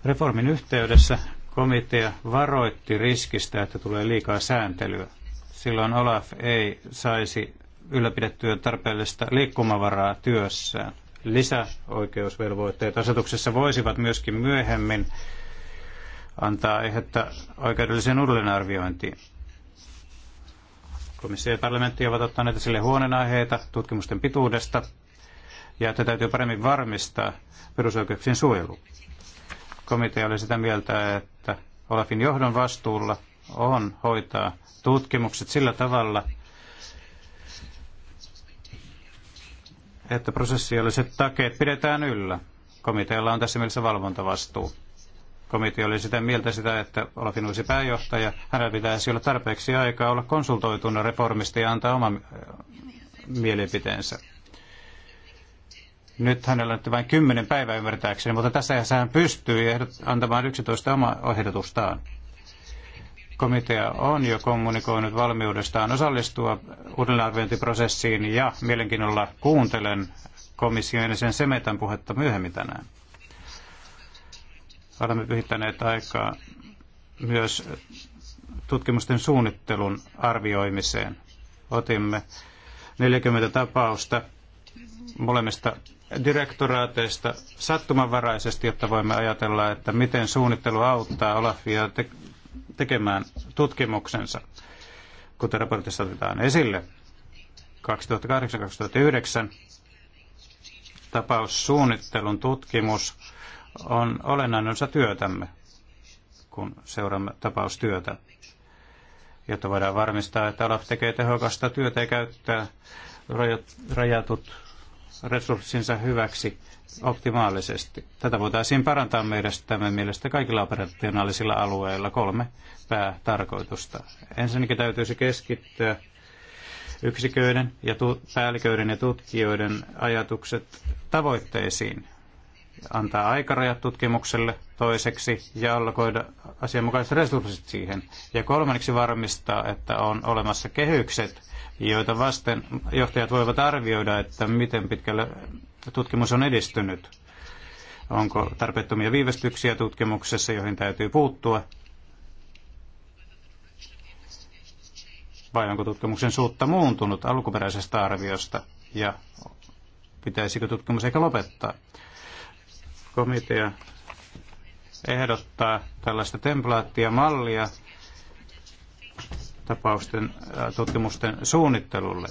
Reformin yhteydessä komitea varoitti riskistä, että tulee liikaa sääntelyä. Silloin Olaf ei saisi ylläpidettyä tarpeellista liikkumavaraa työssään. Lisäoikeusvelvoitteet asetuksessa voisivat myöskin myöhemmin antaa aihetta oikeudelliseen uudelleenarviointiin. Komissio ja parlamentti ovat ottaneet esille huonenaiheita tutkimusten pituudesta ja että täytyy paremmin varmistaa perusoikeuksien suojelu komitea oli sitä mieltä, että Olafin johdon vastuulla on hoitaa tutkimukset sillä tavalla, että prosessiolliset takeet pidetään yllä. Komitealla on tässä mielessä valvontavastuu. Komitea oli sitä mieltä sitä, että Olafin uusi pääjohtaja, hänellä pitäisi olla tarpeeksi aikaa olla konsultoituna reformista ja antaa oma mielipiteensä. Nyt hänellä on vain kymmenen päivää ymmärtääkseni, mutta tässä hän pystyy antamaan 11 omaa ehdotustaan. Komitea on jo kommunikoinut valmiudestaan osallistua uudelleenarviointiprosessiin ja mielenkiinnolla kuuntelen komission ja sen Semetan puhetta myöhemmin tänään. Olemme pyhittäneet aikaa myös tutkimusten suunnittelun arvioimiseen. Otimme 40 tapausta molemmista direktoraateista sattumanvaraisesti, jotta voimme ajatella, että miten suunnittelu auttaa Olafia te- tekemään tutkimuksensa, kuten raportissa otetaan esille. 2008-2009 tapaussuunnittelun tutkimus on olennainen osa työtämme, kun seuraamme tapaustyötä, jotta voidaan varmistaa, että Olaf tekee tehokasta työtä ja käyttää rajatut resurssinsa hyväksi optimaalisesti. Tätä voitaisiin parantaa meidän mielestä kaikilla operationaalisilla alueilla kolme päätarkoitusta. Ensinnäkin täytyisi keskittyä yksiköiden ja tu- päälliköiden ja tutkijoiden ajatukset tavoitteisiin, antaa aikarajat tutkimukselle toiseksi ja allokoida asianmukaiset resurssit siihen. Ja kolmanneksi varmistaa, että on olemassa kehykset, joita vasten johtajat voivat arvioida, että miten pitkälle tutkimus on edistynyt. Onko tarpeettomia viivästyksiä tutkimuksessa, joihin täytyy puuttua? Vai onko tutkimuksen suutta muuntunut alkuperäisestä arviosta? Ja pitäisikö tutkimus eikä lopettaa? komitea ehdottaa tällaista templaattia, mallia tapausten äh, tutkimusten suunnittelulle.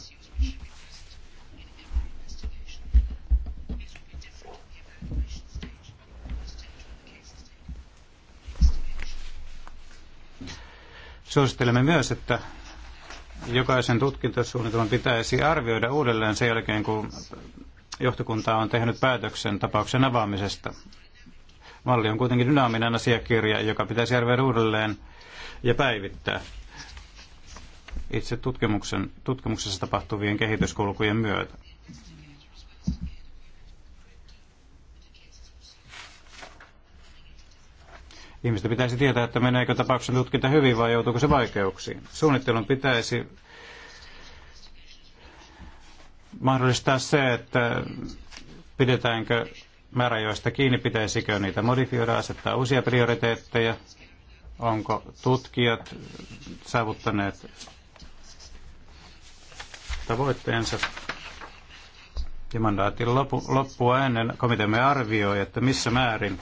Suosittelemme myös, että jokaisen tutkintosuunnitelman pitäisi arvioida uudelleen sen jälkeen, kun johtokunta on tehnyt päätöksen tapauksen avaamisesta. Malli on kuitenkin dynaaminen asiakirja, joka pitäisi arvioida uudelleen ja päivittää itse tutkimuksen, tutkimuksessa tapahtuvien kehityskulkujen myötä. Ihmistä pitäisi tietää, että meneekö tapauksen tutkinta hyvin vai joutuuko se vaikeuksiin. Suunnittelun pitäisi mahdollistaa se, että pidetäänkö määräjoista kiinni, pitäisikö niitä modifioida, asettaa uusia prioriteetteja, onko tutkijat saavuttaneet tavoitteensa. Ja mandaatin loppua ennen komiteamme arvioi, että missä määrin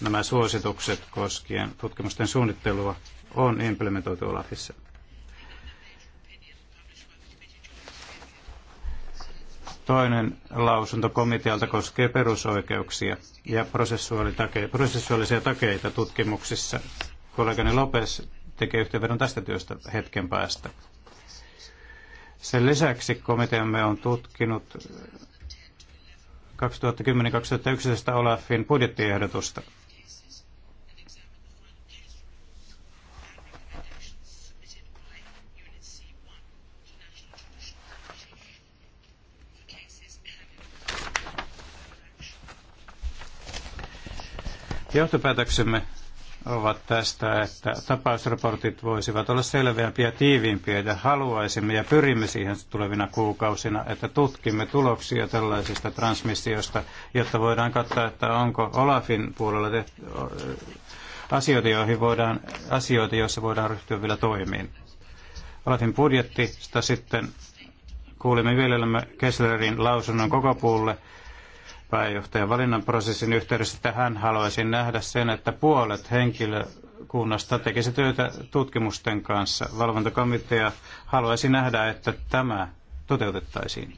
nämä suositukset koskien tutkimusten suunnittelua on implementoitu Olafissa. Toinen lausunto komitealta koskee perusoikeuksia ja prosessuaalisia takeita tutkimuksissa. Kollegani Lopes tekee yhteenvedon tästä työstä hetken päästä. Sen lisäksi komiteamme on tutkinut 2010-2011 Olafin budjettiehdotusta. Johtopäätöksemme ovat tästä, että tapausraportit voisivat olla selveämpiä ja tiiviimpiä ja haluaisimme ja pyrimme siihen tulevina kuukausina, että tutkimme tuloksia tällaisista transmissioista, jotta voidaan katsoa, että onko Olafin puolella tehty asioita, joihin voidaan, asioita, joissa voidaan ryhtyä vielä toimiin. Olafin budjettista sitten kuulimme vielämme Kesslerin lausunnon koko puulle pääjohtajan valinnan prosessin yhteydessä hän haluaisi nähdä sen, että puolet henkilökunnasta tekisi työtä tutkimusten kanssa. Valvontakomitea haluaisi nähdä, että tämä toteutettaisiin.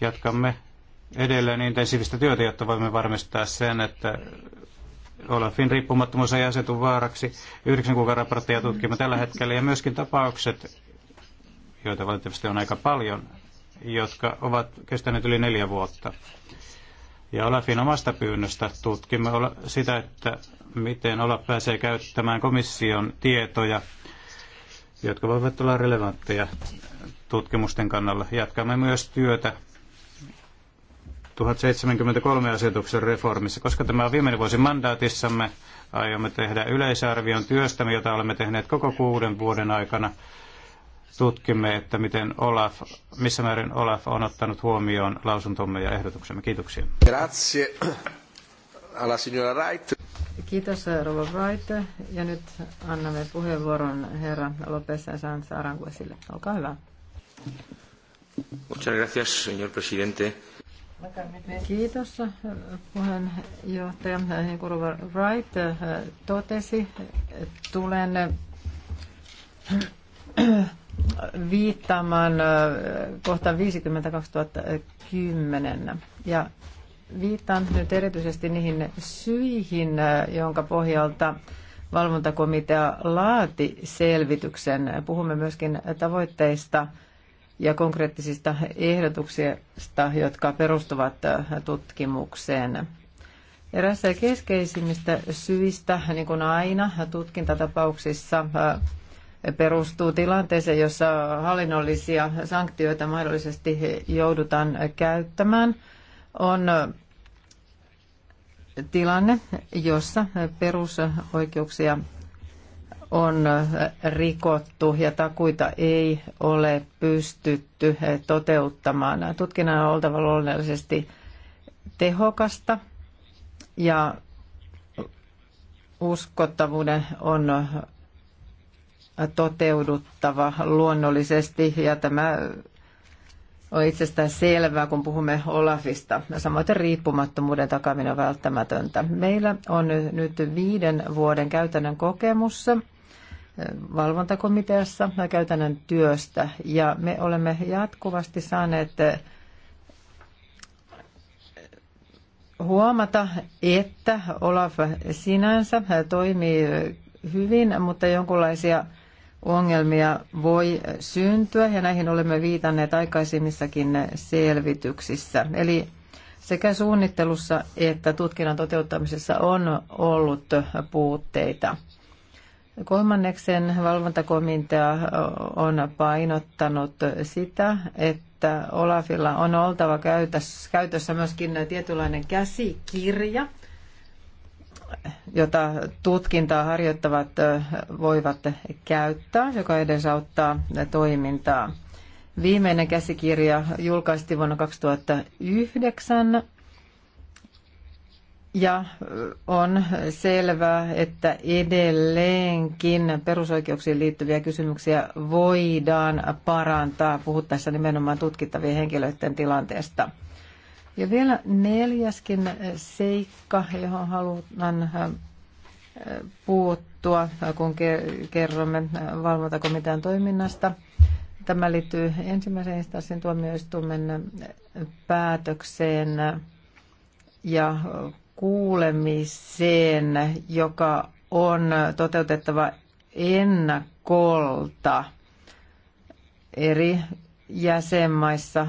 Jatkamme edelleen intensiivistä työtä, jotta voimme varmistaa sen, että Olafin riippumattomuus ei asetu vaaraksi. Yhdeksän kuukauden raporttia tutkimme tällä hetkellä ja myöskin tapaukset, joita valitettavasti on aika paljon, jotka ovat kestäneet yli neljä vuotta. Ja Olafin omasta pyynnöstä tutkimme sitä, että miten Olaf pääsee käyttämään komission tietoja, jotka voivat olla relevantteja tutkimusten kannalla. Jatkamme myös työtä 1073 asetuksen reformissa. Koska tämä on viimeinen vuosi mandaatissamme, aiomme tehdä yleisarvion työstämme, jota olemme tehneet koko kuuden vuoden aikana tutkimme, että miten Olaf, missä määrin Olaf on ottanut huomioon lausuntomme ja ehdotuksemme. Kiitoksia. Grazie alla signora Wright. Kiitos Robert Wright. Ja nyt annamme puheenvuoron herra Lopez Sanz Aranguesille. Olkaa hyvä. Muchas gracias, señor presidente. Kiitos puheenjohtaja. Niin kuin Rova Wright totesi, tulen viittaamaan kohtaan 50 2010. Ja viittaan nyt erityisesti niihin syihin, jonka pohjalta valvontakomitea laati selvityksen. Puhumme myöskin tavoitteista ja konkreettisista ehdotuksista, jotka perustuvat tutkimukseen. Erässä keskeisimmistä syistä, niin kuin aina tutkintatapauksissa, perustuu tilanteeseen, jossa hallinnollisia sanktioita mahdollisesti joudutaan käyttämään, on tilanne, jossa perusoikeuksia on rikottu ja takuita ei ole pystytty toteuttamaan. Tutkinnan on oltava luonnollisesti tehokasta ja uskottavuuden on toteuduttava luonnollisesti ja tämä on itsestään selvää, kun puhumme Olafista. Samoin riippumattomuuden takaminen on välttämätöntä. Meillä on nyt viiden vuoden käytännön kokemus eh, valvontakomiteassa ja käytännön työstä. Ja me olemme jatkuvasti saaneet eh, huomata, että Olaf sinänsä eh, toimii hyvin, mutta jonkinlaisia ongelmia voi syntyä ja näihin olemme viitanneet aikaisemmissakin selvityksissä. Eli sekä suunnittelussa että tutkinnan toteuttamisessa on ollut puutteita. Kolmanneksen valvontakomitea on painottanut sitä, että Olafilla on oltava käytössä myöskin tietynlainen käsikirja – jota tutkintaa harjoittavat voivat käyttää, joka edesauttaa toimintaa. Viimeinen käsikirja julkaistiin vuonna 2009 ja on selvää, että edelleenkin perusoikeuksiin liittyviä kysymyksiä voidaan parantaa puhuttaessa nimenomaan tutkittavien henkilöiden tilanteesta. Ja vielä neljäskin seikka, johon haluan äh, puuttua, kun kerromme äh, valvontakomitean toiminnasta. Tämä liittyy ensimmäisen instanssin tuomioistuimen äh, päätökseen ja kuulemiseen, joka on toteutettava ennakolta eri jäsenmaissa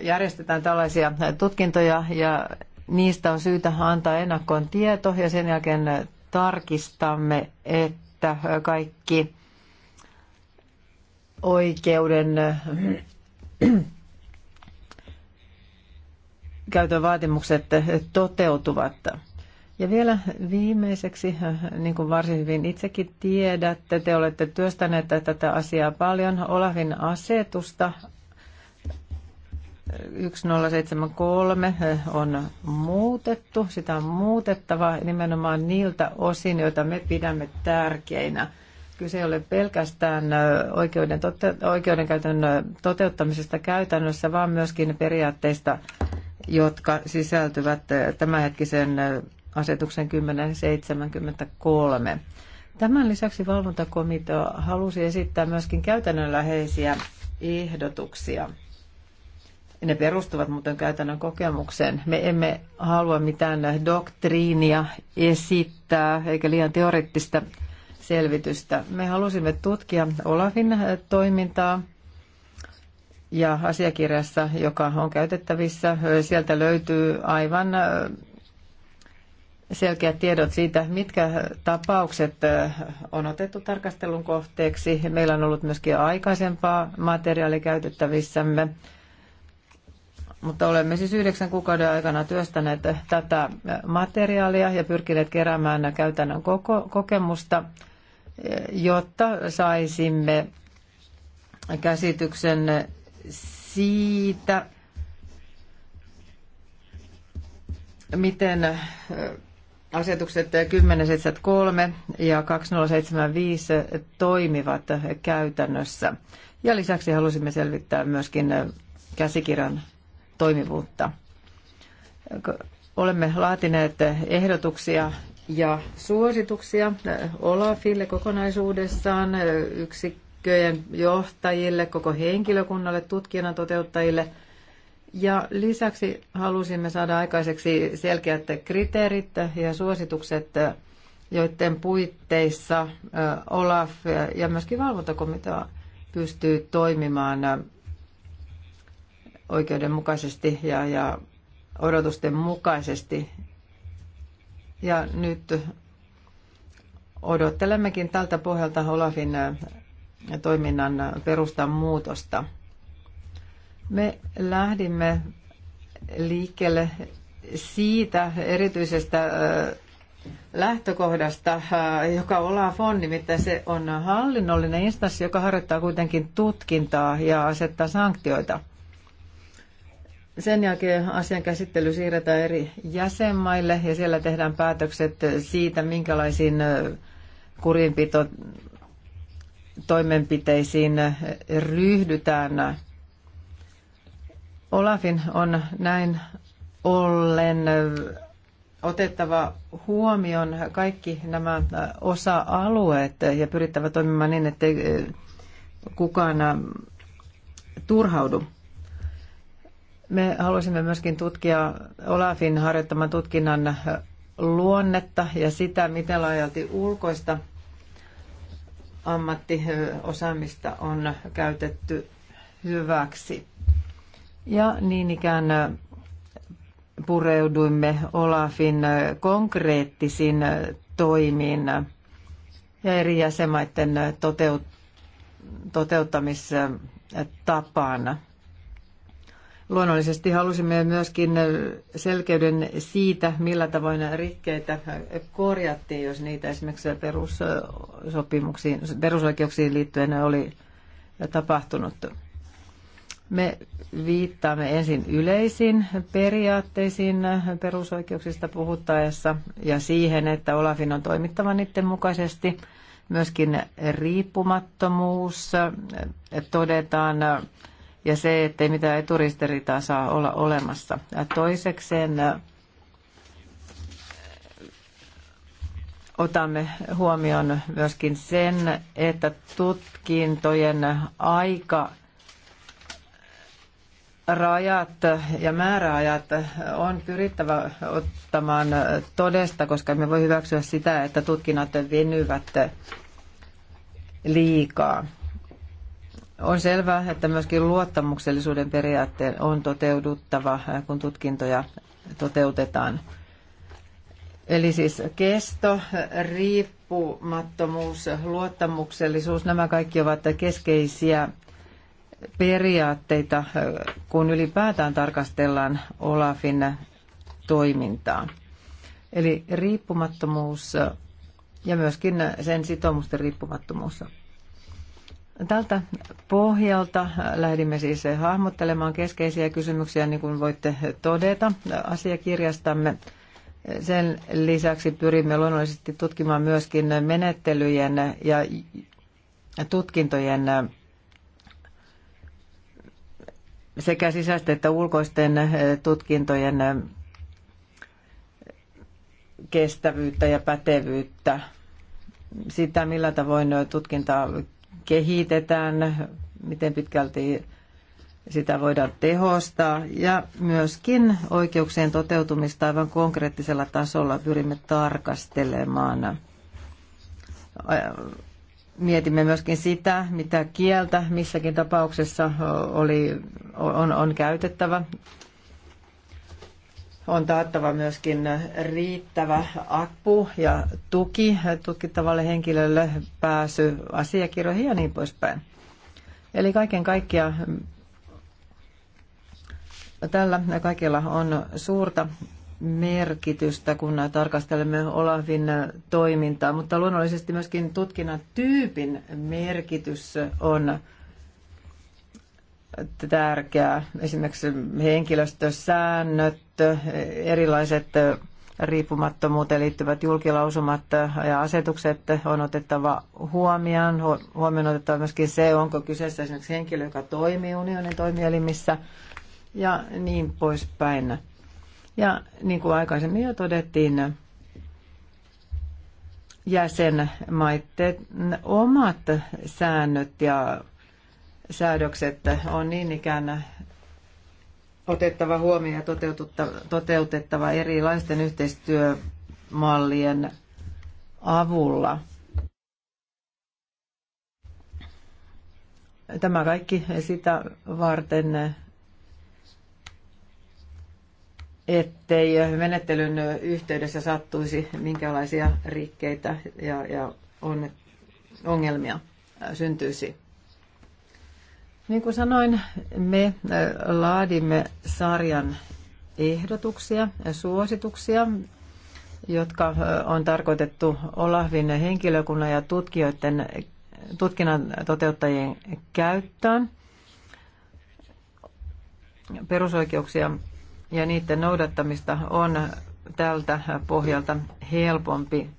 järjestetään tällaisia tutkintoja ja niistä on syytä antaa ennakkoon tieto ja sen jälkeen tarkistamme, että kaikki oikeuden käytön vaatimukset toteutuvat. Ja vielä viimeiseksi, niin kuin varsin hyvin itsekin tiedätte, te olette työstäneet tätä asiaa paljon. Olavin asetusta 1073 eh, on muutettu, sitä on muutettava nimenomaan niiltä osin, joita me pidämme tärkeinä. Kyse ei ole pelkästään eh, oikeuden tote- oikeudenkäytön eh, toteuttamisesta käytännössä, vaan myöskin periaatteista, jotka sisältyvät tämänhetkisen asetuksen 1073. Tämän lisäksi valvontakomitea halusi esittää myöskin käytännönläheisiä ehdotuksia ne perustuvat muuten käytännön kokemukseen. Me emme halua mitään doktriinia esittää eikä liian teoreettista selvitystä. Me halusimme tutkia Olafin toimintaa ja asiakirjassa, joka on käytettävissä, sieltä löytyy aivan äh, selkeät tiedot siitä, mitkä tapaukset äh, on otettu tarkastelun kohteeksi. Meillä on ollut myöskin aikaisempaa materiaalia käytettävissämme mutta olemme siis yhdeksän kuukauden aikana työstäneet tätä materiaalia ja pyrkineet keräämään käytännön koko, kokemusta, jotta saisimme käsityksen siitä, miten asetukset 1073 ja 2075 toimivat käytännössä. Ja lisäksi halusimme selvittää myöskin käsikirjan toimivuutta. Olemme laatineet ehdotuksia ja suosituksia Olafille kokonaisuudessaan, yksikköjen johtajille, koko henkilökunnalle, tutkijan toteuttajille. Ja lisäksi halusimme saada aikaiseksi selkeät kriteerit ja suositukset, joiden puitteissa Olaf ja myöskin valvontakomitea pystyy toimimaan oikeudenmukaisesti ja, ja odotusten mukaisesti. Ja nyt odottelemmekin tältä pohjalta Olafin äh, toiminnan perustan muutosta. Me lähdimme liikkeelle siitä erityisestä äh, lähtökohdasta, äh, joka Olaf on, nimittäin se on hallinnollinen instanssi, joka harjoittaa kuitenkin tutkintaa ja asettaa sanktioita – sen jälkeen asian käsittely siirretään eri jäsenmaille ja siellä tehdään päätökset siitä, minkälaisiin kurinpito toimenpiteisiin ryhdytään. Olafin on näin ollen otettava huomioon kaikki nämä osa-alueet ja pyrittävä toimimaan niin, että kukaan turhaudu. Me halusimme myöskin tutkia Olafin harjoittaman tutkinnan luonnetta ja sitä, miten laajalti ulkoista ammattiosaamista on käytetty hyväksi. Ja niin ikään pureuduimme Olafin konkreettisiin toimiin ja eri jäsenmaiden toteut- toteuttamistapaan. Luonnollisesti halusimme myöskin selkeyden siitä, millä tavoin rikkeitä korjattiin, jos niitä esimerkiksi perussopimuksiin, perusoikeuksiin liittyen oli tapahtunut. Me viittaamme ensin yleisiin periaatteisiin perusoikeuksista puhuttaessa ja siihen, että Olafin on toimittava niiden mukaisesti. Myöskin riippumattomuus todetaan ja se, ettei mitään eturistiriitaa saa olla olemassa. Ja toisekseen äh, otamme huomioon myöskin sen, että tutkintojen aika rajat ja määräajat on pyrittävä ottamaan todesta, koska me voi hyväksyä sitä, että tutkinnat venyvät liikaa. On selvää, että myöskin luottamuksellisuuden periaatteen on toteuduttava, äh, kun tutkintoja toteutetaan. Eli siis kesto, riippumattomuus, luottamuksellisuus, nämä kaikki ovat keskeisiä periaatteita, äh, kun ylipäätään tarkastellaan Olafin toimintaa. Eli riippumattomuus ja myöskin sen sitoumusten riippumattomuus. Tältä pohjalta lähdimme siis hahmottelemaan keskeisiä kysymyksiä, niin kuin voitte todeta asiakirjastamme. Sen lisäksi pyrimme luonnollisesti tutkimaan myöskin menettelyjen ja tutkintojen sekä sisäisten että ulkoisten tutkintojen kestävyyttä ja pätevyyttä, sitä millä tavoin tutkintaa kehitetään, miten pitkälti sitä voidaan tehostaa ja myöskin oikeuksien toteutumista aivan konkreettisella tasolla pyrimme tarkastelemaan. Mietimme myöskin sitä, mitä kieltä missäkin tapauksessa oli, on, on käytettävä on taattava myöskin riittävä apu ja tuki tutkittavalle henkilölle, pääsy asiakirjoihin ja niin poispäin. Eli kaiken kaikkiaan tällä kaikilla on suurta merkitystä, kun tarkastelemme Olavin toimintaa, mutta luonnollisesti myöskin tutkinnan tyypin merkitys on tärkeää. Esimerkiksi henkilöstösäännöt, erilaiset riippumattomuuteen liittyvät julkilausumat ja asetukset on otettava huomioon. Huomioon otettava myöskin se, onko kyseessä esimerkiksi henkilö, joka toimii unionin toimielimissä ja niin poispäin. Ja niin kuin aikaisemmin jo todettiin, jäsenmaiden omat säännöt ja säädökset on niin ikään otettava huomioon ja toteutettava erilaisten yhteistyömallien avulla. Tämä kaikki sitä varten, ettei menettelyn yhteydessä sattuisi minkälaisia rikkeitä ja, ja on, ongelmia syntyisi. Niin kuin sanoin, me laadimme sarjan ehdotuksia ja suosituksia, jotka on tarkoitettu Olafin henkilökunnan ja tutkijoiden, tutkinnan toteuttajien käyttöön. Perusoikeuksia ja niiden noudattamista on tältä pohjalta helpompi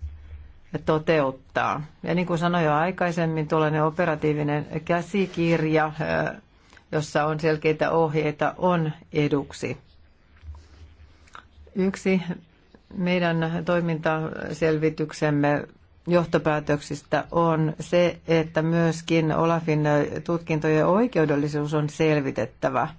toteuttaa. Ja niin kuin sanoin jo aikaisemmin, tuollainen operatiivinen käsikirja, jossa on selkeitä ohjeita, on eduksi. Yksi meidän toimintaselvityksemme johtopäätöksistä on se, että myöskin Olafin tutkintojen oikeudellisuus on selvitettävä –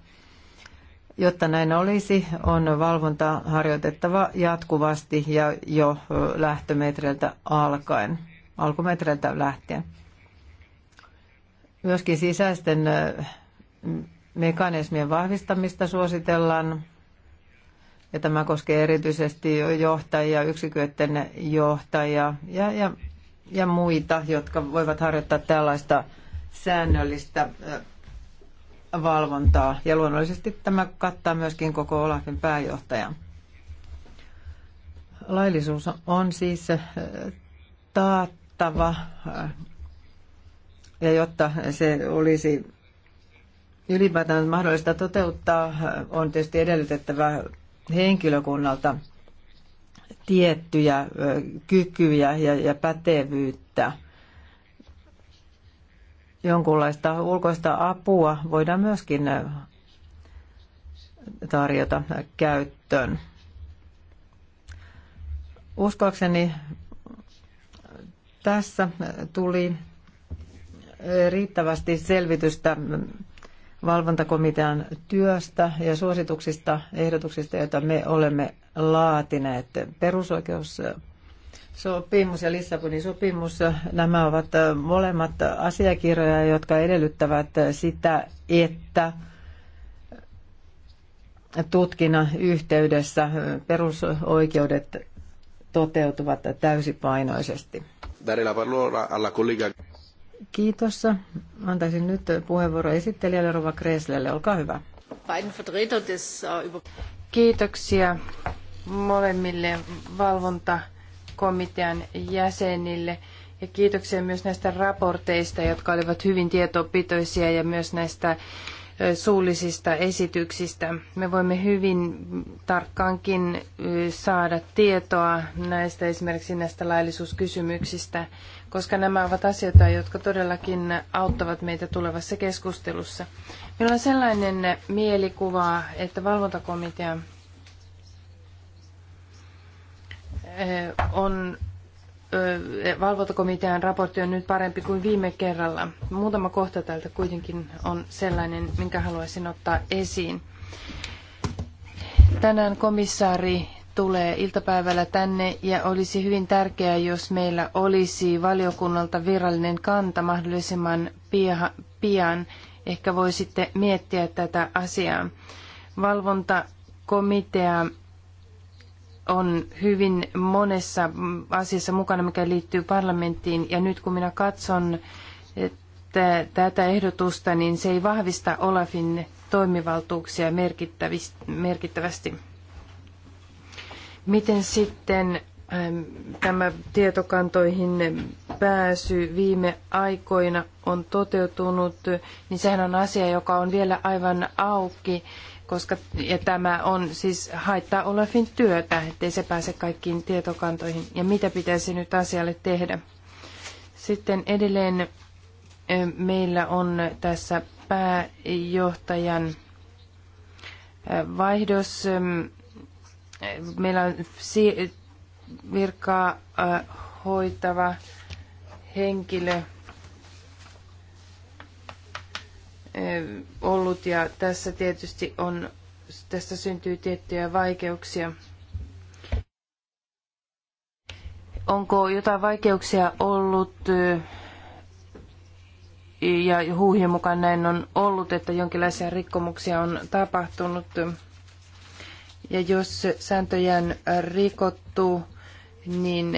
Jotta näin olisi, on valvonta harjoitettava jatkuvasti ja jo lähtömetreiltä alkaen, alkumetreiltä lähtien. Myöskin sisäisten mekanismien vahvistamista suositellaan, ja tämä koskee erityisesti johtajia, yksiköiden johtajia ja, ja, ja muita, jotka voivat harjoittaa tällaista säännöllistä valvontaa. Ja luonnollisesti tämä kattaa myöskin koko Olafin pääjohtajan. Laillisuus on siis äh, taattava äh, ja jotta se olisi ylipäätään mahdollista toteuttaa, äh, on tietysti edellytettävä henkilökunnalta tiettyjä kykyjä ja, ja pätevyyttä jonkunlaista ulkoista apua voidaan myöskin äh, tarjota käyttöön. Uskoakseni tässä tuli riittävästi selvitystä valvontakomitean työstä ja suosituksista, ehdotuksista, joita me olemme laatineet. Perusoikeus sopimus ja Lissabonin sopimus, nämä ovat äh, molemmat asiakirjoja, jotka edellyttävät äh, sitä, että tutkinnan yhteydessä äh, perusoikeudet toteutuvat täysipainoisesti. Kiitos. Antaisin nyt puheenvuoro esittelijälle Rova Kreslelle. Olkaa hyvä. Kiitoksia molemmille valvonta komitean jäsenille. Ja kiitoksia myös näistä raporteista, jotka olivat hyvin tietopitoisia ja myös näistä suullisista esityksistä. Me voimme hyvin tarkkaankin saada tietoa näistä esimerkiksi näistä laillisuuskysymyksistä, koska nämä ovat asioita, jotka todellakin auttavat meitä tulevassa keskustelussa. Meillä on sellainen mielikuva, että valvontakomitea on valvontakomitean raportti on nyt parempi kuin viime kerralla. Muutama kohta täältä kuitenkin on sellainen, minkä haluaisin ottaa esiin. Tänään komissaari tulee iltapäivällä tänne ja olisi hyvin tärkeää, jos meillä olisi valiokunnalta virallinen kanta mahdollisimman pian. Ehkä voisitte miettiä tätä asiaa. Valvontakomitea on hyvin monessa asiassa mukana, mikä liittyy parlamenttiin. Ja nyt kun minä katson tätä ehdotusta, niin se ei vahvista Olafin toimivaltuuksia merkittävästi. Miten sitten ähm, tämä tietokantoihin pääsy viime aikoina on toteutunut, niin sehän on asia, joka on vielä aivan auki koska ja tämä on siis haittaa Olafin työtä, ettei se pääse kaikkiin tietokantoihin. Ja mitä pitäisi nyt asialle tehdä? Sitten edelleen meillä on tässä pääjohtajan vaihdos. Meillä on virkaa hoitava henkilö Eh, ollut ja tässä tietysti on, tästä syntyy tiettyjä vaikeuksia. Onko jotain vaikeuksia ollut eh, ja huuhien mukaan näin on ollut, että jonkinlaisia rikkomuksia on tapahtunut. Ja jos sääntöjä on rikottu, niin,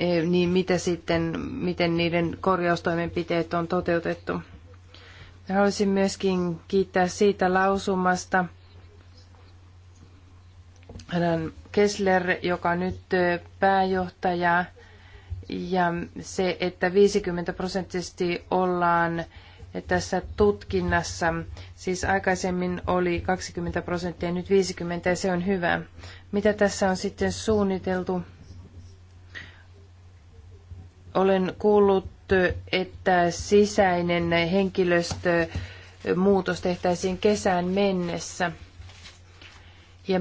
eh, niin mitä sitten, miten niiden korjaustoimenpiteet on toteutettu? Haluaisin myöskin kiittää siitä lausumasta. hänen on Kessler, joka on nyt pääjohtaja, ja se, että 50 prosenttisesti ollaan tässä tutkinnassa. Siis aikaisemmin oli 20 prosenttia, nyt 50 ja se on hyvä. Mitä tässä on sitten suunniteltu? Olen kuullut että sisäinen henkilöstömuutos tehtäisiin kesään mennessä. Ja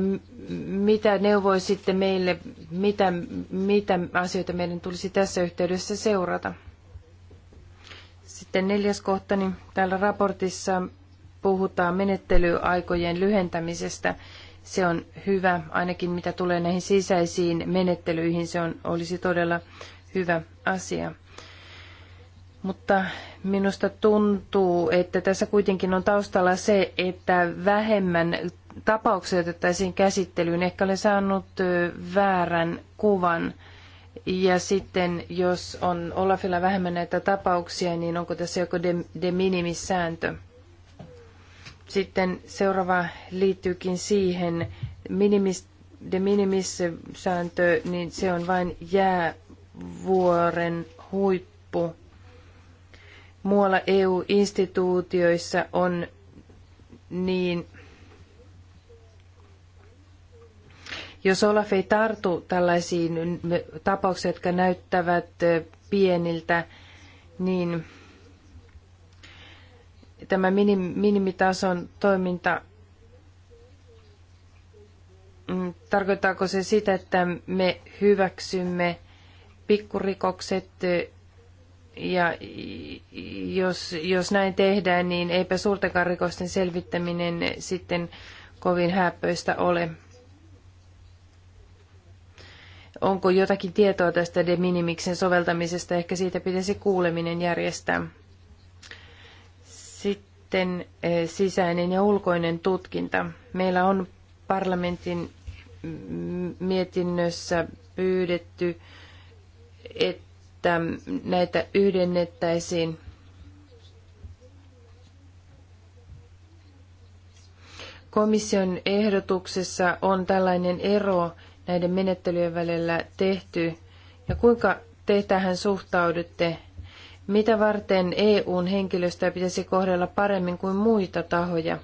mitä neuvoisitte meille, mitä, mitä asioita meidän tulisi tässä yhteydessä seurata? Sitten neljäs kohta, niin täällä raportissa puhutaan menettelyaikojen lyhentämisestä. Se on hyvä, ainakin mitä tulee näihin sisäisiin menettelyihin, se on, olisi todella hyvä asia. Mutta minusta tuntuu, että tässä kuitenkin on taustalla se, että vähemmän tapauksia otettaisiin käsittelyyn. Ehkä olen saanut väärän kuvan. Ja sitten jos on Olafilla vähemmän näitä tapauksia, niin onko tässä joku de, de minimissääntö? Sitten seuraava liittyykin siihen, minimis, de minimissääntö, niin se on vain jäävuoren huippu muualla EU-instituutioissa on niin, jos Olaf ei tartu tällaisiin tapauksiin, jotka näyttävät pieniltä, niin tämä minimitason toiminta, mm, tarkoittaako se sitä, että me hyväksymme pikkurikokset ja jos, jos näin tehdään, niin eipä suurtakaan rikosten selvittäminen sitten kovin häppöistä ole. Onko jotakin tietoa tästä de minimiksen soveltamisesta? Ehkä siitä pitäisi kuuleminen järjestää. Sitten eh, sisäinen ja ulkoinen tutkinta. Meillä on parlamentin mietinnössä pyydetty, että että näitä yhdennettäisiin. Komission ehdotuksessa on tällainen ero näiden menettelyjen välillä tehty. Ja kuinka te tähän suhtaudutte? Mitä varten EUn henkilöstöä pitäisi kohdella paremmin kuin muita tahoja?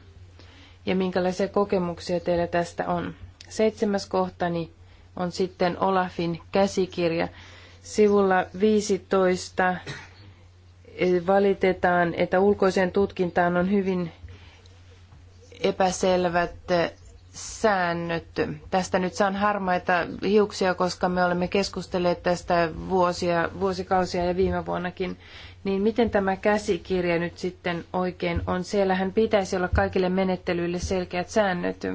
Ja minkälaisia kokemuksia teillä tästä on? Seitsemäs kohtani on sitten Olafin käsikirja. Sivulla 15 valitetaan, että ulkoiseen tutkintaan on hyvin epäselvät säännöt. Tästä nyt saan harmaita hiuksia, koska me olemme keskustelleet tästä vuosia, vuosikausia ja viime vuonnakin. Niin miten tämä käsikirja nyt sitten oikein on? Siellähän pitäisi olla kaikille menettelyille selkeät säännöt.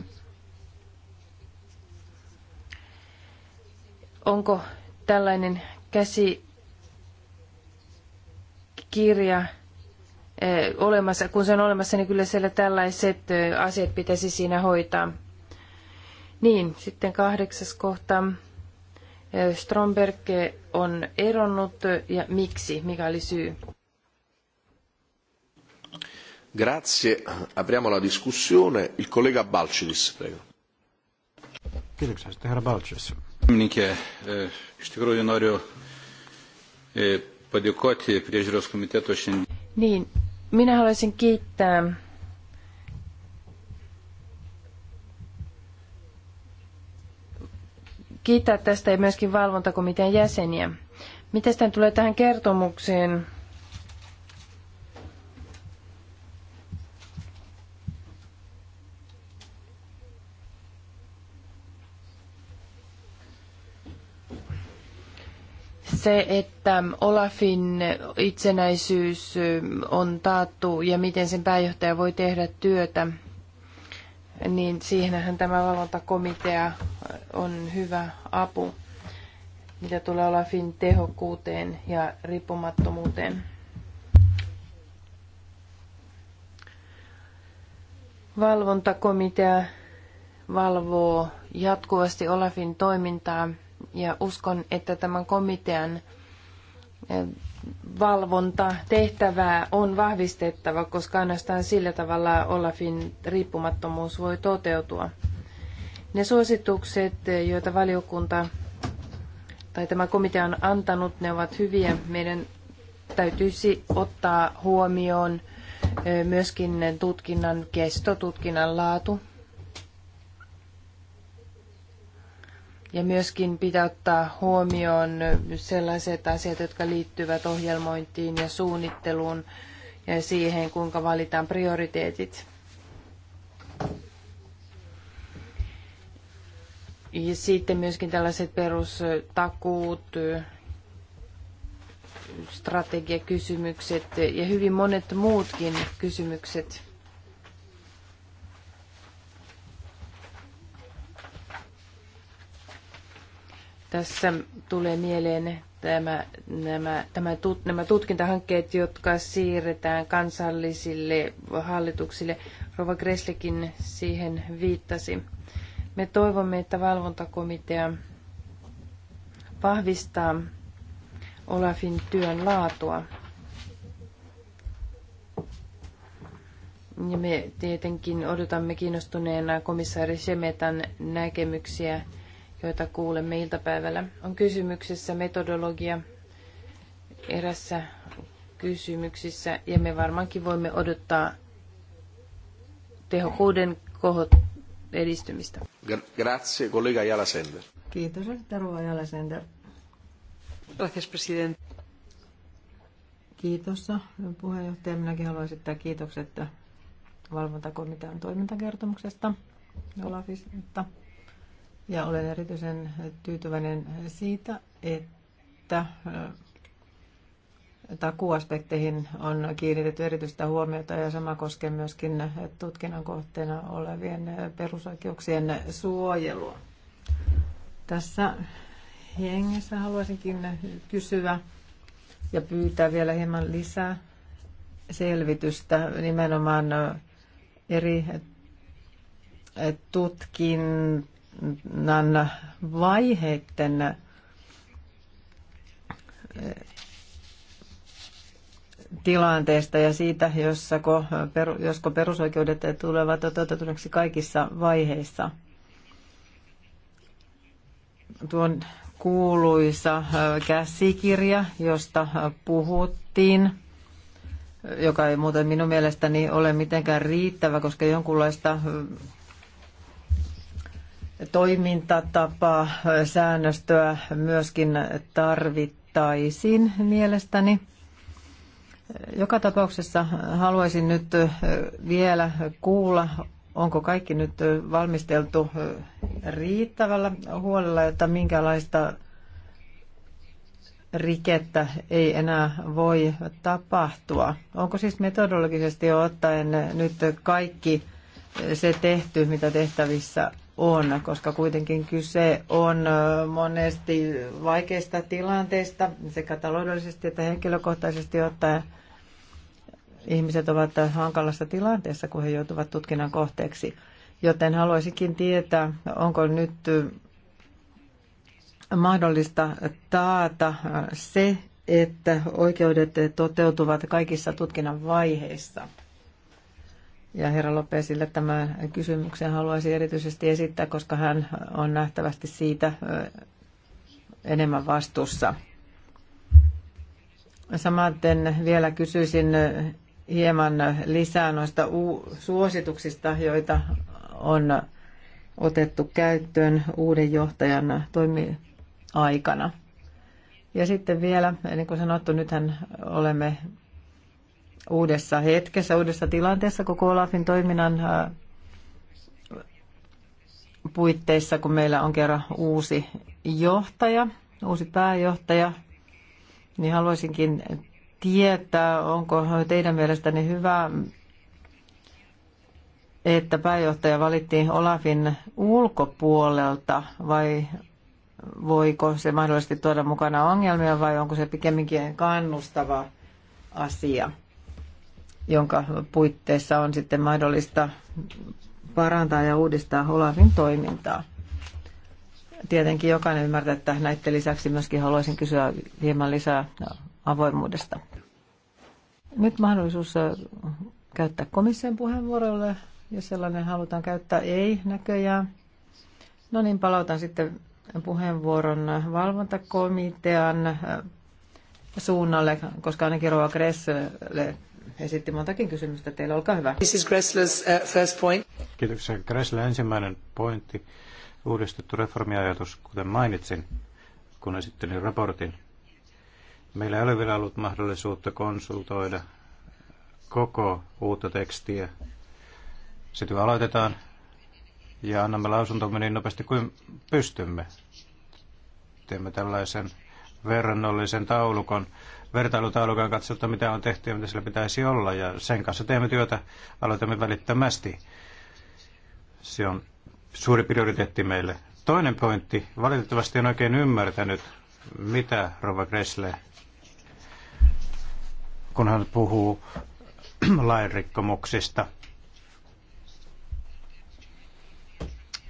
Onko tällainen käsikirja eh, olemassa, kun se on olemassa, niin kyllä siellä tällaiset eh, asiat pitäisi siinä hoitaa. Niin, sitten kahdeksas kohta. Eh, Stromberg on eronnut ja miksi? Mikä oli syy? Grazie. Apriamo la discussione. Il collega Balcidis, prego. Kiitoksia. Sitten herra Balcidis. Pirmininkė, iš tikrųjų E, padėkoti priežiūros komiteto šiandien. Niin, minä haluaisin kiittää kiittää tästä ja myöskin valvontakomitean jäseniä. Miten tulee tähän kertomukseen? se, että Olafin itsenäisyys on taattu ja miten sen pääjohtaja voi tehdä työtä, niin siihenhän tämä valvontakomitea on hyvä apu, mitä tulee Olafin tehokkuuteen ja riippumattomuuteen. Valvontakomitea valvoo jatkuvasti Olafin toimintaa – ja uskon, että tämän komitean eh, valvonta tehtävää on vahvistettava, koska ainoastaan sillä tavalla Olafin riippumattomuus voi toteutua. Ne suositukset, joita valiokunta tai tämä komitea on antanut, ne ovat hyviä. Meidän täytyisi ottaa huomioon eh, myöskin tutkinnan kesto, tutkinnan laatu Ja myöskin pitää ottaa huomioon sellaiset asiat, jotka liittyvät ohjelmointiin ja suunnitteluun ja siihen, kuinka valitaan prioriteetit. Ja sitten myöskin tällaiset perustakuut, strategiakysymykset ja hyvin monet muutkin kysymykset – Tässä tulee mieleen tämä, nämä, tämä, tut, nämä tutkintahankkeet, jotka siirretään kansallisille hallituksille. Rova Greslikin siihen viittasi. Me toivomme, että valvontakomitea vahvistaa Olafin työn laatua. Ja me tietenkin odotamme kiinnostuneena komissaari Semetan näkemyksiä joita kuulemme iltapäivällä. On kysymyksessä metodologia erässä kysymyksissä ja me varmaankin voimme odottaa tehokkuuden kohot edistymistä. Grazie, kollega Jala Sender. Kiitos, Rova Jala Sender. Gracias, presidente. Kiitos, puheenjohtaja. Minäkin haluan esittää kiitokset valvontakomitean toimintakertomuksesta Olafista. Ja olen erityisen tyytyväinen siitä, että äh, takuaspekteihin on kiinnitetty erityistä huomiota ja sama koskee myöskin tutkinnan kohteena olevien perusoikeuksien suojelua. Tässä hengessä haluaisinkin kysyä ja pyytää vielä hieman lisää selvitystä nimenomaan eri äh, tutkintojen vaiheiden eh, tilanteesta ja siitä, jossa, josko perusoikeudet tulevat toteutuneeksi kaikissa vaiheissa. Tuon kuuluisa eh, käsikirja, josta puhuttiin, eh, joka ei muuten minun mielestäni ole mitenkään riittävä, koska jonkunlaista toimintatapa, säännöstöä myöskin tarvittaisiin mielestäni. Joka tapauksessa haluaisin nyt vielä kuulla, onko kaikki nyt valmisteltu riittävällä huolella, että minkälaista rikettä ei enää voi tapahtua. Onko siis metodologisesti ottaen nyt kaikki se tehty, mitä tehtävissä on, koska kuitenkin kyse on monesti vaikeista tilanteista sekä taloudellisesti että henkilökohtaisesti ottaen. Ihmiset ovat hankalassa tilanteessa, kun he joutuvat tutkinnan kohteeksi. Joten haluaisinkin tietää, onko nyt mahdollista taata se, että oikeudet toteutuvat kaikissa tutkinnan vaiheissa. Ja herra Lopesille tämän kysymyksen haluaisin erityisesti esittää, koska hän on nähtävästi siitä enemmän vastuussa. Samaten vielä kysyisin hieman lisää noista suosituksista, joita on otettu käyttöön uuden johtajan toimiaikana. Ja sitten vielä, niin kuin sanottu, nythän olemme uudessa hetkessä, uudessa tilanteessa koko Olafin toiminnan äh, puitteissa, kun meillä on kerran uusi johtaja, uusi pääjohtaja, niin haluaisinkin tietää, onko teidän mielestäni hyvä, että pääjohtaja valittiin Olafin ulkopuolelta vai voiko se mahdollisesti tuoda mukana ongelmia vai onko se pikemminkin kannustava asia? jonka puitteissa on sitten mahdollista parantaa ja uudistaa Olavin toimintaa. Tietenkin jokainen ymmärtää, että näiden lisäksi myöskin haluaisin kysyä hieman lisää avoimuudesta. Nyt mahdollisuus äh, käyttää komission puheenvuorolle, jos sellainen halutaan käyttää. Ei näköjään. No niin, palautan sitten puheenvuoron valvontakomitean äh, suunnalle, koska ainakin Rova Gresselle esitti montakin kysymystä teille. Olkaa hyvä. Mrs. Gressler's uh, first point. Kiitoksia. Gressler ensimmäinen pointti. Uudistettu reformiajatus, kuten mainitsin, kun esittelin raportin. Meillä ei ole vielä ollut mahdollisuutta konsultoida koko uutta tekstiä. Se työ aloitetaan ja annamme lausuntomme niin nopeasti kuin pystymme. Teemme tällaisen verrannollisen taulukon vertailutaulukan katsotaan, mitä on tehty ja mitä sillä pitäisi olla. Ja sen kanssa teemme työtä, aloitamme välittömästi. Se on suuri prioriteetti meille. Toinen pointti. Valitettavasti en oikein ymmärtänyt, mitä Rova Gressle, kun hän puhuu lainrikkomuksista,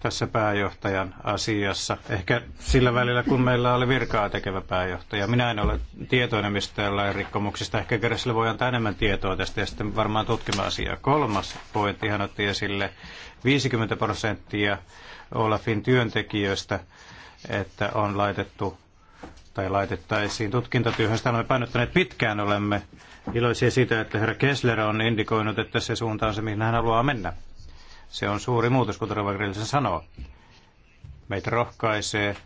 tässä pääjohtajan asiassa. Ehkä sillä välillä, kun meillä oli virkaa tekevä pääjohtaja. Minä en ole tietoinen mistään rikkomuksista. Ehkä Gressle voi antaa enemmän tietoa tästä ja sitten varmaan tutkimme asiaa. Kolmas pointti hän otti esille 50 prosenttia Olafin työntekijöistä, että on laitettu tai laitettaisiin tutkintatyöhön. Sitä olemme painottaneet pitkään, olemme iloisia siitä, että herra Kessler on indikoinut, että se suunta on se, mihin hän haluaa mennä. Se on suuri muutos, kuten Rova Grillsen sanoo. Meitä rohkaisee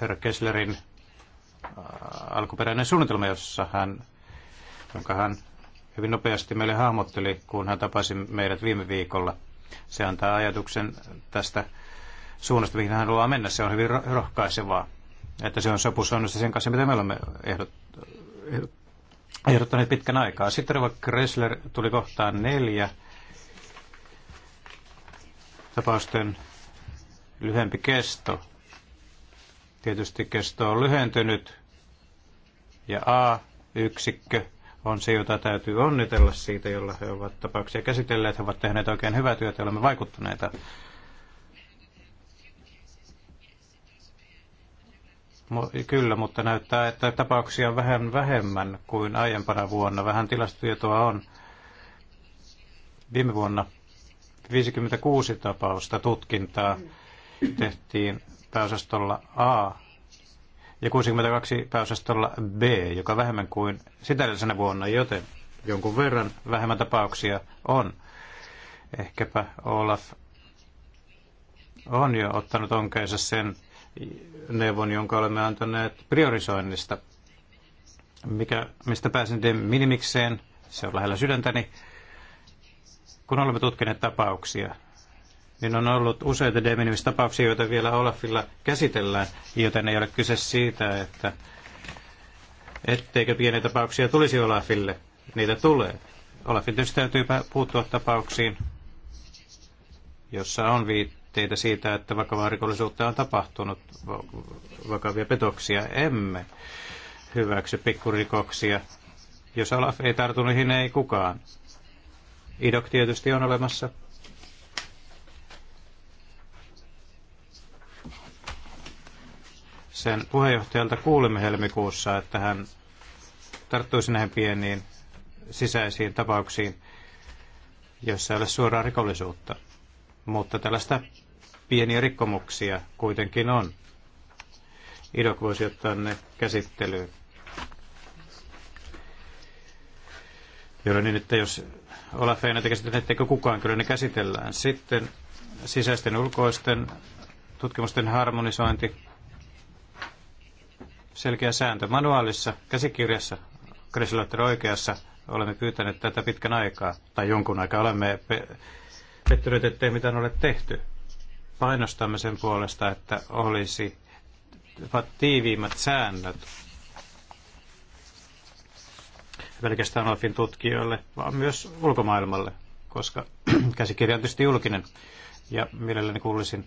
herra Kesslerin äh, alkuperäinen suunnitelma, jossa hän, jonka hän hyvin nopeasti meille hahmotteli, kun hän tapasi meidät viime viikolla. Se antaa ajatuksen tästä suunnasta, mihin hän haluaa mennä. Se on hyvin rohkaisevaa, että se on sopusoinnusta sen kanssa, mitä me olemme ehdot, ehdottaneet pitkän aikaa. Sitten Rova Kressler tuli kohtaan neljä tapausten lyhempi kesto. Tietysti kesto on lyhentynyt ja A-yksikkö on se, jota täytyy onnitella siitä, jolla he ovat tapauksia käsitelleet. He ovat tehneet oikein hyvää työtä ja olemme vaikuttuneita. Kyllä, mutta näyttää, että tapauksia on vähän vähemmän kuin aiempana vuonna. Vähän tilastotietoa on. Viime vuonna 56 tapausta tutkintaa tehtiin pääosastolla A ja 62 pääosastolla B, joka vähemmän kuin sitä edellisenä vuonna, joten jonkun verran vähemmän tapauksia on. Ehkäpä Olaf on jo ottanut onkeensa sen neuvon, jonka olemme antaneet priorisoinnista, mikä, mistä pääsin minimikseen, se on lähellä sydäntäni kun olemme tutkineet tapauksia, niin on ollut useita de minimis tapauksia, joita vielä Olafilla käsitellään, joten ei ole kyse siitä, että etteikö pieniä tapauksia tulisi Olafille. Niitä tulee. Olafin tietysti täytyy puuttua tapauksiin, jossa on viitteitä siitä, että vakavaa rikollisuutta on tapahtunut, vakavia petoksia. Emme hyväksy pikkurikoksia. Jos Olaf ei tartu niihin, ei kukaan. Idok tietysti on olemassa. Sen puheenjohtajalta kuulimme helmikuussa, että hän tarttuisi näihin pieniin sisäisiin tapauksiin, joissa ei ole suoraa rikollisuutta. Mutta tällaista pieniä rikkomuksia kuitenkin on. idok voisi ottaa ne käsittelyyn. Joten niin, että jos Olafia näitä etteikö kukaan, kyllä ne käsitellään. Sitten sisäisten ulkoisten tutkimusten harmonisointi, selkeä sääntö. Manuaalissa, käsikirjassa, Chris oikeassa, olemme pyytäneet tätä pitkän aikaa, tai jonkun aikaa olemme pe- pettyneet, ettei mitään ole tehty. Painostamme sen puolesta, että olisi tiiviimmät säännöt pelkästään Alf'in tutkijoille, vaan myös ulkomaailmalle, koska käsikirja on tietysti julkinen. Ja mielelläni kuulisin,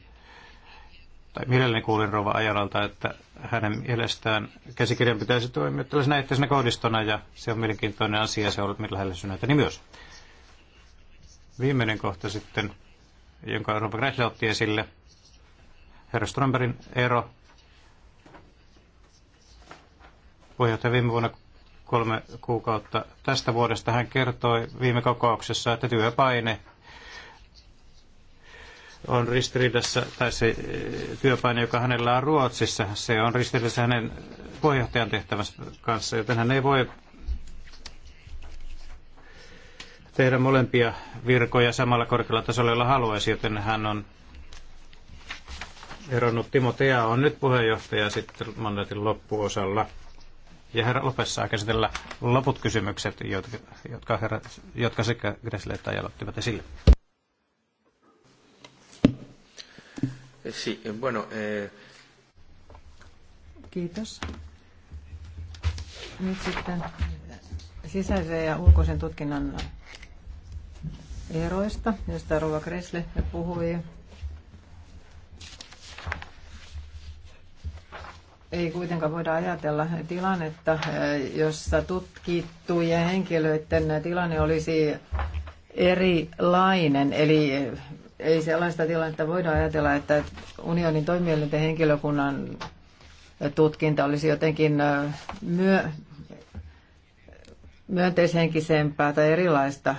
tai mielelläni kuulin Rova Ajalalta, että hänen mielestään käsikirjan pitäisi toimia tällaisena yhteisenä kohdistona, ja se on mielenkiintoinen asia, se on ollut lähellä niin myös. Viimeinen kohta sitten, jonka Rova Gressle otti esille, herra Strömbergin ero. Puheenjohtaja viime vuonna kolme kuukautta tästä vuodesta. Hän kertoi viime kokouksessa, että työpaine on ristiriidassa, tai se eh, työpaine, joka hänellä on Ruotsissa, se on ristiriidassa hänen puheenjohtajan tehtävänsä kanssa, joten hän ei voi tehdä molempia virkoja samalla korkealla tasolla, jolla haluaisi, joten hän on eronnut. Timo Tea on nyt puheenjohtaja sitten mandatin loppuosalla. Ja herra Lopes saa käsitellä loput kysymykset, jotka, jotka, herra, jotka sekä Gressle että Ajalo ottivat esille. Eh, sí, eh, bueno, eh... Kiitos. Nyt sitten sisäisen ja ulkoisen tutkinnan eroista, josta Rova Kresle puhui. ei kuitenkaan voida ajatella tilannetta, eh, jossa tutkittujen henkilöiden tilanne olisi erilainen. Eli eh, ei sellaista tilannetta voida ajatella, että unionin toimielinten henkilökunnan tutkinta olisi jotenkin eh, myö, myönteishenkisempää tai erilaista.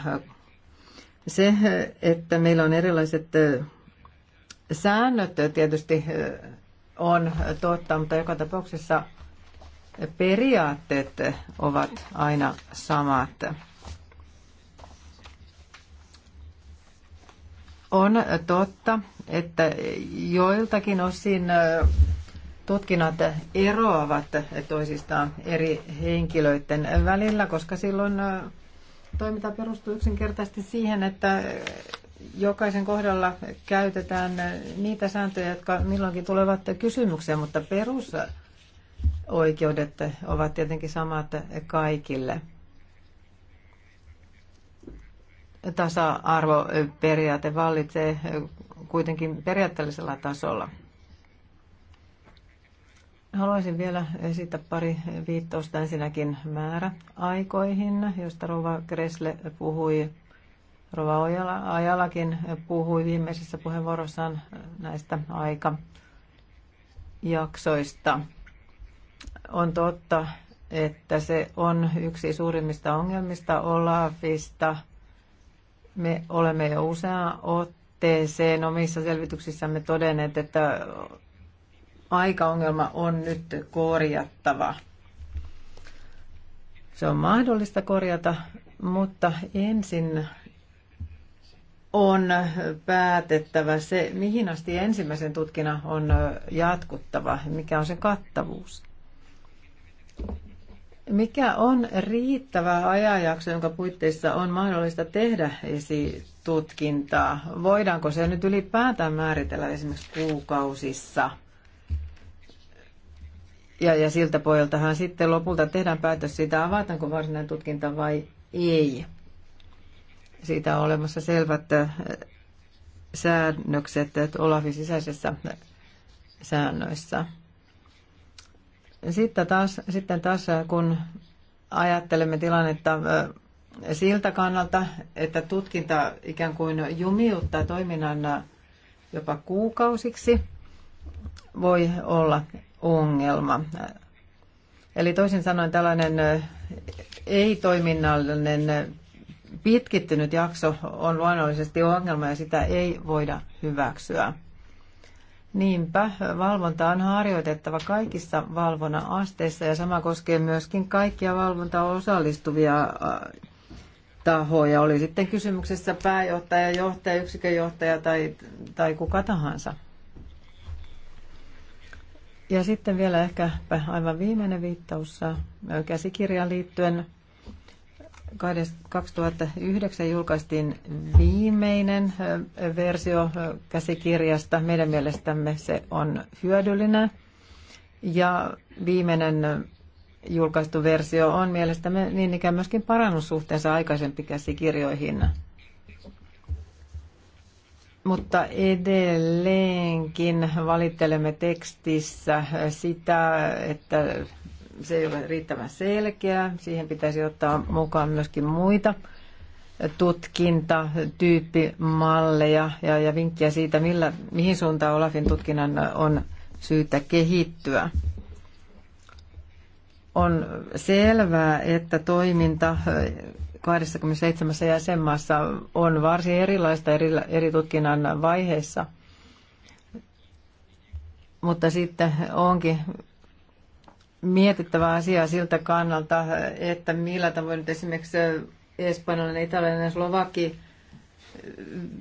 Se, että meillä on erilaiset säännöt tietysti on totta, mutta joka tapauksessa periaatteet ovat aina samat. On totta, että joiltakin osin tutkinnat eroavat toisistaan eri henkilöiden välillä, koska silloin toiminta perustuu yksinkertaisesti siihen, että jokaisen kohdalla käytetään niitä sääntöjä, jotka milloinkin tulevat kysymykseen, mutta perusoikeudet ovat tietenkin samat kaikille. Tasa-arvoperiaate vallitsee kuitenkin periaatteellisella tasolla. Haluaisin vielä esittää pari viittausta ensinnäkin määräaikoihin, josta Rova Kresle puhui Rova Ajalakin puhui viimeisessä puheenvuorossaan näistä aikajaksoista. On totta, että se on yksi suurimmista ongelmista Olafista. Me olemme jo useaan otteeseen omissa selvityksissämme todenneet, että aikaongelma on nyt korjattava. Se on mahdollista korjata, mutta ensin on päätettävä se, mihin asti ensimmäisen tutkinnan on jatkuttava, mikä on sen kattavuus. Mikä on riittävä ajanjakso, jonka puitteissa on mahdollista tehdä esitutkintaa? Voidaanko se nyt ylipäätään määritellä esimerkiksi kuukausissa? Ja, ja siltä pohjaltahan sitten lopulta tehdään päätös siitä, avataanko varsinainen tutkinta vai ei. Siitä on olemassa selvät äh, säännökset äh, Olafin sisäisessä äh, säännöissä. Sitten taas, sitten taas kun ajattelemme tilannetta siltä kannalta, että tutkinta ikään kuin jumiuttaa toiminnan jopa kuukausiksi, voi olla ongelma. Eli toisin sanoen tällainen ei-toiminnallinen pitkittynyt jakso on luonnollisesti ongelma ja sitä ei voida hyväksyä. Niinpä, valvonta on harjoitettava kaikissa valvonnan asteissa ja sama koskee myöskin kaikkia valvonta osallistuvia äh, tahoja, oli sitten kysymyksessä pääjohtaja, johtaja, yksikönjohtaja tai, tai kuka tahansa. Ja sitten vielä ehkä aivan viimeinen viittaus äh, käsikirjaan liittyen. 2009 julkaistiin viimeinen versio käsikirjasta. Meidän mielestämme se on hyödyllinen ja viimeinen julkaistu versio on mielestämme niin ikään myöskin parannus suhteensa aikaisempi käsikirjoihin. Mutta edelleenkin valittelemme tekstissä sitä, että se ei ole riittävän selkeä. Siihen pitäisi ottaa mukaan myöskin muita tutkinta, ja, ja vinkkiä siitä, millä, mihin suuntaan Olafin tutkinnan on syytä kehittyä. On selvää, että toiminta 27 jäsenmaassa on varsin erilaista eri, eri tutkinnan vaiheissa, mutta sitten onkin mietittävä asia siltä kannalta, että millä tavoin nyt esimerkiksi espanjalainen, italialainen, slovaki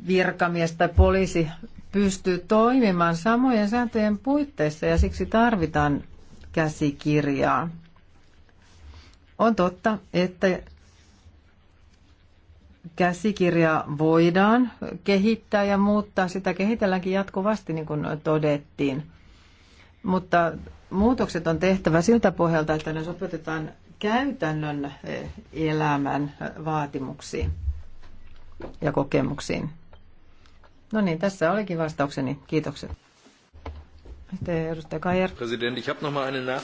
virkamies tai poliisi pystyy toimimaan samojen sääntöjen puitteissa ja siksi tarvitaan käsikirjaa. On totta, että käsikirjaa voidaan kehittää ja muuttaa. Sitä kehitelläänkin jatkuvasti, niin kuin todettiin. Mutta Muutokset on tehtävä siltä pohjalta, että ne sopeutetaan käytännön eh, elämän vaatimuksiin ja kokemuksiin. No niin, tässä olikin vastaukseni. Kiitokset. Sitten edustaja Kajer. President, ich noch mal eine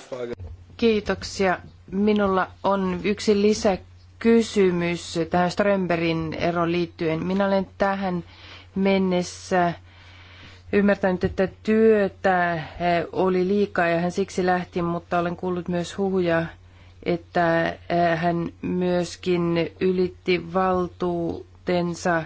Kiitoksia. Minulla on yksi lisäkysymys tähän Strömberin eroon liittyen. Minä olen tähän mennessä ymmärtänyt, että työtä eh, oli liikaa ja hän siksi lähti, mutta olen kuullut myös huhuja, että eh, hän myöskin ylitti valtuutensa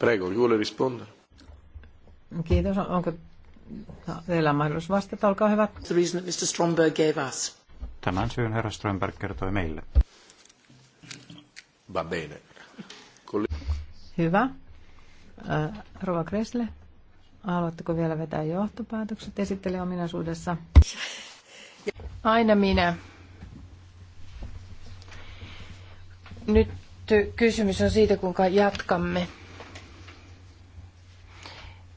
Prego, vuole rispondere? Kiitos. Onko Teillä on mahdollisuus vastata, olkaa hyvä. The reason that Mr. Stromberg gave us. Tämän syyn herra Strömberg kertoi meille. Va bene. Hyvä. Rova Kresle, haluatteko vielä vetää johtopäätökset esittele ominaisuudessa? Aina minä. Nyt kysymys on siitä, kuinka jatkamme.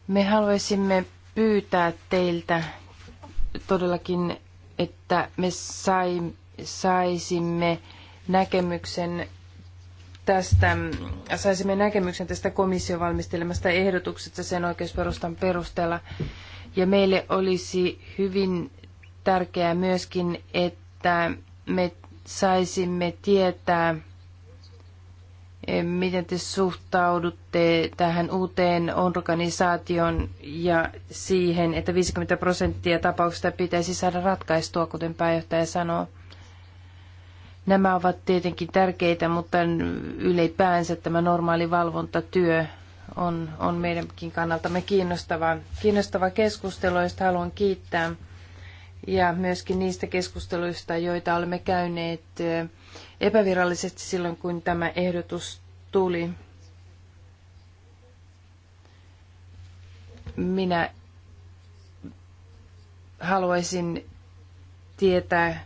Me haluaisimme pyytää teiltä todellakin, että me sai, saisimme näkemyksen tästä, saisimme näkemyksen tästä komission valmistelemasta ehdotuksesta sen oikeusperustan perusteella. Ja meille olisi hyvin tärkeää myöskin, että me saisimme tietää, Eh, miten te suhtaudutte tähän uuteen organisaation ja siihen, että 50 prosenttia tapauksista pitäisi saada ratkaistua, kuten pääjohtaja sanoo? Nämä ovat tietenkin tärkeitä, mutta ylipäänsä tämä normaali valvontatyö on, on meidänkin kannaltamme kiinnostava, kiinnostava keskustelu, josta haluan kiittää. Ja myöskin niistä keskusteluista, joita olemme käyneet eh, epävirallisesti silloin, kun tämä ehdotus tuli. Minä haluaisin tietää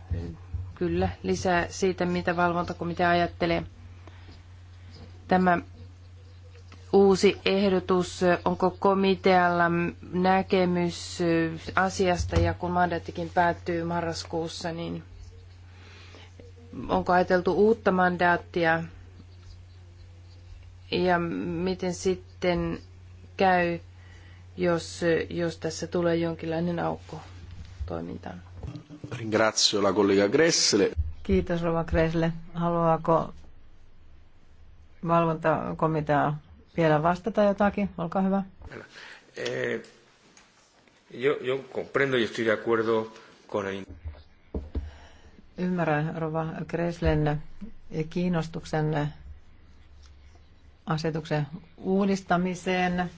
kyllä lisää siitä, mitä valvontakomitea ajattelee. Tämä uusi ehdotus, onko komitealla näkemys asiasta ja kun mandaattikin päättyy marraskuussa, niin onko ajateltu uutta mandaattia ja miten sitten käy, jos, jos tässä tulee jonkinlainen aukko toimintaan. Ringrazio la collega Gressle. Kiitos Rova Gressle. Haluaako valvontakomitea vielä vastata jotakin? Olkaa hyvä. Eh, yo, yo comprendo y estoy de acuerdo con el... Ymmärrän Rova Kreslen kiinnostuksen asetuksen uudistamiseen.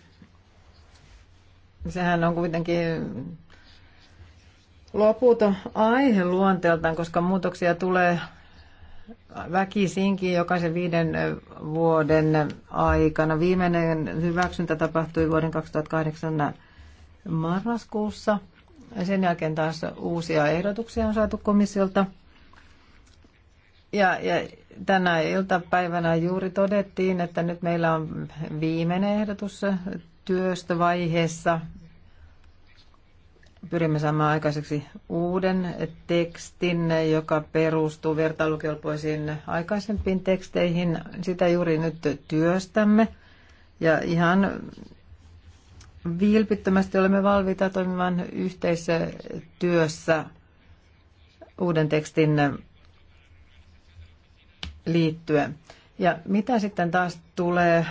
Sehän on kuitenkin loputon aihe luonteeltaan, koska muutoksia tulee väkisinkin jokaisen viiden vuoden aikana. Viimeinen hyväksyntä tapahtui vuoden 2008 marraskuussa. Sen jälkeen taas uusia ehdotuksia on saatu komissiolta – ja, ja tänä iltapäivänä juuri todettiin, että nyt meillä on viimeinen ehdotus työstövaiheessa. Pyrimme saamaan aikaiseksi uuden tekstin, joka perustuu vertailukelpoisiin aikaisempiin teksteihin. Sitä juuri nyt työstämme. Ja ihan vilpittömästi olemme valmiita toimimaan yhteistyössä uuden tekstin liittyen. Ja mitä sitten taas tulee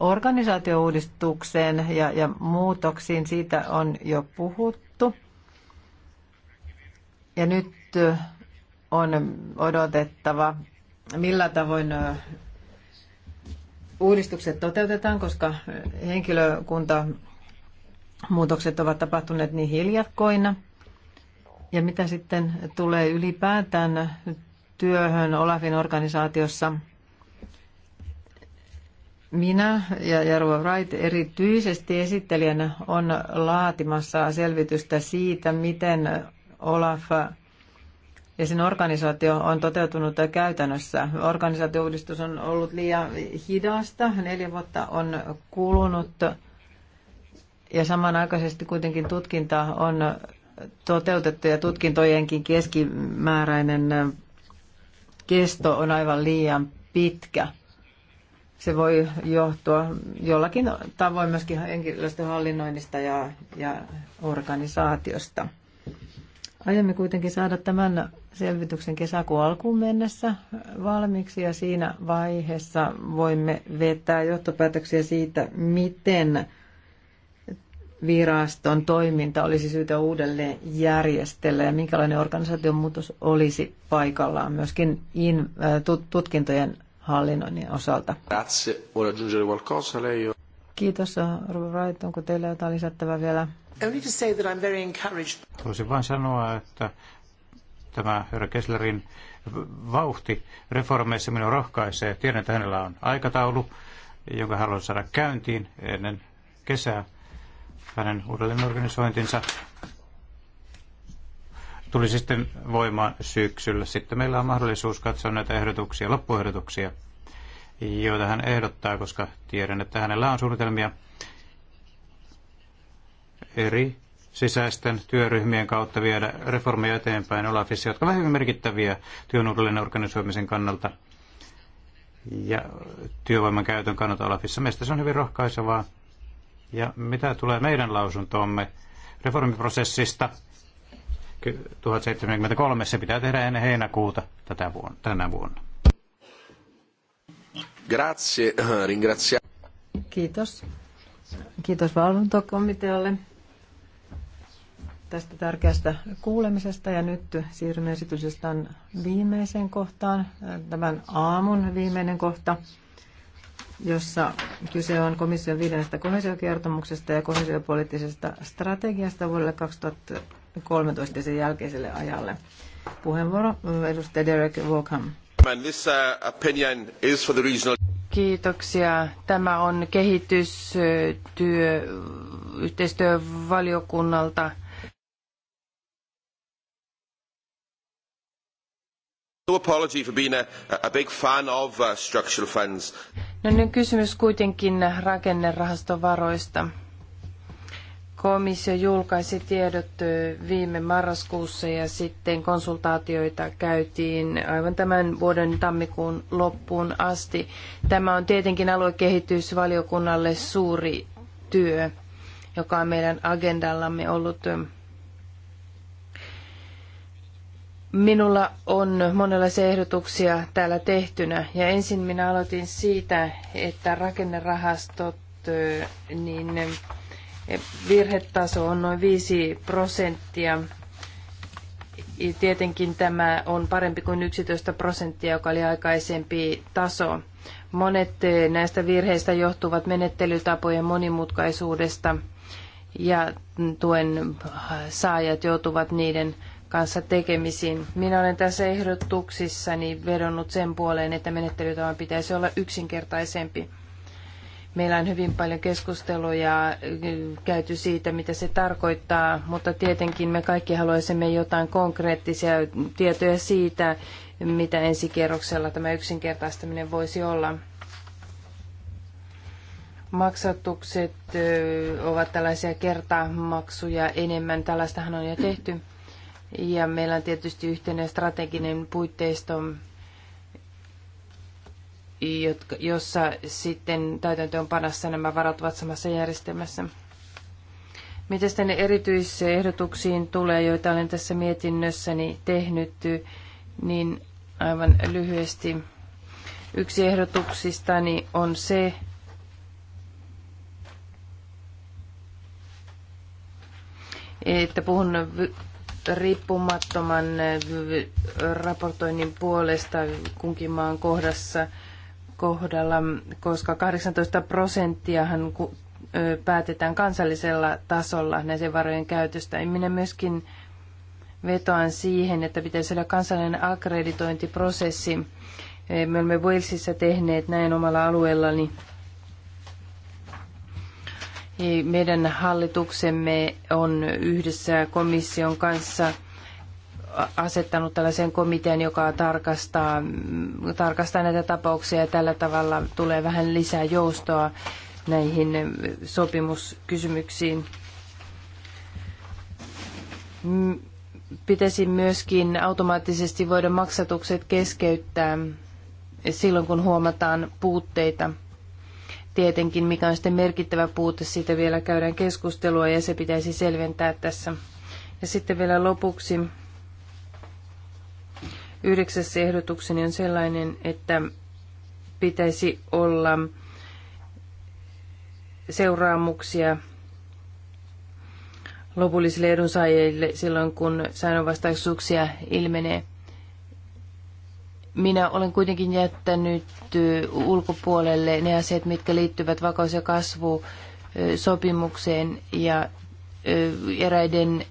organisaatiouudistukseen ja, ja muutoksiin, siitä on jo puhuttu. Ja nyt on odotettava, millä tavoin uudistukset toteutetaan, koska henkilökunta muutokset ovat tapahtuneet niin hiljakkoina. Ja mitä sitten tulee ylipäätään työhön Olafin organisaatiossa. Minä ja Jarvo Wright erityisesti esittelijänä on laatimassa selvitystä siitä, miten Olaf ja sen organisaatio on toteutunut käytännössä. Organisaatiouudistus on ollut liian hidasta, neljä vuotta on kulunut ja samanaikaisesti kuitenkin tutkinta on toteutettu ja tutkintojenkin keskimääräinen kesto on aivan liian pitkä. Se voi johtua jollakin tavoin myöskin henkilöstöhallinnoinnista ja, ja organisaatiosta. Aiomme kuitenkin saada tämän selvityksen kesäkuun alkuun mennessä valmiiksi ja siinä vaiheessa voimme vetää johtopäätöksiä siitä, miten viraston toiminta olisi syytä uudelleen järjestellä ja minkälainen organisaation muutos olisi paikallaan myöskin in, tutkintojen hallinnoinnin osalta. Grazie. aggiungere qualcosa lei? Kiitos, Rova Wright. Onko teillä jotain lisättävää vielä? Only say that I'm very encouraged. Voisin vain sanoa, että tämä herra Kesslerin vauhti reformeissa minua rohkaisee. Tiedän, että hänellä on aikataulu, jonka haluan saada käyntiin ennen kesää hänen uudelleenorganisointinsa tuli sitten voimaan syksyllä. Sitten meillä on mahdollisuus katsoa näitä ehdotuksia, loppuehdotuksia, joita hän ehdottaa, koska tiedän, että hänellä on suunnitelmia eri sisäisten työryhmien kautta viedä reformeja eteenpäin Olafissa, jotka ovat hyvin merkittäviä työn uudelleen organisoimisen kannalta ja työvoiman käytön kannalta Olafissa. Meistä se on hyvin rohkaisevaa ja mitä tulee meidän lausuntoomme reformiprosessista 1073, se pitää tehdä ennen heinäkuuta tätä vuonna, tänä vuonna. Grazie, ringrazia. Kiitos. Kiitos valvontokomitealle tästä tärkeästä kuulemisesta ja nyt siirrymme esitysestään viimeiseen kohtaan, tämän aamun viimeinen kohta jossa kyse on komission viidennestä kohesiokertomuksesta ja kohesiopoliittisesta strategiasta vuodelle 2013 ja sen jälkeiselle ajalle. Puheenvuoro edustaja Derek Walkham. Uh, Kiitoksia. Tämä on kehitystyö yhteistyövaliokunnalta No apology for being a, a big fan of uh, structural funds. No niin kysymys kuitenkin rakennerahastovaroista. Komissio julkaisi tiedot viime marraskuussa ja sitten konsultaatioita käytiin aivan tämän vuoden tammikuun loppuun asti. Tämä on tietenkin aluekehitysvaliokunnalle suuri työ, joka on meidän agendallamme ollut Minulla on monenlaisia ehdotuksia täällä tehtynä ja ensin minä aloitin siitä, että rakennerahastot, niin virhetaso on noin 5 prosenttia. Ja tietenkin tämä on parempi kuin 11 prosenttia, joka oli aikaisempi taso. Monet näistä virheistä johtuvat menettelytapojen monimutkaisuudesta ja tuen saajat joutuvat niiden kanssa tekemisiin. Minä olen tässä ehdotuksissani vedonnut sen puoleen, että menettelytavan pitäisi olla yksinkertaisempi. Meillä on hyvin paljon keskusteluja käyty siitä, mitä se tarkoittaa, mutta tietenkin me kaikki haluaisimme jotain konkreettisia tietoja siitä, mitä ensikierroksella tämä yksinkertaistaminen voisi olla. Maksatukset ovat tällaisia kertamaksuja enemmän. Tällaistahan on jo tehty. Ja meillä on tietysti yhteinen strateginen puitteisto, jotka, jossa sitten täytäntöönpanossa nämä varat ovat samassa järjestelmässä. Mitä tänne erityisehdotuksiin tulee, joita olen tässä mietinnössäni tehnyt, niin aivan lyhyesti yksi ehdotuksistani on se, että puhun riippumattoman eh, raportoinnin puolesta kunkin maan kohdassa kohdalla, koska 18 prosenttiahan eh, päätetään kansallisella tasolla näiden varojen käytöstä. Minä myöskin vetoan siihen, että pitäisi olla kansallinen akkreditointiprosessi. Eh, me olemme Walesissa tehneet näin omalla alueellani. Niin meidän hallituksemme on yhdessä komission kanssa asettanut tällaisen komitean, joka tarkastaa, tarkastaa näitä tapauksia ja tällä tavalla tulee vähän lisää joustoa näihin sopimuskysymyksiin. Mm, pitäisi myöskin automaattisesti voida maksatukset keskeyttää silloin, kun huomataan puutteita – tietenkin, mikä on sitten merkittävä puute, siitä vielä käydään keskustelua ja se pitäisi selventää tässä. Ja sitten vielä lopuksi yhdeksäs ehdotukseni on sellainen, että pitäisi olla seuraamuksia lopullisille edunsaajille silloin, kun säännönvastaisuuksia ilmenee – minä olen kuitenkin jättänyt ulkopuolelle ne asiat, mitkä liittyvät vakaus- ja kasvusopimukseen ja eräiden,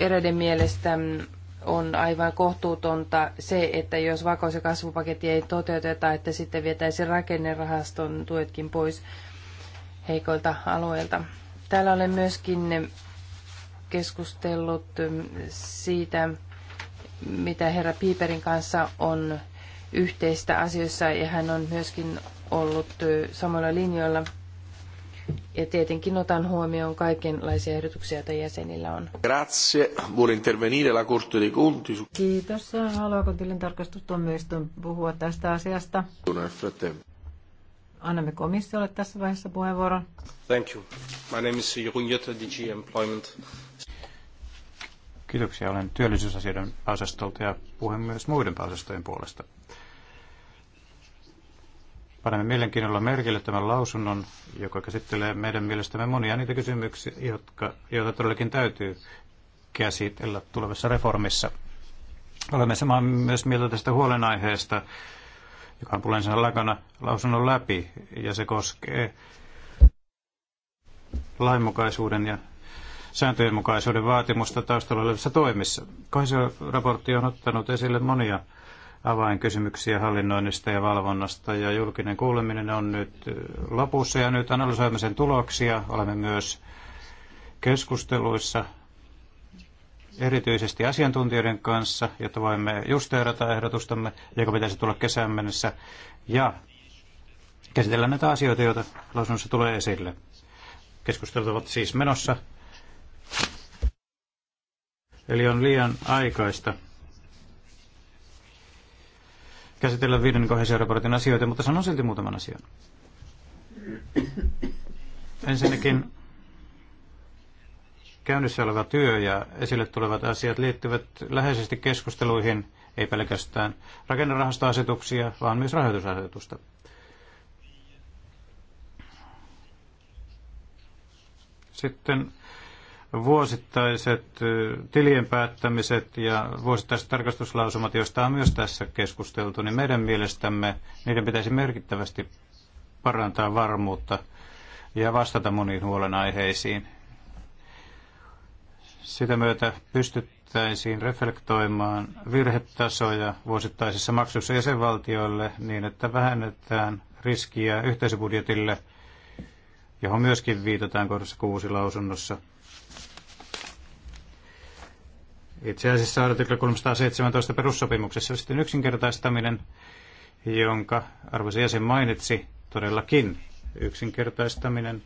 eräiden mielestä on aivan kohtuutonta se, että jos vakaus- ja kasvupaketti ei toteuteta, että sitten vietäisiin rakennerahaston tuetkin pois heikoilta alueilta. Täällä olen myöskin keskustellut siitä, mitä herra Piiperin kanssa on yhteistä asioissa ja hän on myöskin ollut samoilla linjoilla. Ja tietenkin otan huomioon kaikenlaisia ehdotuksia, joita jäsenillä on. Grazie. Vuole intervenire la Corte dei Conti. Kiitos. Haluaako tilintarkastustuomioistuin puhua tästä asiasta? Annamme komissiolle tässä vaiheessa puheenvuoron. Thank you. My name is Jeroen Jutta, DG Employment. Kiitoksia. Olen työllisyysasioiden osastolta ja puhun myös muiden osastojen puolesta. Panemme mielenkiinnolla merkille tämän lausunnon, joka käsittelee meidän mielestämme monia niitä kysymyksiä, jotka, joita todellakin täytyy käsitellä tulevassa reformissa. Olemme samaa myös mieltä tästä huolenaiheesta, joka on pulensa lakana lausunnon läpi, ja se koskee lainmukaisuuden ja sääntöjenmukaisuuden vaatimusta taustalla olevissa toimissa. Kohesioraportti on ottanut esille monia avainkysymyksiä hallinnoinnista ja valvonnasta ja julkinen kuuleminen on nyt lopussa ja nyt analysoimme sen tuloksia. Olemme myös keskusteluissa erityisesti asiantuntijoiden kanssa, jotta voimme justeerata ehdotustamme, joka pitäisi tulla kesän mennessä, ja käsitellä näitä asioita, joita lausunnossa tulee esille. Keskustelut ovat siis menossa Eli on liian aikaista käsitellä viiden kohesioraportin asioita, mutta sanon silti muutaman asian. Ensinnäkin käynnissä oleva työ ja esille tulevat asiat liittyvät läheisesti keskusteluihin, ei pelkästään rakennerahastoasetuksia, vaan myös rahoitusasetusta. Sitten vuosittaiset tilien päättämiset ja vuosittaiset tarkastuslausumat, joista on myös tässä keskusteltu, niin meidän mielestämme niiden pitäisi merkittävästi parantaa varmuutta ja vastata moniin huolenaiheisiin. Sitä myötä pystyttäisiin reflektoimaan virhetasoja vuosittaisissa maksuissa jäsenvaltioille niin, että vähennetään riskiä yhteisöbudjetille, johon myöskin viitataan kohdassa kuusi lausunnossa – Itse asiassa artikla 317 perussopimuksessa sitten yksinkertaistaminen, jonka arvoisa jäsen mainitsi todellakin. Yksinkertaistaminen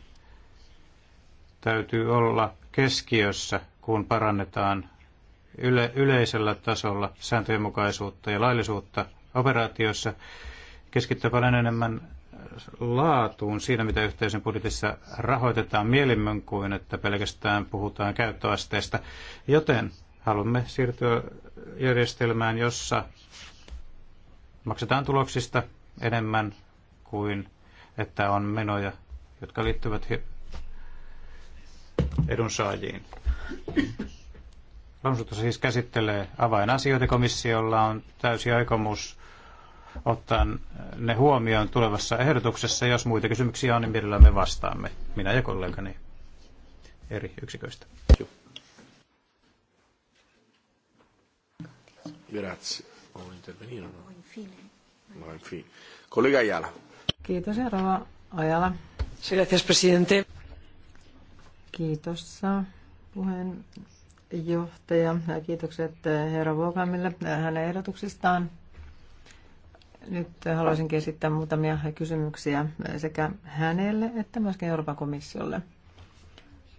täytyy olla keskiössä, kun parannetaan yle- yleisellä tasolla sääntöjen mukaisuutta ja laillisuutta operaatioissa. Keskittyä enemmän laatuun siinä, mitä yhteisön budjetissa rahoitetaan mielimmin kuin, että pelkästään puhutaan käyttöasteesta. Joten Haluamme siirtyä järjestelmään, jossa maksetaan tuloksista enemmän kuin että on menoja, jotka liittyvät edunsaajiin. Lausunto siis käsittelee avainasioita. Komissiolla on täysi aikomus ottaa ne huomioon tulevassa ehdotuksessa. Jos muita kysymyksiä on, niin mielellään me vastaamme, minä ja kollegani eri yksiköistä. Grazie. Vuole intervenire? No? No, infine. Collega Ayala. Kiitos, Rova Sì, grazie, presidente. Kiitos, puheenjohtaja. Kiitokset herra Vuokamille hänen ehdotuksistaan. Nyt haluaisin esittää muutamia kysymyksiä sekä hänelle että myöskin Euroopan komissiolle.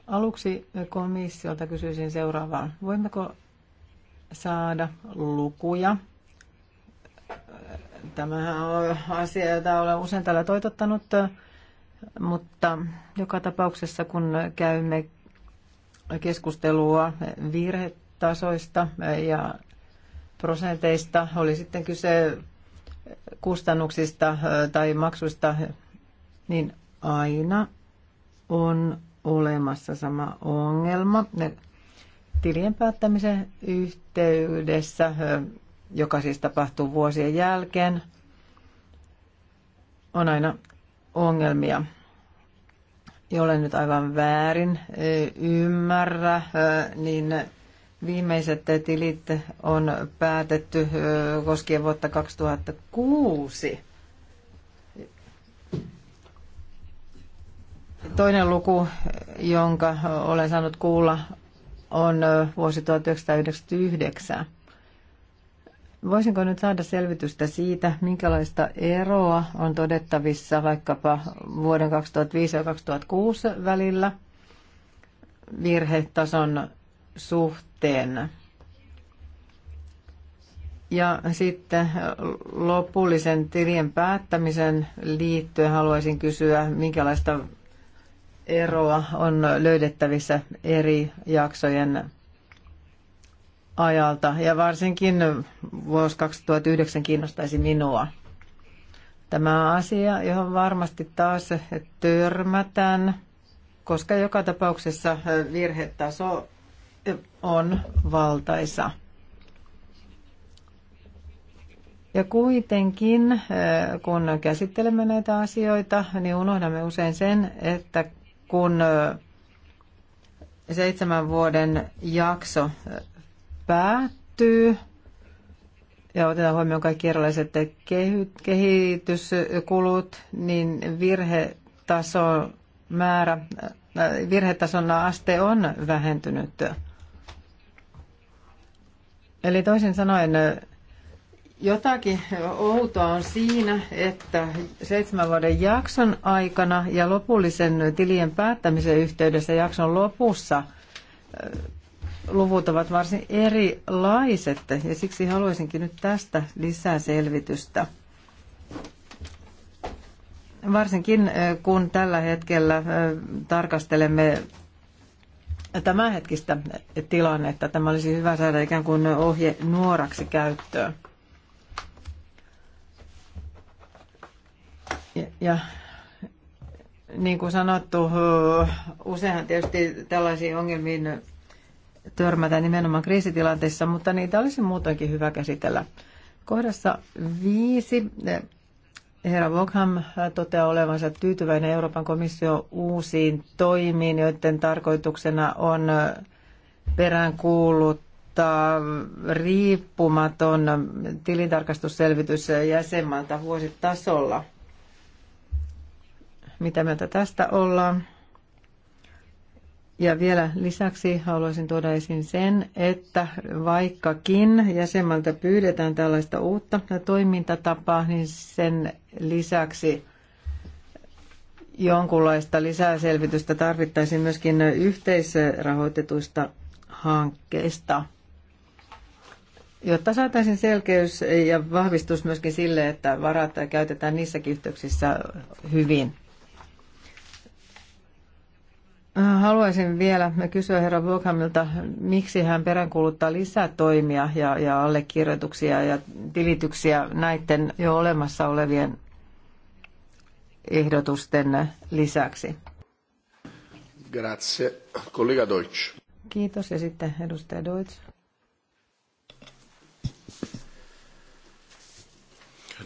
Aluksi komissiolta kysyisin seuraavaa. Voimmeko saada lukuja. Tämä on asia, jota olen usein täällä toitottanut, mutta joka tapauksessa kun käymme keskustelua virhetasoista ja prosenteista, oli sitten kyse kustannuksista tai maksuista, niin aina on olemassa sama ongelma. Ne tilien päättämisen yhteydessä, joka siis tapahtuu vuosien jälkeen, on aina ongelmia. Jolle nyt aivan väärin ymmärrä, niin viimeiset tilit on päätetty koskien vuotta 2006. Toinen luku, jonka olen saanut kuulla, on vuosi 1999. Voisinko nyt saada selvitystä siitä, minkälaista eroa on todettavissa vaikkapa vuoden 2005 ja 2006 välillä virhetason suhteen? Ja sitten lopullisen tilien päättämisen liittyen haluaisin kysyä, minkälaista eroa on löydettävissä eri jaksojen ajalta. Ja varsinkin vuosi 2009 kiinnostaisi minua. Tämä asia, johon varmasti taas törmätään, koska joka tapauksessa virhetaso on valtaisa. Ja kuitenkin, eh, kun käsittelemme näitä asioita, niin unohdamme usein sen, että kun seitsemän vuoden jakso päättyy ja otetaan huomioon kaikki erilaiset kehityskulut, niin virhetaso määrä, virhetason aste on vähentynyt. Eli toisin sanoen Jotakin outoa on siinä, että seitsemän vuoden jakson aikana ja lopullisen tilien päättämisen yhteydessä jakson lopussa luvut ovat varsin erilaiset ja siksi haluaisinkin nyt tästä lisää selvitystä. Varsinkin kun tällä hetkellä tarkastelemme tämänhetkistä tilannetta, tämä olisi hyvä saada ikään kuin ohje nuoraksi käyttöön. Ja niin kuin sanottu, useinhan tietysti tällaisiin ongelmiin törmätään nimenomaan kriisitilanteissa, mutta niitä olisi muutoinkin hyvä käsitellä. Kohdassa viisi e, herra Bogham toteaa olevansa tyytyväinen Euroopan komissio uusiin toimiin, joiden tarkoituksena on peräänkuuluttaa riippumaton tilintarkastusselvitys jäsenmaalta vuositasolla – mitä mieltä tästä ollaan. Ja vielä lisäksi haluaisin tuoda esiin sen, että vaikkakin jäsenmältä pyydetään tällaista uutta toimintatapaa, niin sen lisäksi jonkunlaista lisäselvitystä tarvittaisiin myöskin yhteisrahoitetuista hankkeista, jotta saataisiin selkeys ja vahvistus myöskin sille, että varat käytetään niissäkin yhteyksissä hyvin. Haluaisin vielä kysyä herra Boghamilta, miksi hän peräänkuuluttaa lisätoimia ja, ja allekirjoituksia ja tilityksiä näiden jo olemassa olevien ehdotusten lisäksi. Grazie. Kollega Deutsch. Kiitos ja sitten edustaja Deutsch.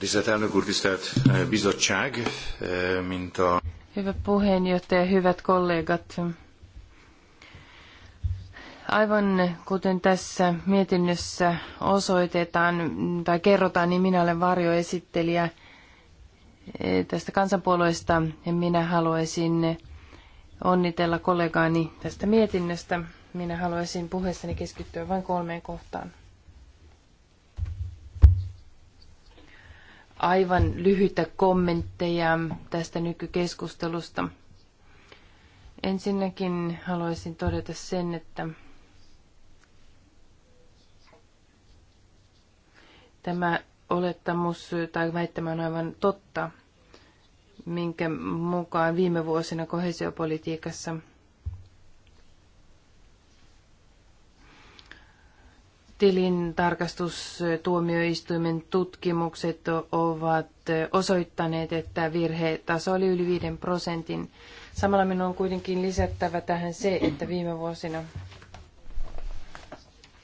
Tisztelt elnök úr, tisztelt bizottság, Hyvä puheenjohtaja, hyvät kollegat. Aivan kuten tässä mietinnössä osoitetaan tai kerrotaan, niin minä olen varjoesittelijä tästä kansanpuolueesta ja minä haluaisin onnitella kollegaani tästä mietinnöstä. Minä haluaisin puheessani keskittyä vain kolmeen kohtaan. aivan lyhyitä kommentteja tästä nykykeskustelusta. Ensinnäkin haluaisin todeta sen, että tämä olettamus tai väittämä on aivan totta, minkä mukaan viime vuosina kohesiopolitiikassa – tilintarkastustuomioistuimen tutkimukset ovat osoittaneet, että virhetaso oli yli 5 prosentin. Samalla minun on kuitenkin lisättävä tähän se, että viime vuosina,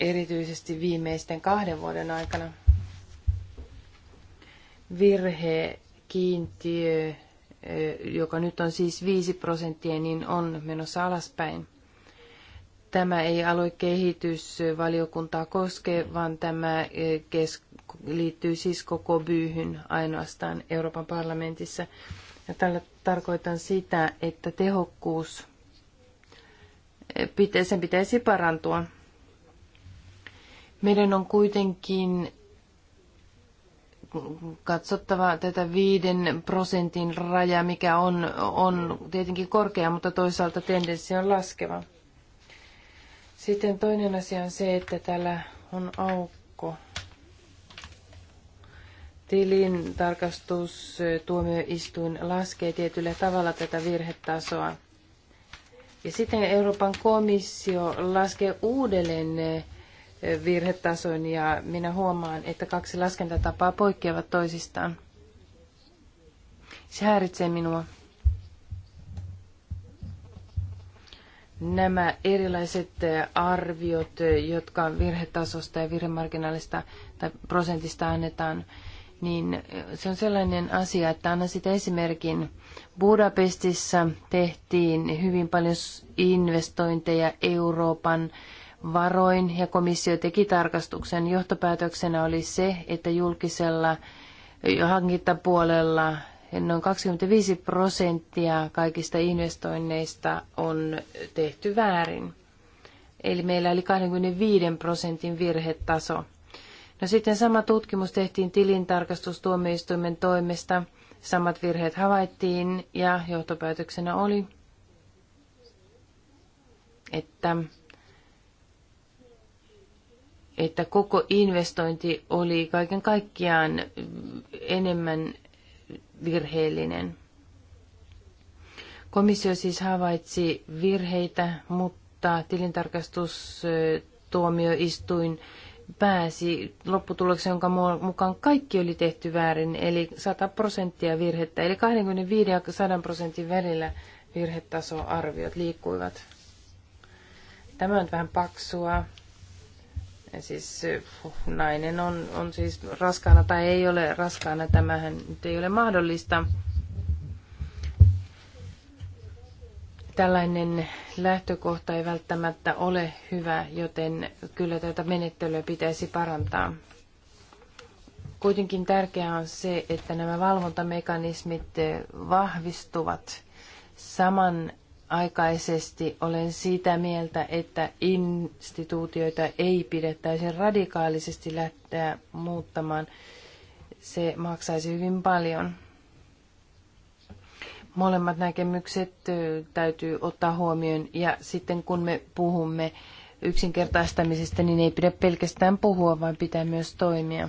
erityisesti viimeisten kahden vuoden aikana, virhekiintiö, joka nyt on siis 5 prosenttia, niin on menossa alaspäin. Tämä ei aluekehitysvaliokuntaa koske, vaan tämä eh, kes- liittyy siis koko byyhyn ainoastaan Euroopan parlamentissa. Ja tällä tarkoitan sitä, että tehokkuus, eh, sen pitäisi parantua. Meidän on kuitenkin katsottava tätä viiden prosentin rajaa, mikä on, on tietenkin korkea, mutta toisaalta tendenssi on laskeva. Sitten toinen asia on se, että täällä on aukko. Tilin tarkastustuomioistuin laskee tietyllä tavalla tätä virhetasoa. Ja sitten Euroopan komissio laskee uudelleen eh, virhetason ja minä huomaan, että kaksi laskentatapaa poikkeavat toisistaan. Se häiritsee minua. nämä erilaiset arviot, jotka virhetasosta ja virhemarginaalista tai prosentista annetaan, niin se on sellainen asia, että annan sitä esimerkin. Budapestissa tehtiin hyvin paljon investointeja Euroopan varoin ja komissio teki tarkastuksen. Johtopäätöksenä oli se, että julkisella hankintapuolella noin 25 prosenttia kaikista investoinneista on tehty väärin. Eli meillä oli 25 prosentin virhetaso. No sitten sama tutkimus tehtiin tilintarkastustuomioistuimen toimesta. Samat virheet havaittiin ja johtopäätöksenä oli, että, että koko investointi oli kaiken kaikkiaan enemmän virheellinen. Komissio siis havaitsi virheitä, mutta tilintarkastustuomioistuin pääsi lopputuloksen, jonka mukaan kaikki oli tehty väärin, eli 100 prosenttia virhettä, eli 25 ja 100 prosentin välillä virhetasoarviot liikkuivat. Tämä on vähän paksua Siis nainen on, on siis raskaana tai ei ole raskaana, tämähän nyt ei ole mahdollista. Tällainen lähtökohta ei välttämättä ole hyvä, joten kyllä tätä menettelyä pitäisi parantaa. Kuitenkin tärkeää on se, että nämä valvontamekanismit vahvistuvat saman aikaisesti olen sitä mieltä, että instituutioita ei pidettäisi radikaalisesti lähteä muuttamaan. Se maksaisi hyvin paljon. Molemmat näkemykset täytyy ottaa huomioon ja sitten kun me puhumme yksinkertaistamisesta, niin ei pidä pelkästään puhua, vaan pitää myös toimia.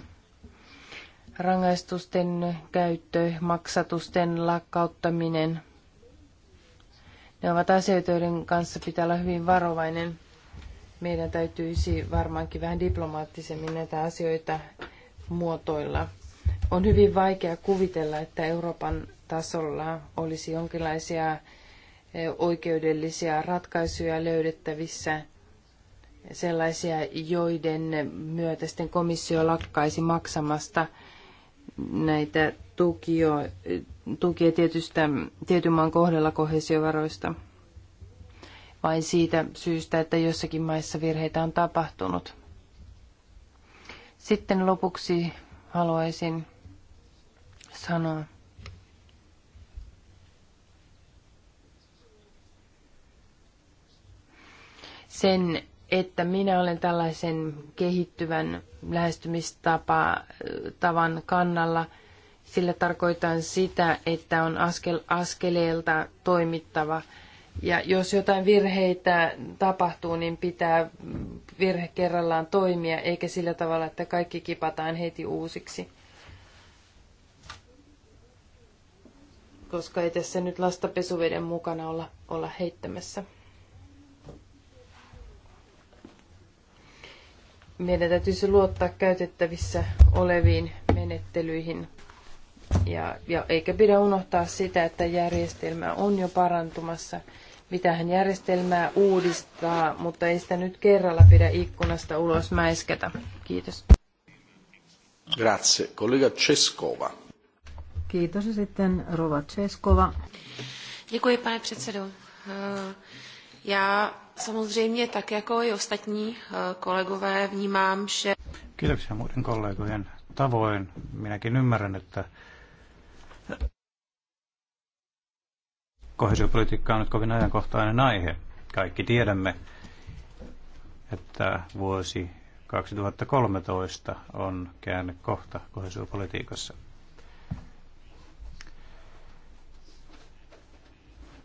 Rangaistusten käyttö, maksatusten lakkauttaminen – ne ovat asioita, joiden kanssa pitää olla hyvin varovainen. Meidän täytyisi varmaankin vähän diplomaattisemmin näitä asioita muotoilla. On hyvin vaikea kuvitella, että Euroopan tasolla olisi jonkinlaisia eh, oikeudellisia ratkaisuja löydettävissä, sellaisia, joiden myötä sitten komissio lakkaisi maksamasta näitä tukio, tukia tietystä, tietyn maan kohdella kohesiovaroista vain siitä syystä, että jossakin maissa virheitä on tapahtunut. Sitten lopuksi haluaisin sanoa, sen, että minä olen tällaisen kehittyvän tavan kannalla – sillä tarkoitan sitä, että on askel askeleelta toimittava. Ja jos jotain virheitä tapahtuu, niin pitää virhe kerrallaan toimia, eikä sillä tavalla, että kaikki kipataan heti uusiksi. Koska ei tässä nyt lasta pesuveden mukana olla, olla heittämässä. Meidän täytyisi luottaa käytettävissä oleviin menettelyihin ja, ja eikä pidä unohtaa sitä, että järjestelmä on jo parantumassa. Mitähän järjestelmää uudistaa, mutta ei sitä nyt kerralla pidä ikkunasta ulos mäisketä. Kiitos. Grazie. Kollega Ceskova. Kiitos ja sitten Rova Českova. Děkuji, pane předsedo. Eh, já samozřejmě tak jako i ostatní eh, kolegové vnímám, že... Kiitoksia muiden kollegojen tavoin. Minäkin ymmärrän, että Kohesiopolitiikka on nyt kovin ajankohtainen aihe. Kaikki tiedämme, että vuosi 2013 on kohta kohesiopolitiikassa.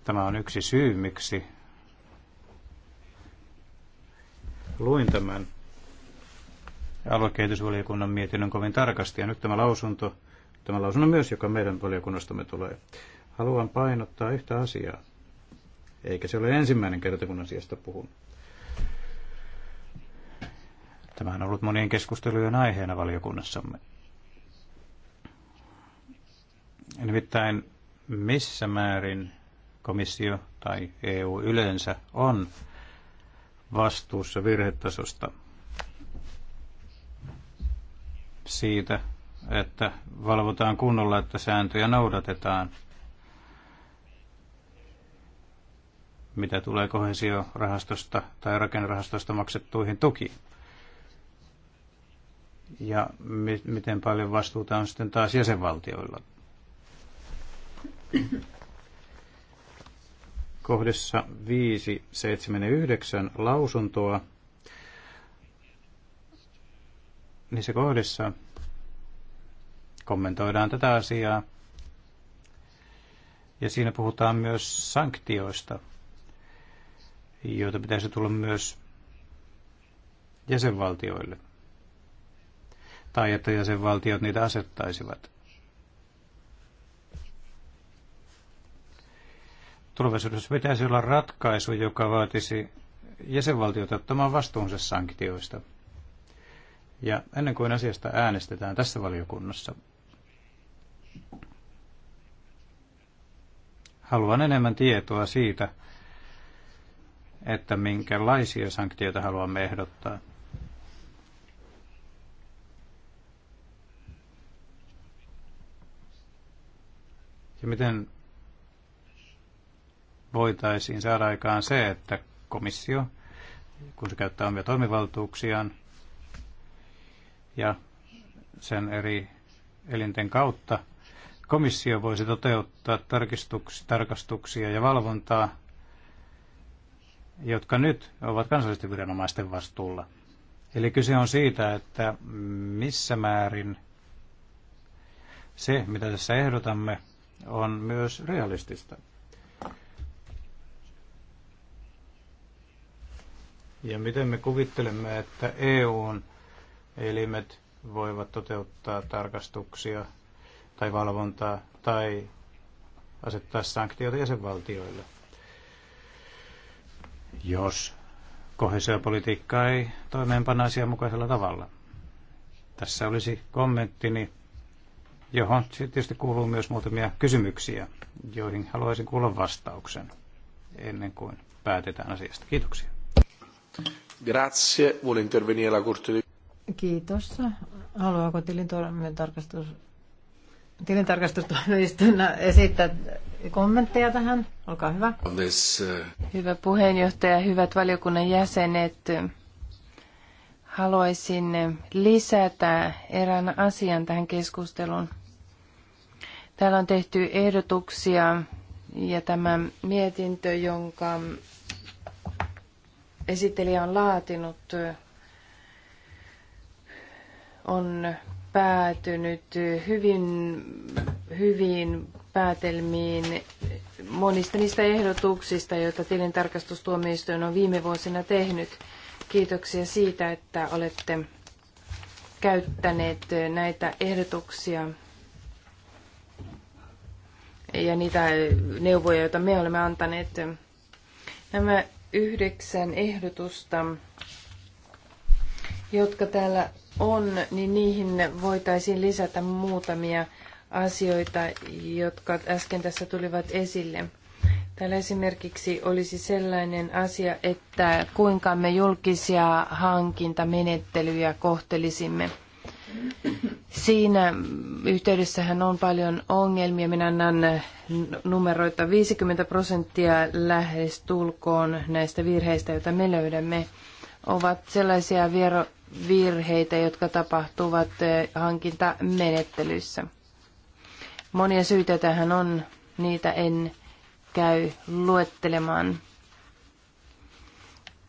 Tämä on yksi syy, miksi luin tämän aluekehitysvaliokunnan mietinnön kovin tarkasti. Ja nyt tämä lausunto, tämä lausunto myös, joka meidän valiokunnastamme tulee haluan painottaa yhtä asiaa, eikä se ole ensimmäinen kerta, kun asiasta puhun. Tämä on ollut monien keskustelujen aiheena valiokunnassamme. Nimittäin missä määrin komissio tai EU yleensä on vastuussa virhetasosta siitä, että valvotaan kunnolla, että sääntöjä noudatetaan – mitä tulee kohesiorahastosta tai rakennerahastosta maksettuihin tukiin. Ja mi- miten paljon vastuuta on sitten taas jäsenvaltioilla. Kohdessa 5, 7 ja 9 lausuntoa. Niissä kohdissa kommentoidaan tätä asiaa. Ja siinä puhutaan myös sanktioista – joita pitäisi tulla myös jäsenvaltioille. Tai että jäsenvaltiot niitä asettaisivat. Tulevaisuudessa pitäisi olla ratkaisu, joka vaatisi jäsenvaltiota ottamaan vastuunsa sanktioista. Ja ennen kuin asiasta äänestetään tässä valiokunnassa, haluan enemmän tietoa siitä, että minkälaisia sanktioita haluamme ehdottaa. Ja miten voitaisiin saada aikaan se, että komissio, kun se käyttää omia toimivaltuuksiaan ja sen eri elinten kautta, komissio voisi toteuttaa tarkastuksia ja valvontaa jotka nyt ovat kansallisten viranomaisten vastuulla. Eli kyse on siitä, että missä määrin se, mitä tässä ehdotamme, on myös realistista. Ja miten me kuvittelemme, että EUn elimet voivat toteuttaa tarkastuksia tai valvontaa tai asettaa sanktioita jäsenvaltioille jos kohesiopolitiikka ei toimeenpana asianmukaisella tavalla. Tässä olisi kommenttini, johon tietysti kuuluu myös muutamia kysymyksiä, joihin haluaisin kuulla vastauksen ennen kuin päätetään asiasta. Kiitoksia. Grazie. Vuole intervenire la Corte dei... Kiitos. Haluaako tilintarkastus, tilintarkastustoimistona esittää kommentteja tähän? Olkaa hyvä. Uh, hyvä puheenjohtaja, hyvät valiokunnan jäsenet. Haluaisin lisätä erään asian tähän keskusteluun. Täällä on tehty ehdotuksia ja tämä mietintö, jonka esittelijä on laatinut, on päätynyt hyvin, hyvin päätelmiin monista niistä ehdotuksista, joita tilintarkastustuomioistuin on viime vuosina tehnyt. Kiitoksia siitä, että olette käyttäneet näitä ehdotuksia ja niitä neuvoja, joita me olemme antaneet. Nämä yhdeksän ehdotusta, jotka täällä on, niin niihin voitaisiin lisätä muutamia asioita, jotka äsken tässä tulivat esille. Täällä esimerkiksi olisi sellainen asia, että kuinka me julkisia hankintamenettelyjä kohtelisimme. Siinä yhteydessähän on paljon ongelmia. Minä annan numeroita 50 prosenttia lähestulkoon tulkoon näistä virheistä, joita me löydämme, ovat sellaisia virheitä, jotka tapahtuvat eh, hankintamenettelyssä. Monia syitä tähän on, niitä en käy luettelemaan.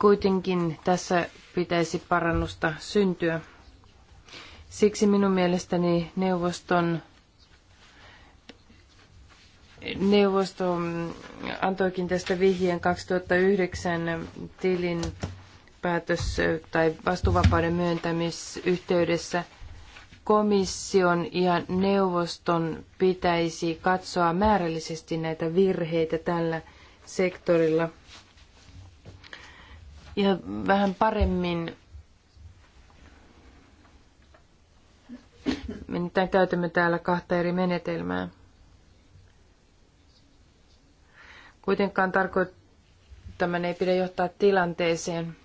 Kuitenkin tässä pitäisi parannusta syntyä. Siksi minun mielestäni neuvoston neuvosto antoikin tästä vihjeen 2009 tilin päätös tai vastuuvapauden myöntämisyhteydessä komission ja neuvoston pitäisi katsoa määrällisesti näitä virheitä tällä sektorilla ja vähän paremmin me nyt käytämme täällä kahta eri menetelmää. Kuitenkaan tarkoittaminen ei pidä johtaa tilanteeseen,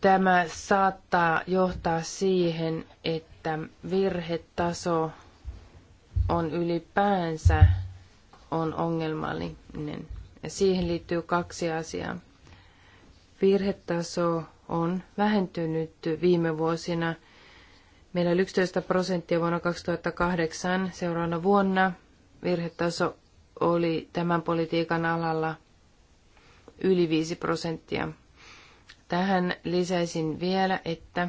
Tämä saattaa johtaa siihen, että virhetaso on ylipäänsä on ongelmallinen. Ja siihen liittyy kaksi asiaa. Virhetaso on vähentynyt viime vuosina. Meillä oli 11 prosenttia vuonna 2008. Seuraavana vuonna virhetaso oli tämän politiikan alalla yli 5 prosenttia. Tähän lisäisin vielä, että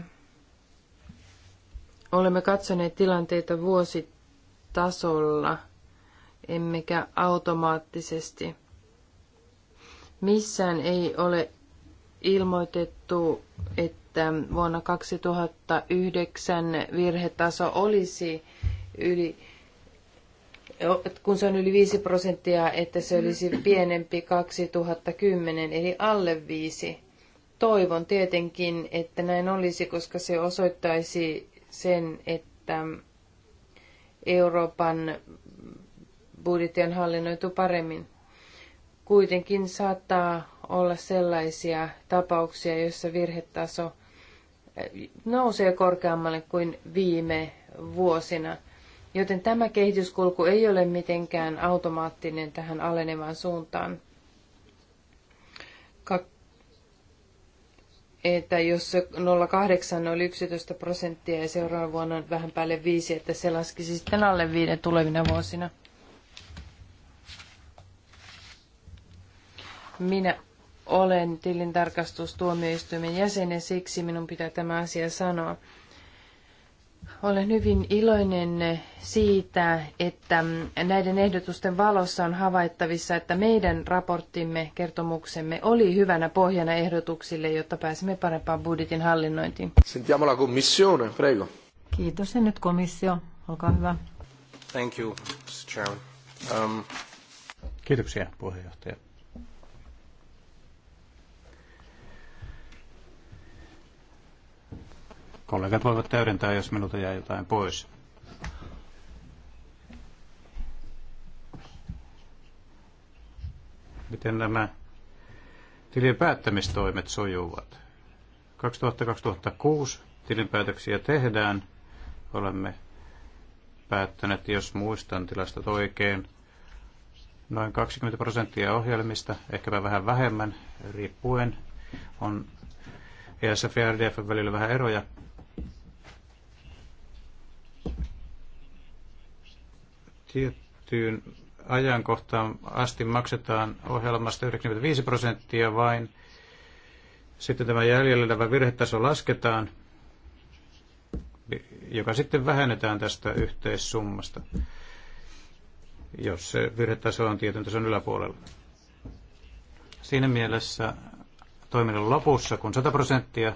olemme katsoneet tilanteita vuositasolla, emmekä automaattisesti. Missään ei ole ilmoitettu, että vuonna 2009 virhetaso olisi yli, kun se on yli 5 prosenttia, että se olisi pienempi 2010, eli alle 5 Toivon tietenkin, että näin olisi, koska se osoittaisi sen, että Euroopan budjetti on hallinnoitu paremmin. Kuitenkin saattaa olla sellaisia tapauksia, joissa virhetaso nousee korkeammalle kuin viime vuosina. Joten tämä kehityskulku ei ole mitenkään automaattinen tähän alenevaan suuntaan. että jos 08 oli 11 prosenttia ja seuraavana vuonna vähän päälle 5, että se laskisi sitten alle 5 tulevina vuosina. Minä olen tilintarkastustuomioistuimen jäsen ja siksi minun pitää tämä asia sanoa. Olen hyvin iloinen siitä, että näiden ehdotusten valossa on havaittavissa, että meidän raporttimme, kertomuksemme oli hyvänä pohjana ehdotuksille, jotta pääsemme parempaan budjetin hallinnointiin. Sentiamo la commissione, prego. Kiitos ja nyt komissio, olkaa hyvä. Thank you, Mr. Chairman. Um... Kiitoksia puheenjohtaja. Kollegat voivat täydentää, jos minulta jää jotain pois. Miten nämä tilien päättämistoimet sojuvat? 2000-2006 tilinpäätöksiä tehdään. Olemme päättäneet, jos muistan tilastot oikein, noin 20 prosenttia ohjelmista, ehkäpä vähän vähemmän, riippuen. On ESF ja RDF välillä vähän eroja. Tiettyyn ajankohtaan asti maksetaan ohjelmasta 95 prosenttia vain. Sitten tämä jäljellä oleva virhetaso lasketaan, joka sitten vähennetään tästä yhteissummasta, jos se virhetaso on tietyn tason yläpuolella. Siinä mielessä toiminnan lopussa, kun 100 prosenttia,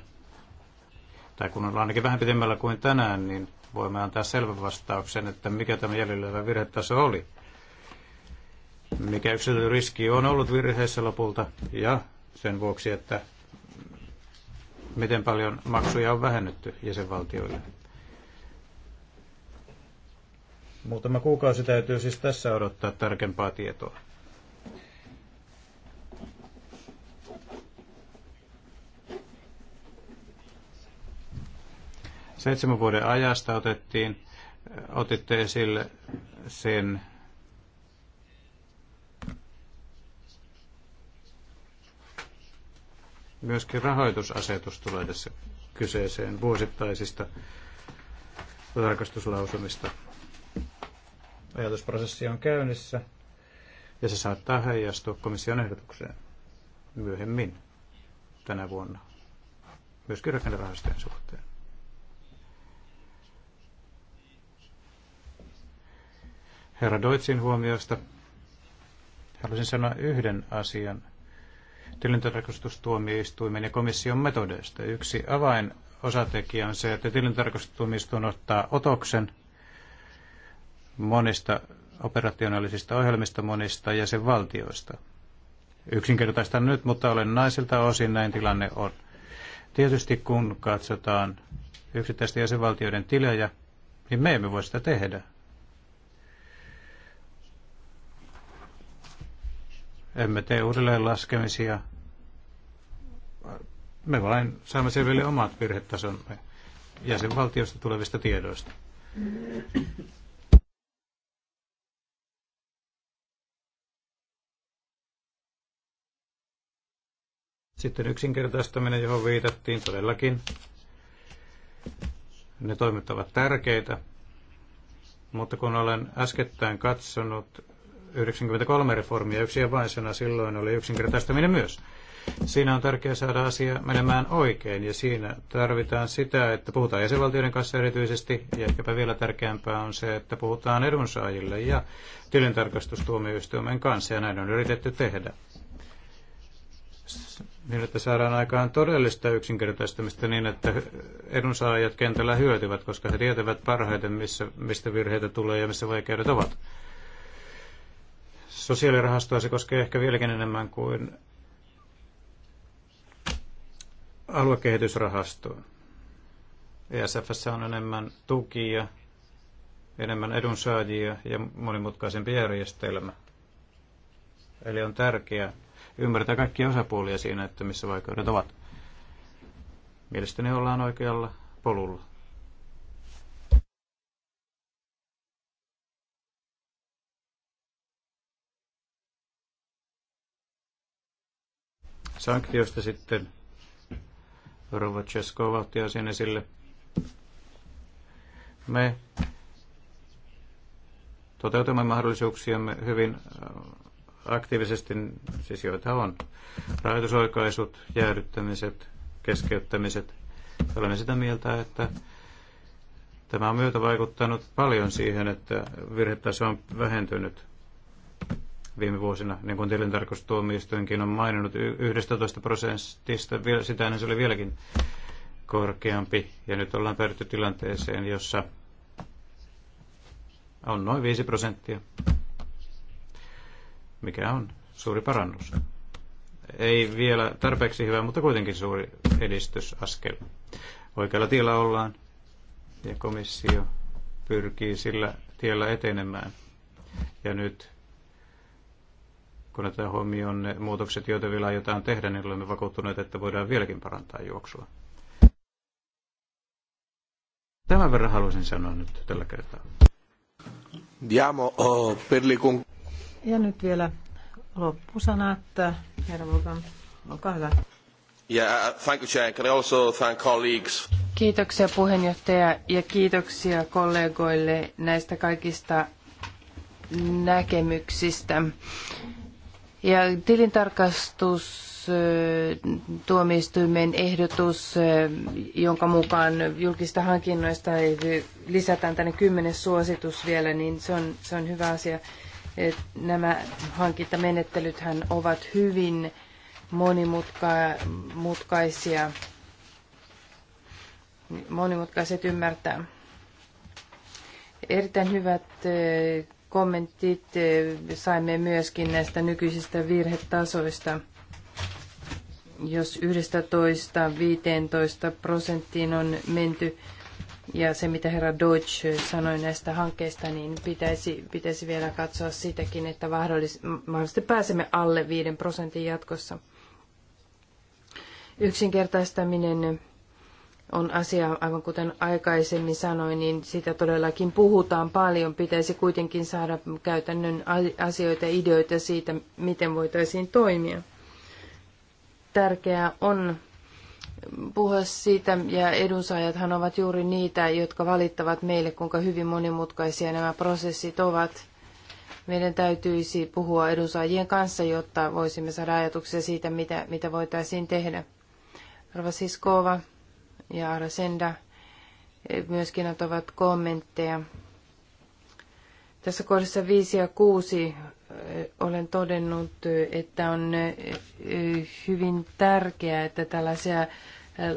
tai kun on ainakin vähän pidemmällä kuin tänään, niin voimme antaa selvän vastauksen, että mikä tämä jäljellä oleva virhetaso oli. Mikä yksilöllinen riski on ollut virheessä lopulta ja sen vuoksi, että miten paljon maksuja on vähennetty jäsenvaltioille. Muutama kuukausi täytyy siis tässä odottaa tarkempaa tietoa. Seitsemän vuoden ajasta otettiin, otitte esille sen myöskin rahoitusasetus tulee tässä kyseeseen vuosittaisista tarkastuslausumista. Ajatusprosessi on käynnissä ja se saattaa heijastua komission ehdotukseen myöhemmin tänä vuonna, myöskin rakennerahastojen suhteen. herra Deutsin huomioista. Haluaisin sanoa yhden asian tilintarkastustuomioistuimen ja komission metodeista. Yksi avain osatekijä on se, että tilintarkastustuomioistuin ottaa otoksen monista operationaalisista ohjelmista monista jäsenvaltioista. Yksinkertaista nyt, mutta olen naisilta osin näin tilanne on. Tietysti kun katsotaan yksittäisten jäsenvaltioiden tilejä, niin me emme voi sitä tehdä. Emme tee uudelleen laskemisia. Me vain saamme selville omat virhetasomme jäsenvaltiosta tulevista tiedoista. Sitten yksinkertaistaminen, johon viitattiin todellakin. Ne toimet ovat tärkeitä, mutta kun olen äskettäin katsonut 93 reformia yksi avaisena silloin oli yksinkertaistaminen myös. Siinä on tärkeää saada asia menemään oikein ja siinä tarvitaan sitä, että puhutaan jäsenvaltioiden kanssa erityisesti ja ehkäpä vielä tärkeämpää on se, että puhutaan edunsaajille ja tilintarkastustuomioistuimen kanssa ja näin on yritetty tehdä niin, että saadaan aikaan todellista yksinkertaistamista niin, että edunsaajat kentällä hyötyvät, koska he tietävät parhaiten, missä, mistä virheitä tulee ja missä vaikeudet ovat. Sosiaalirahastoa se koskee ehkä vieläkin enemmän kuin aluekehitysrahastoa. ESF on enemmän tukia, enemmän edunsaajia ja monimutkaisempi järjestelmä. Eli on tärkeää ymmärtää kaikkia osapuolia siinä, että missä vaikeudet ovat. Mielestäni ollaan oikealla polulla. Sanktioista sitten Rova Cheskova otti asian esille. Me toteutamme mahdollisuuksiamme hyvin äh, aktiivisesti, siis joita on rajoitusoikaisut, jäädyttämiset, keskeyttämiset. Olemme sitä mieltä, että tämä on myötä vaikuttanut paljon siihen, että virhetaso on vähentynyt viime vuosina, niin kuin tilintarkastustuomioistuinkin on maininnut, 11 prosentista, sitä ennen se oli vieläkin korkeampi. Ja nyt ollaan päädytty tilanteeseen, jossa on noin 5 prosenttia, mikä on suuri parannus. Ei vielä tarpeeksi hyvä, mutta kuitenkin suuri edistysaskel. Oikealla tiellä ollaan ja komissio pyrkii sillä tiellä etenemään. Ja nyt kun otetaan huomioon ne muutokset, joita vielä aiotaan tehdä, niin olemme vakuuttuneet, että voidaan vieläkin parantaa juoksua. Tämän verran haluaisin sanoa nyt tällä kertaa. Diamo, oh, per Ja nyt vielä että Herra Vulkan, olkaa hyvä. Yeah, uh, thank you, Jane. Can I also thank colleagues? Kiitoksia puheenjohtaja ja kiitoksia kollegoille näistä kaikista näkemyksistä. Ja tilintarkastus ehdotus, jonka mukaan julkista hankinnoista lisätään tänne kymmenes suositus vielä, niin se on, se on hyvä asia. Nämä hankintamenettelythän ovat hyvin monimutkaisia. Monimutkaiset ymmärtää. Erittäin hyvät kommentit saimme myöskin näistä nykyisistä virhetasoista. Jos 11-15 prosenttiin on menty, ja se mitä herra Deutsch sanoi näistä hankkeista, niin pitäisi, pitäisi vielä katsoa sitäkin, että mahdollisesti pääsemme alle 5 prosentin jatkossa. Yksinkertaistaminen on asia, aivan kuten aikaisemmin sanoin, niin sitä todellakin puhutaan paljon. Pitäisi kuitenkin saada käytännön asioita ja ideoita siitä, miten voitaisiin toimia. Tärkeää on puhua siitä, ja edunsaajathan ovat juuri niitä, jotka valittavat meille, kuinka hyvin monimutkaisia nämä prosessit ovat. Meidän täytyisi puhua edunsaajien kanssa, jotta voisimme saada ajatuksia siitä, mitä, mitä voitaisiin tehdä. Rova Siskova ja Arasenda myöskin antavat kommentteja. Tässä kohdassa 5 ja 6 olen todennut, että on hyvin tärkeää, että tällaisia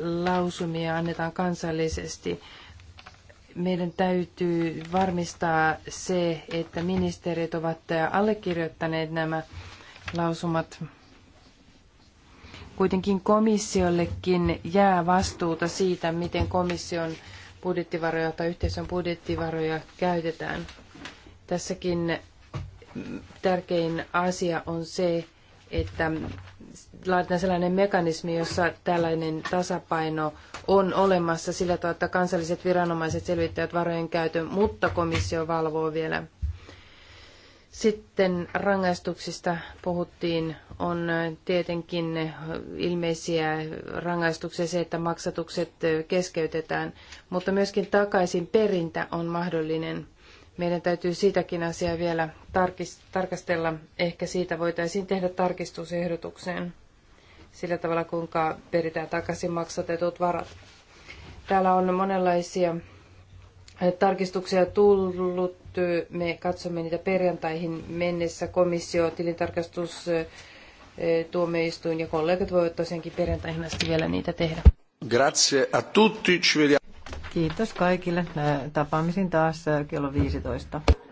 lausumia annetaan kansallisesti. Meidän täytyy varmistaa se, että ministerit ovat allekirjoittaneet nämä lausumat kuitenkin komissiollekin jää vastuuta siitä, miten komission budjettivaroja tai yhteisön budjettivaroja käytetään. Tässäkin tärkein asia on se, että laitetaan sellainen mekanismi, jossa tällainen tasapaino on olemassa sillä tavalla, että kansalliset viranomaiset selvittävät varojen käytön, mutta komissio valvoo vielä sitten rangaistuksista puhuttiin. On tietenkin ilmeisiä rangaistuksia se, että maksatukset keskeytetään, mutta myöskin takaisin perintä on mahdollinen. Meidän täytyy siitäkin asiaa vielä tarkastella. Ehkä siitä voitaisiin tehdä tarkistusehdotukseen sillä tavalla, kuinka peritään takaisin maksatetut varat. Täällä on monenlaisia tarkistuksia tullut. Me katsomme niitä perjantaihin mennessä. Komissio, tilintarkastus, tuomioistuin ja kollegat voivat tosiaankin perjantaihin asti vielä niitä tehdä. Grazie a tutti. Kiitos kaikille. Tapaamisin taas kello 15.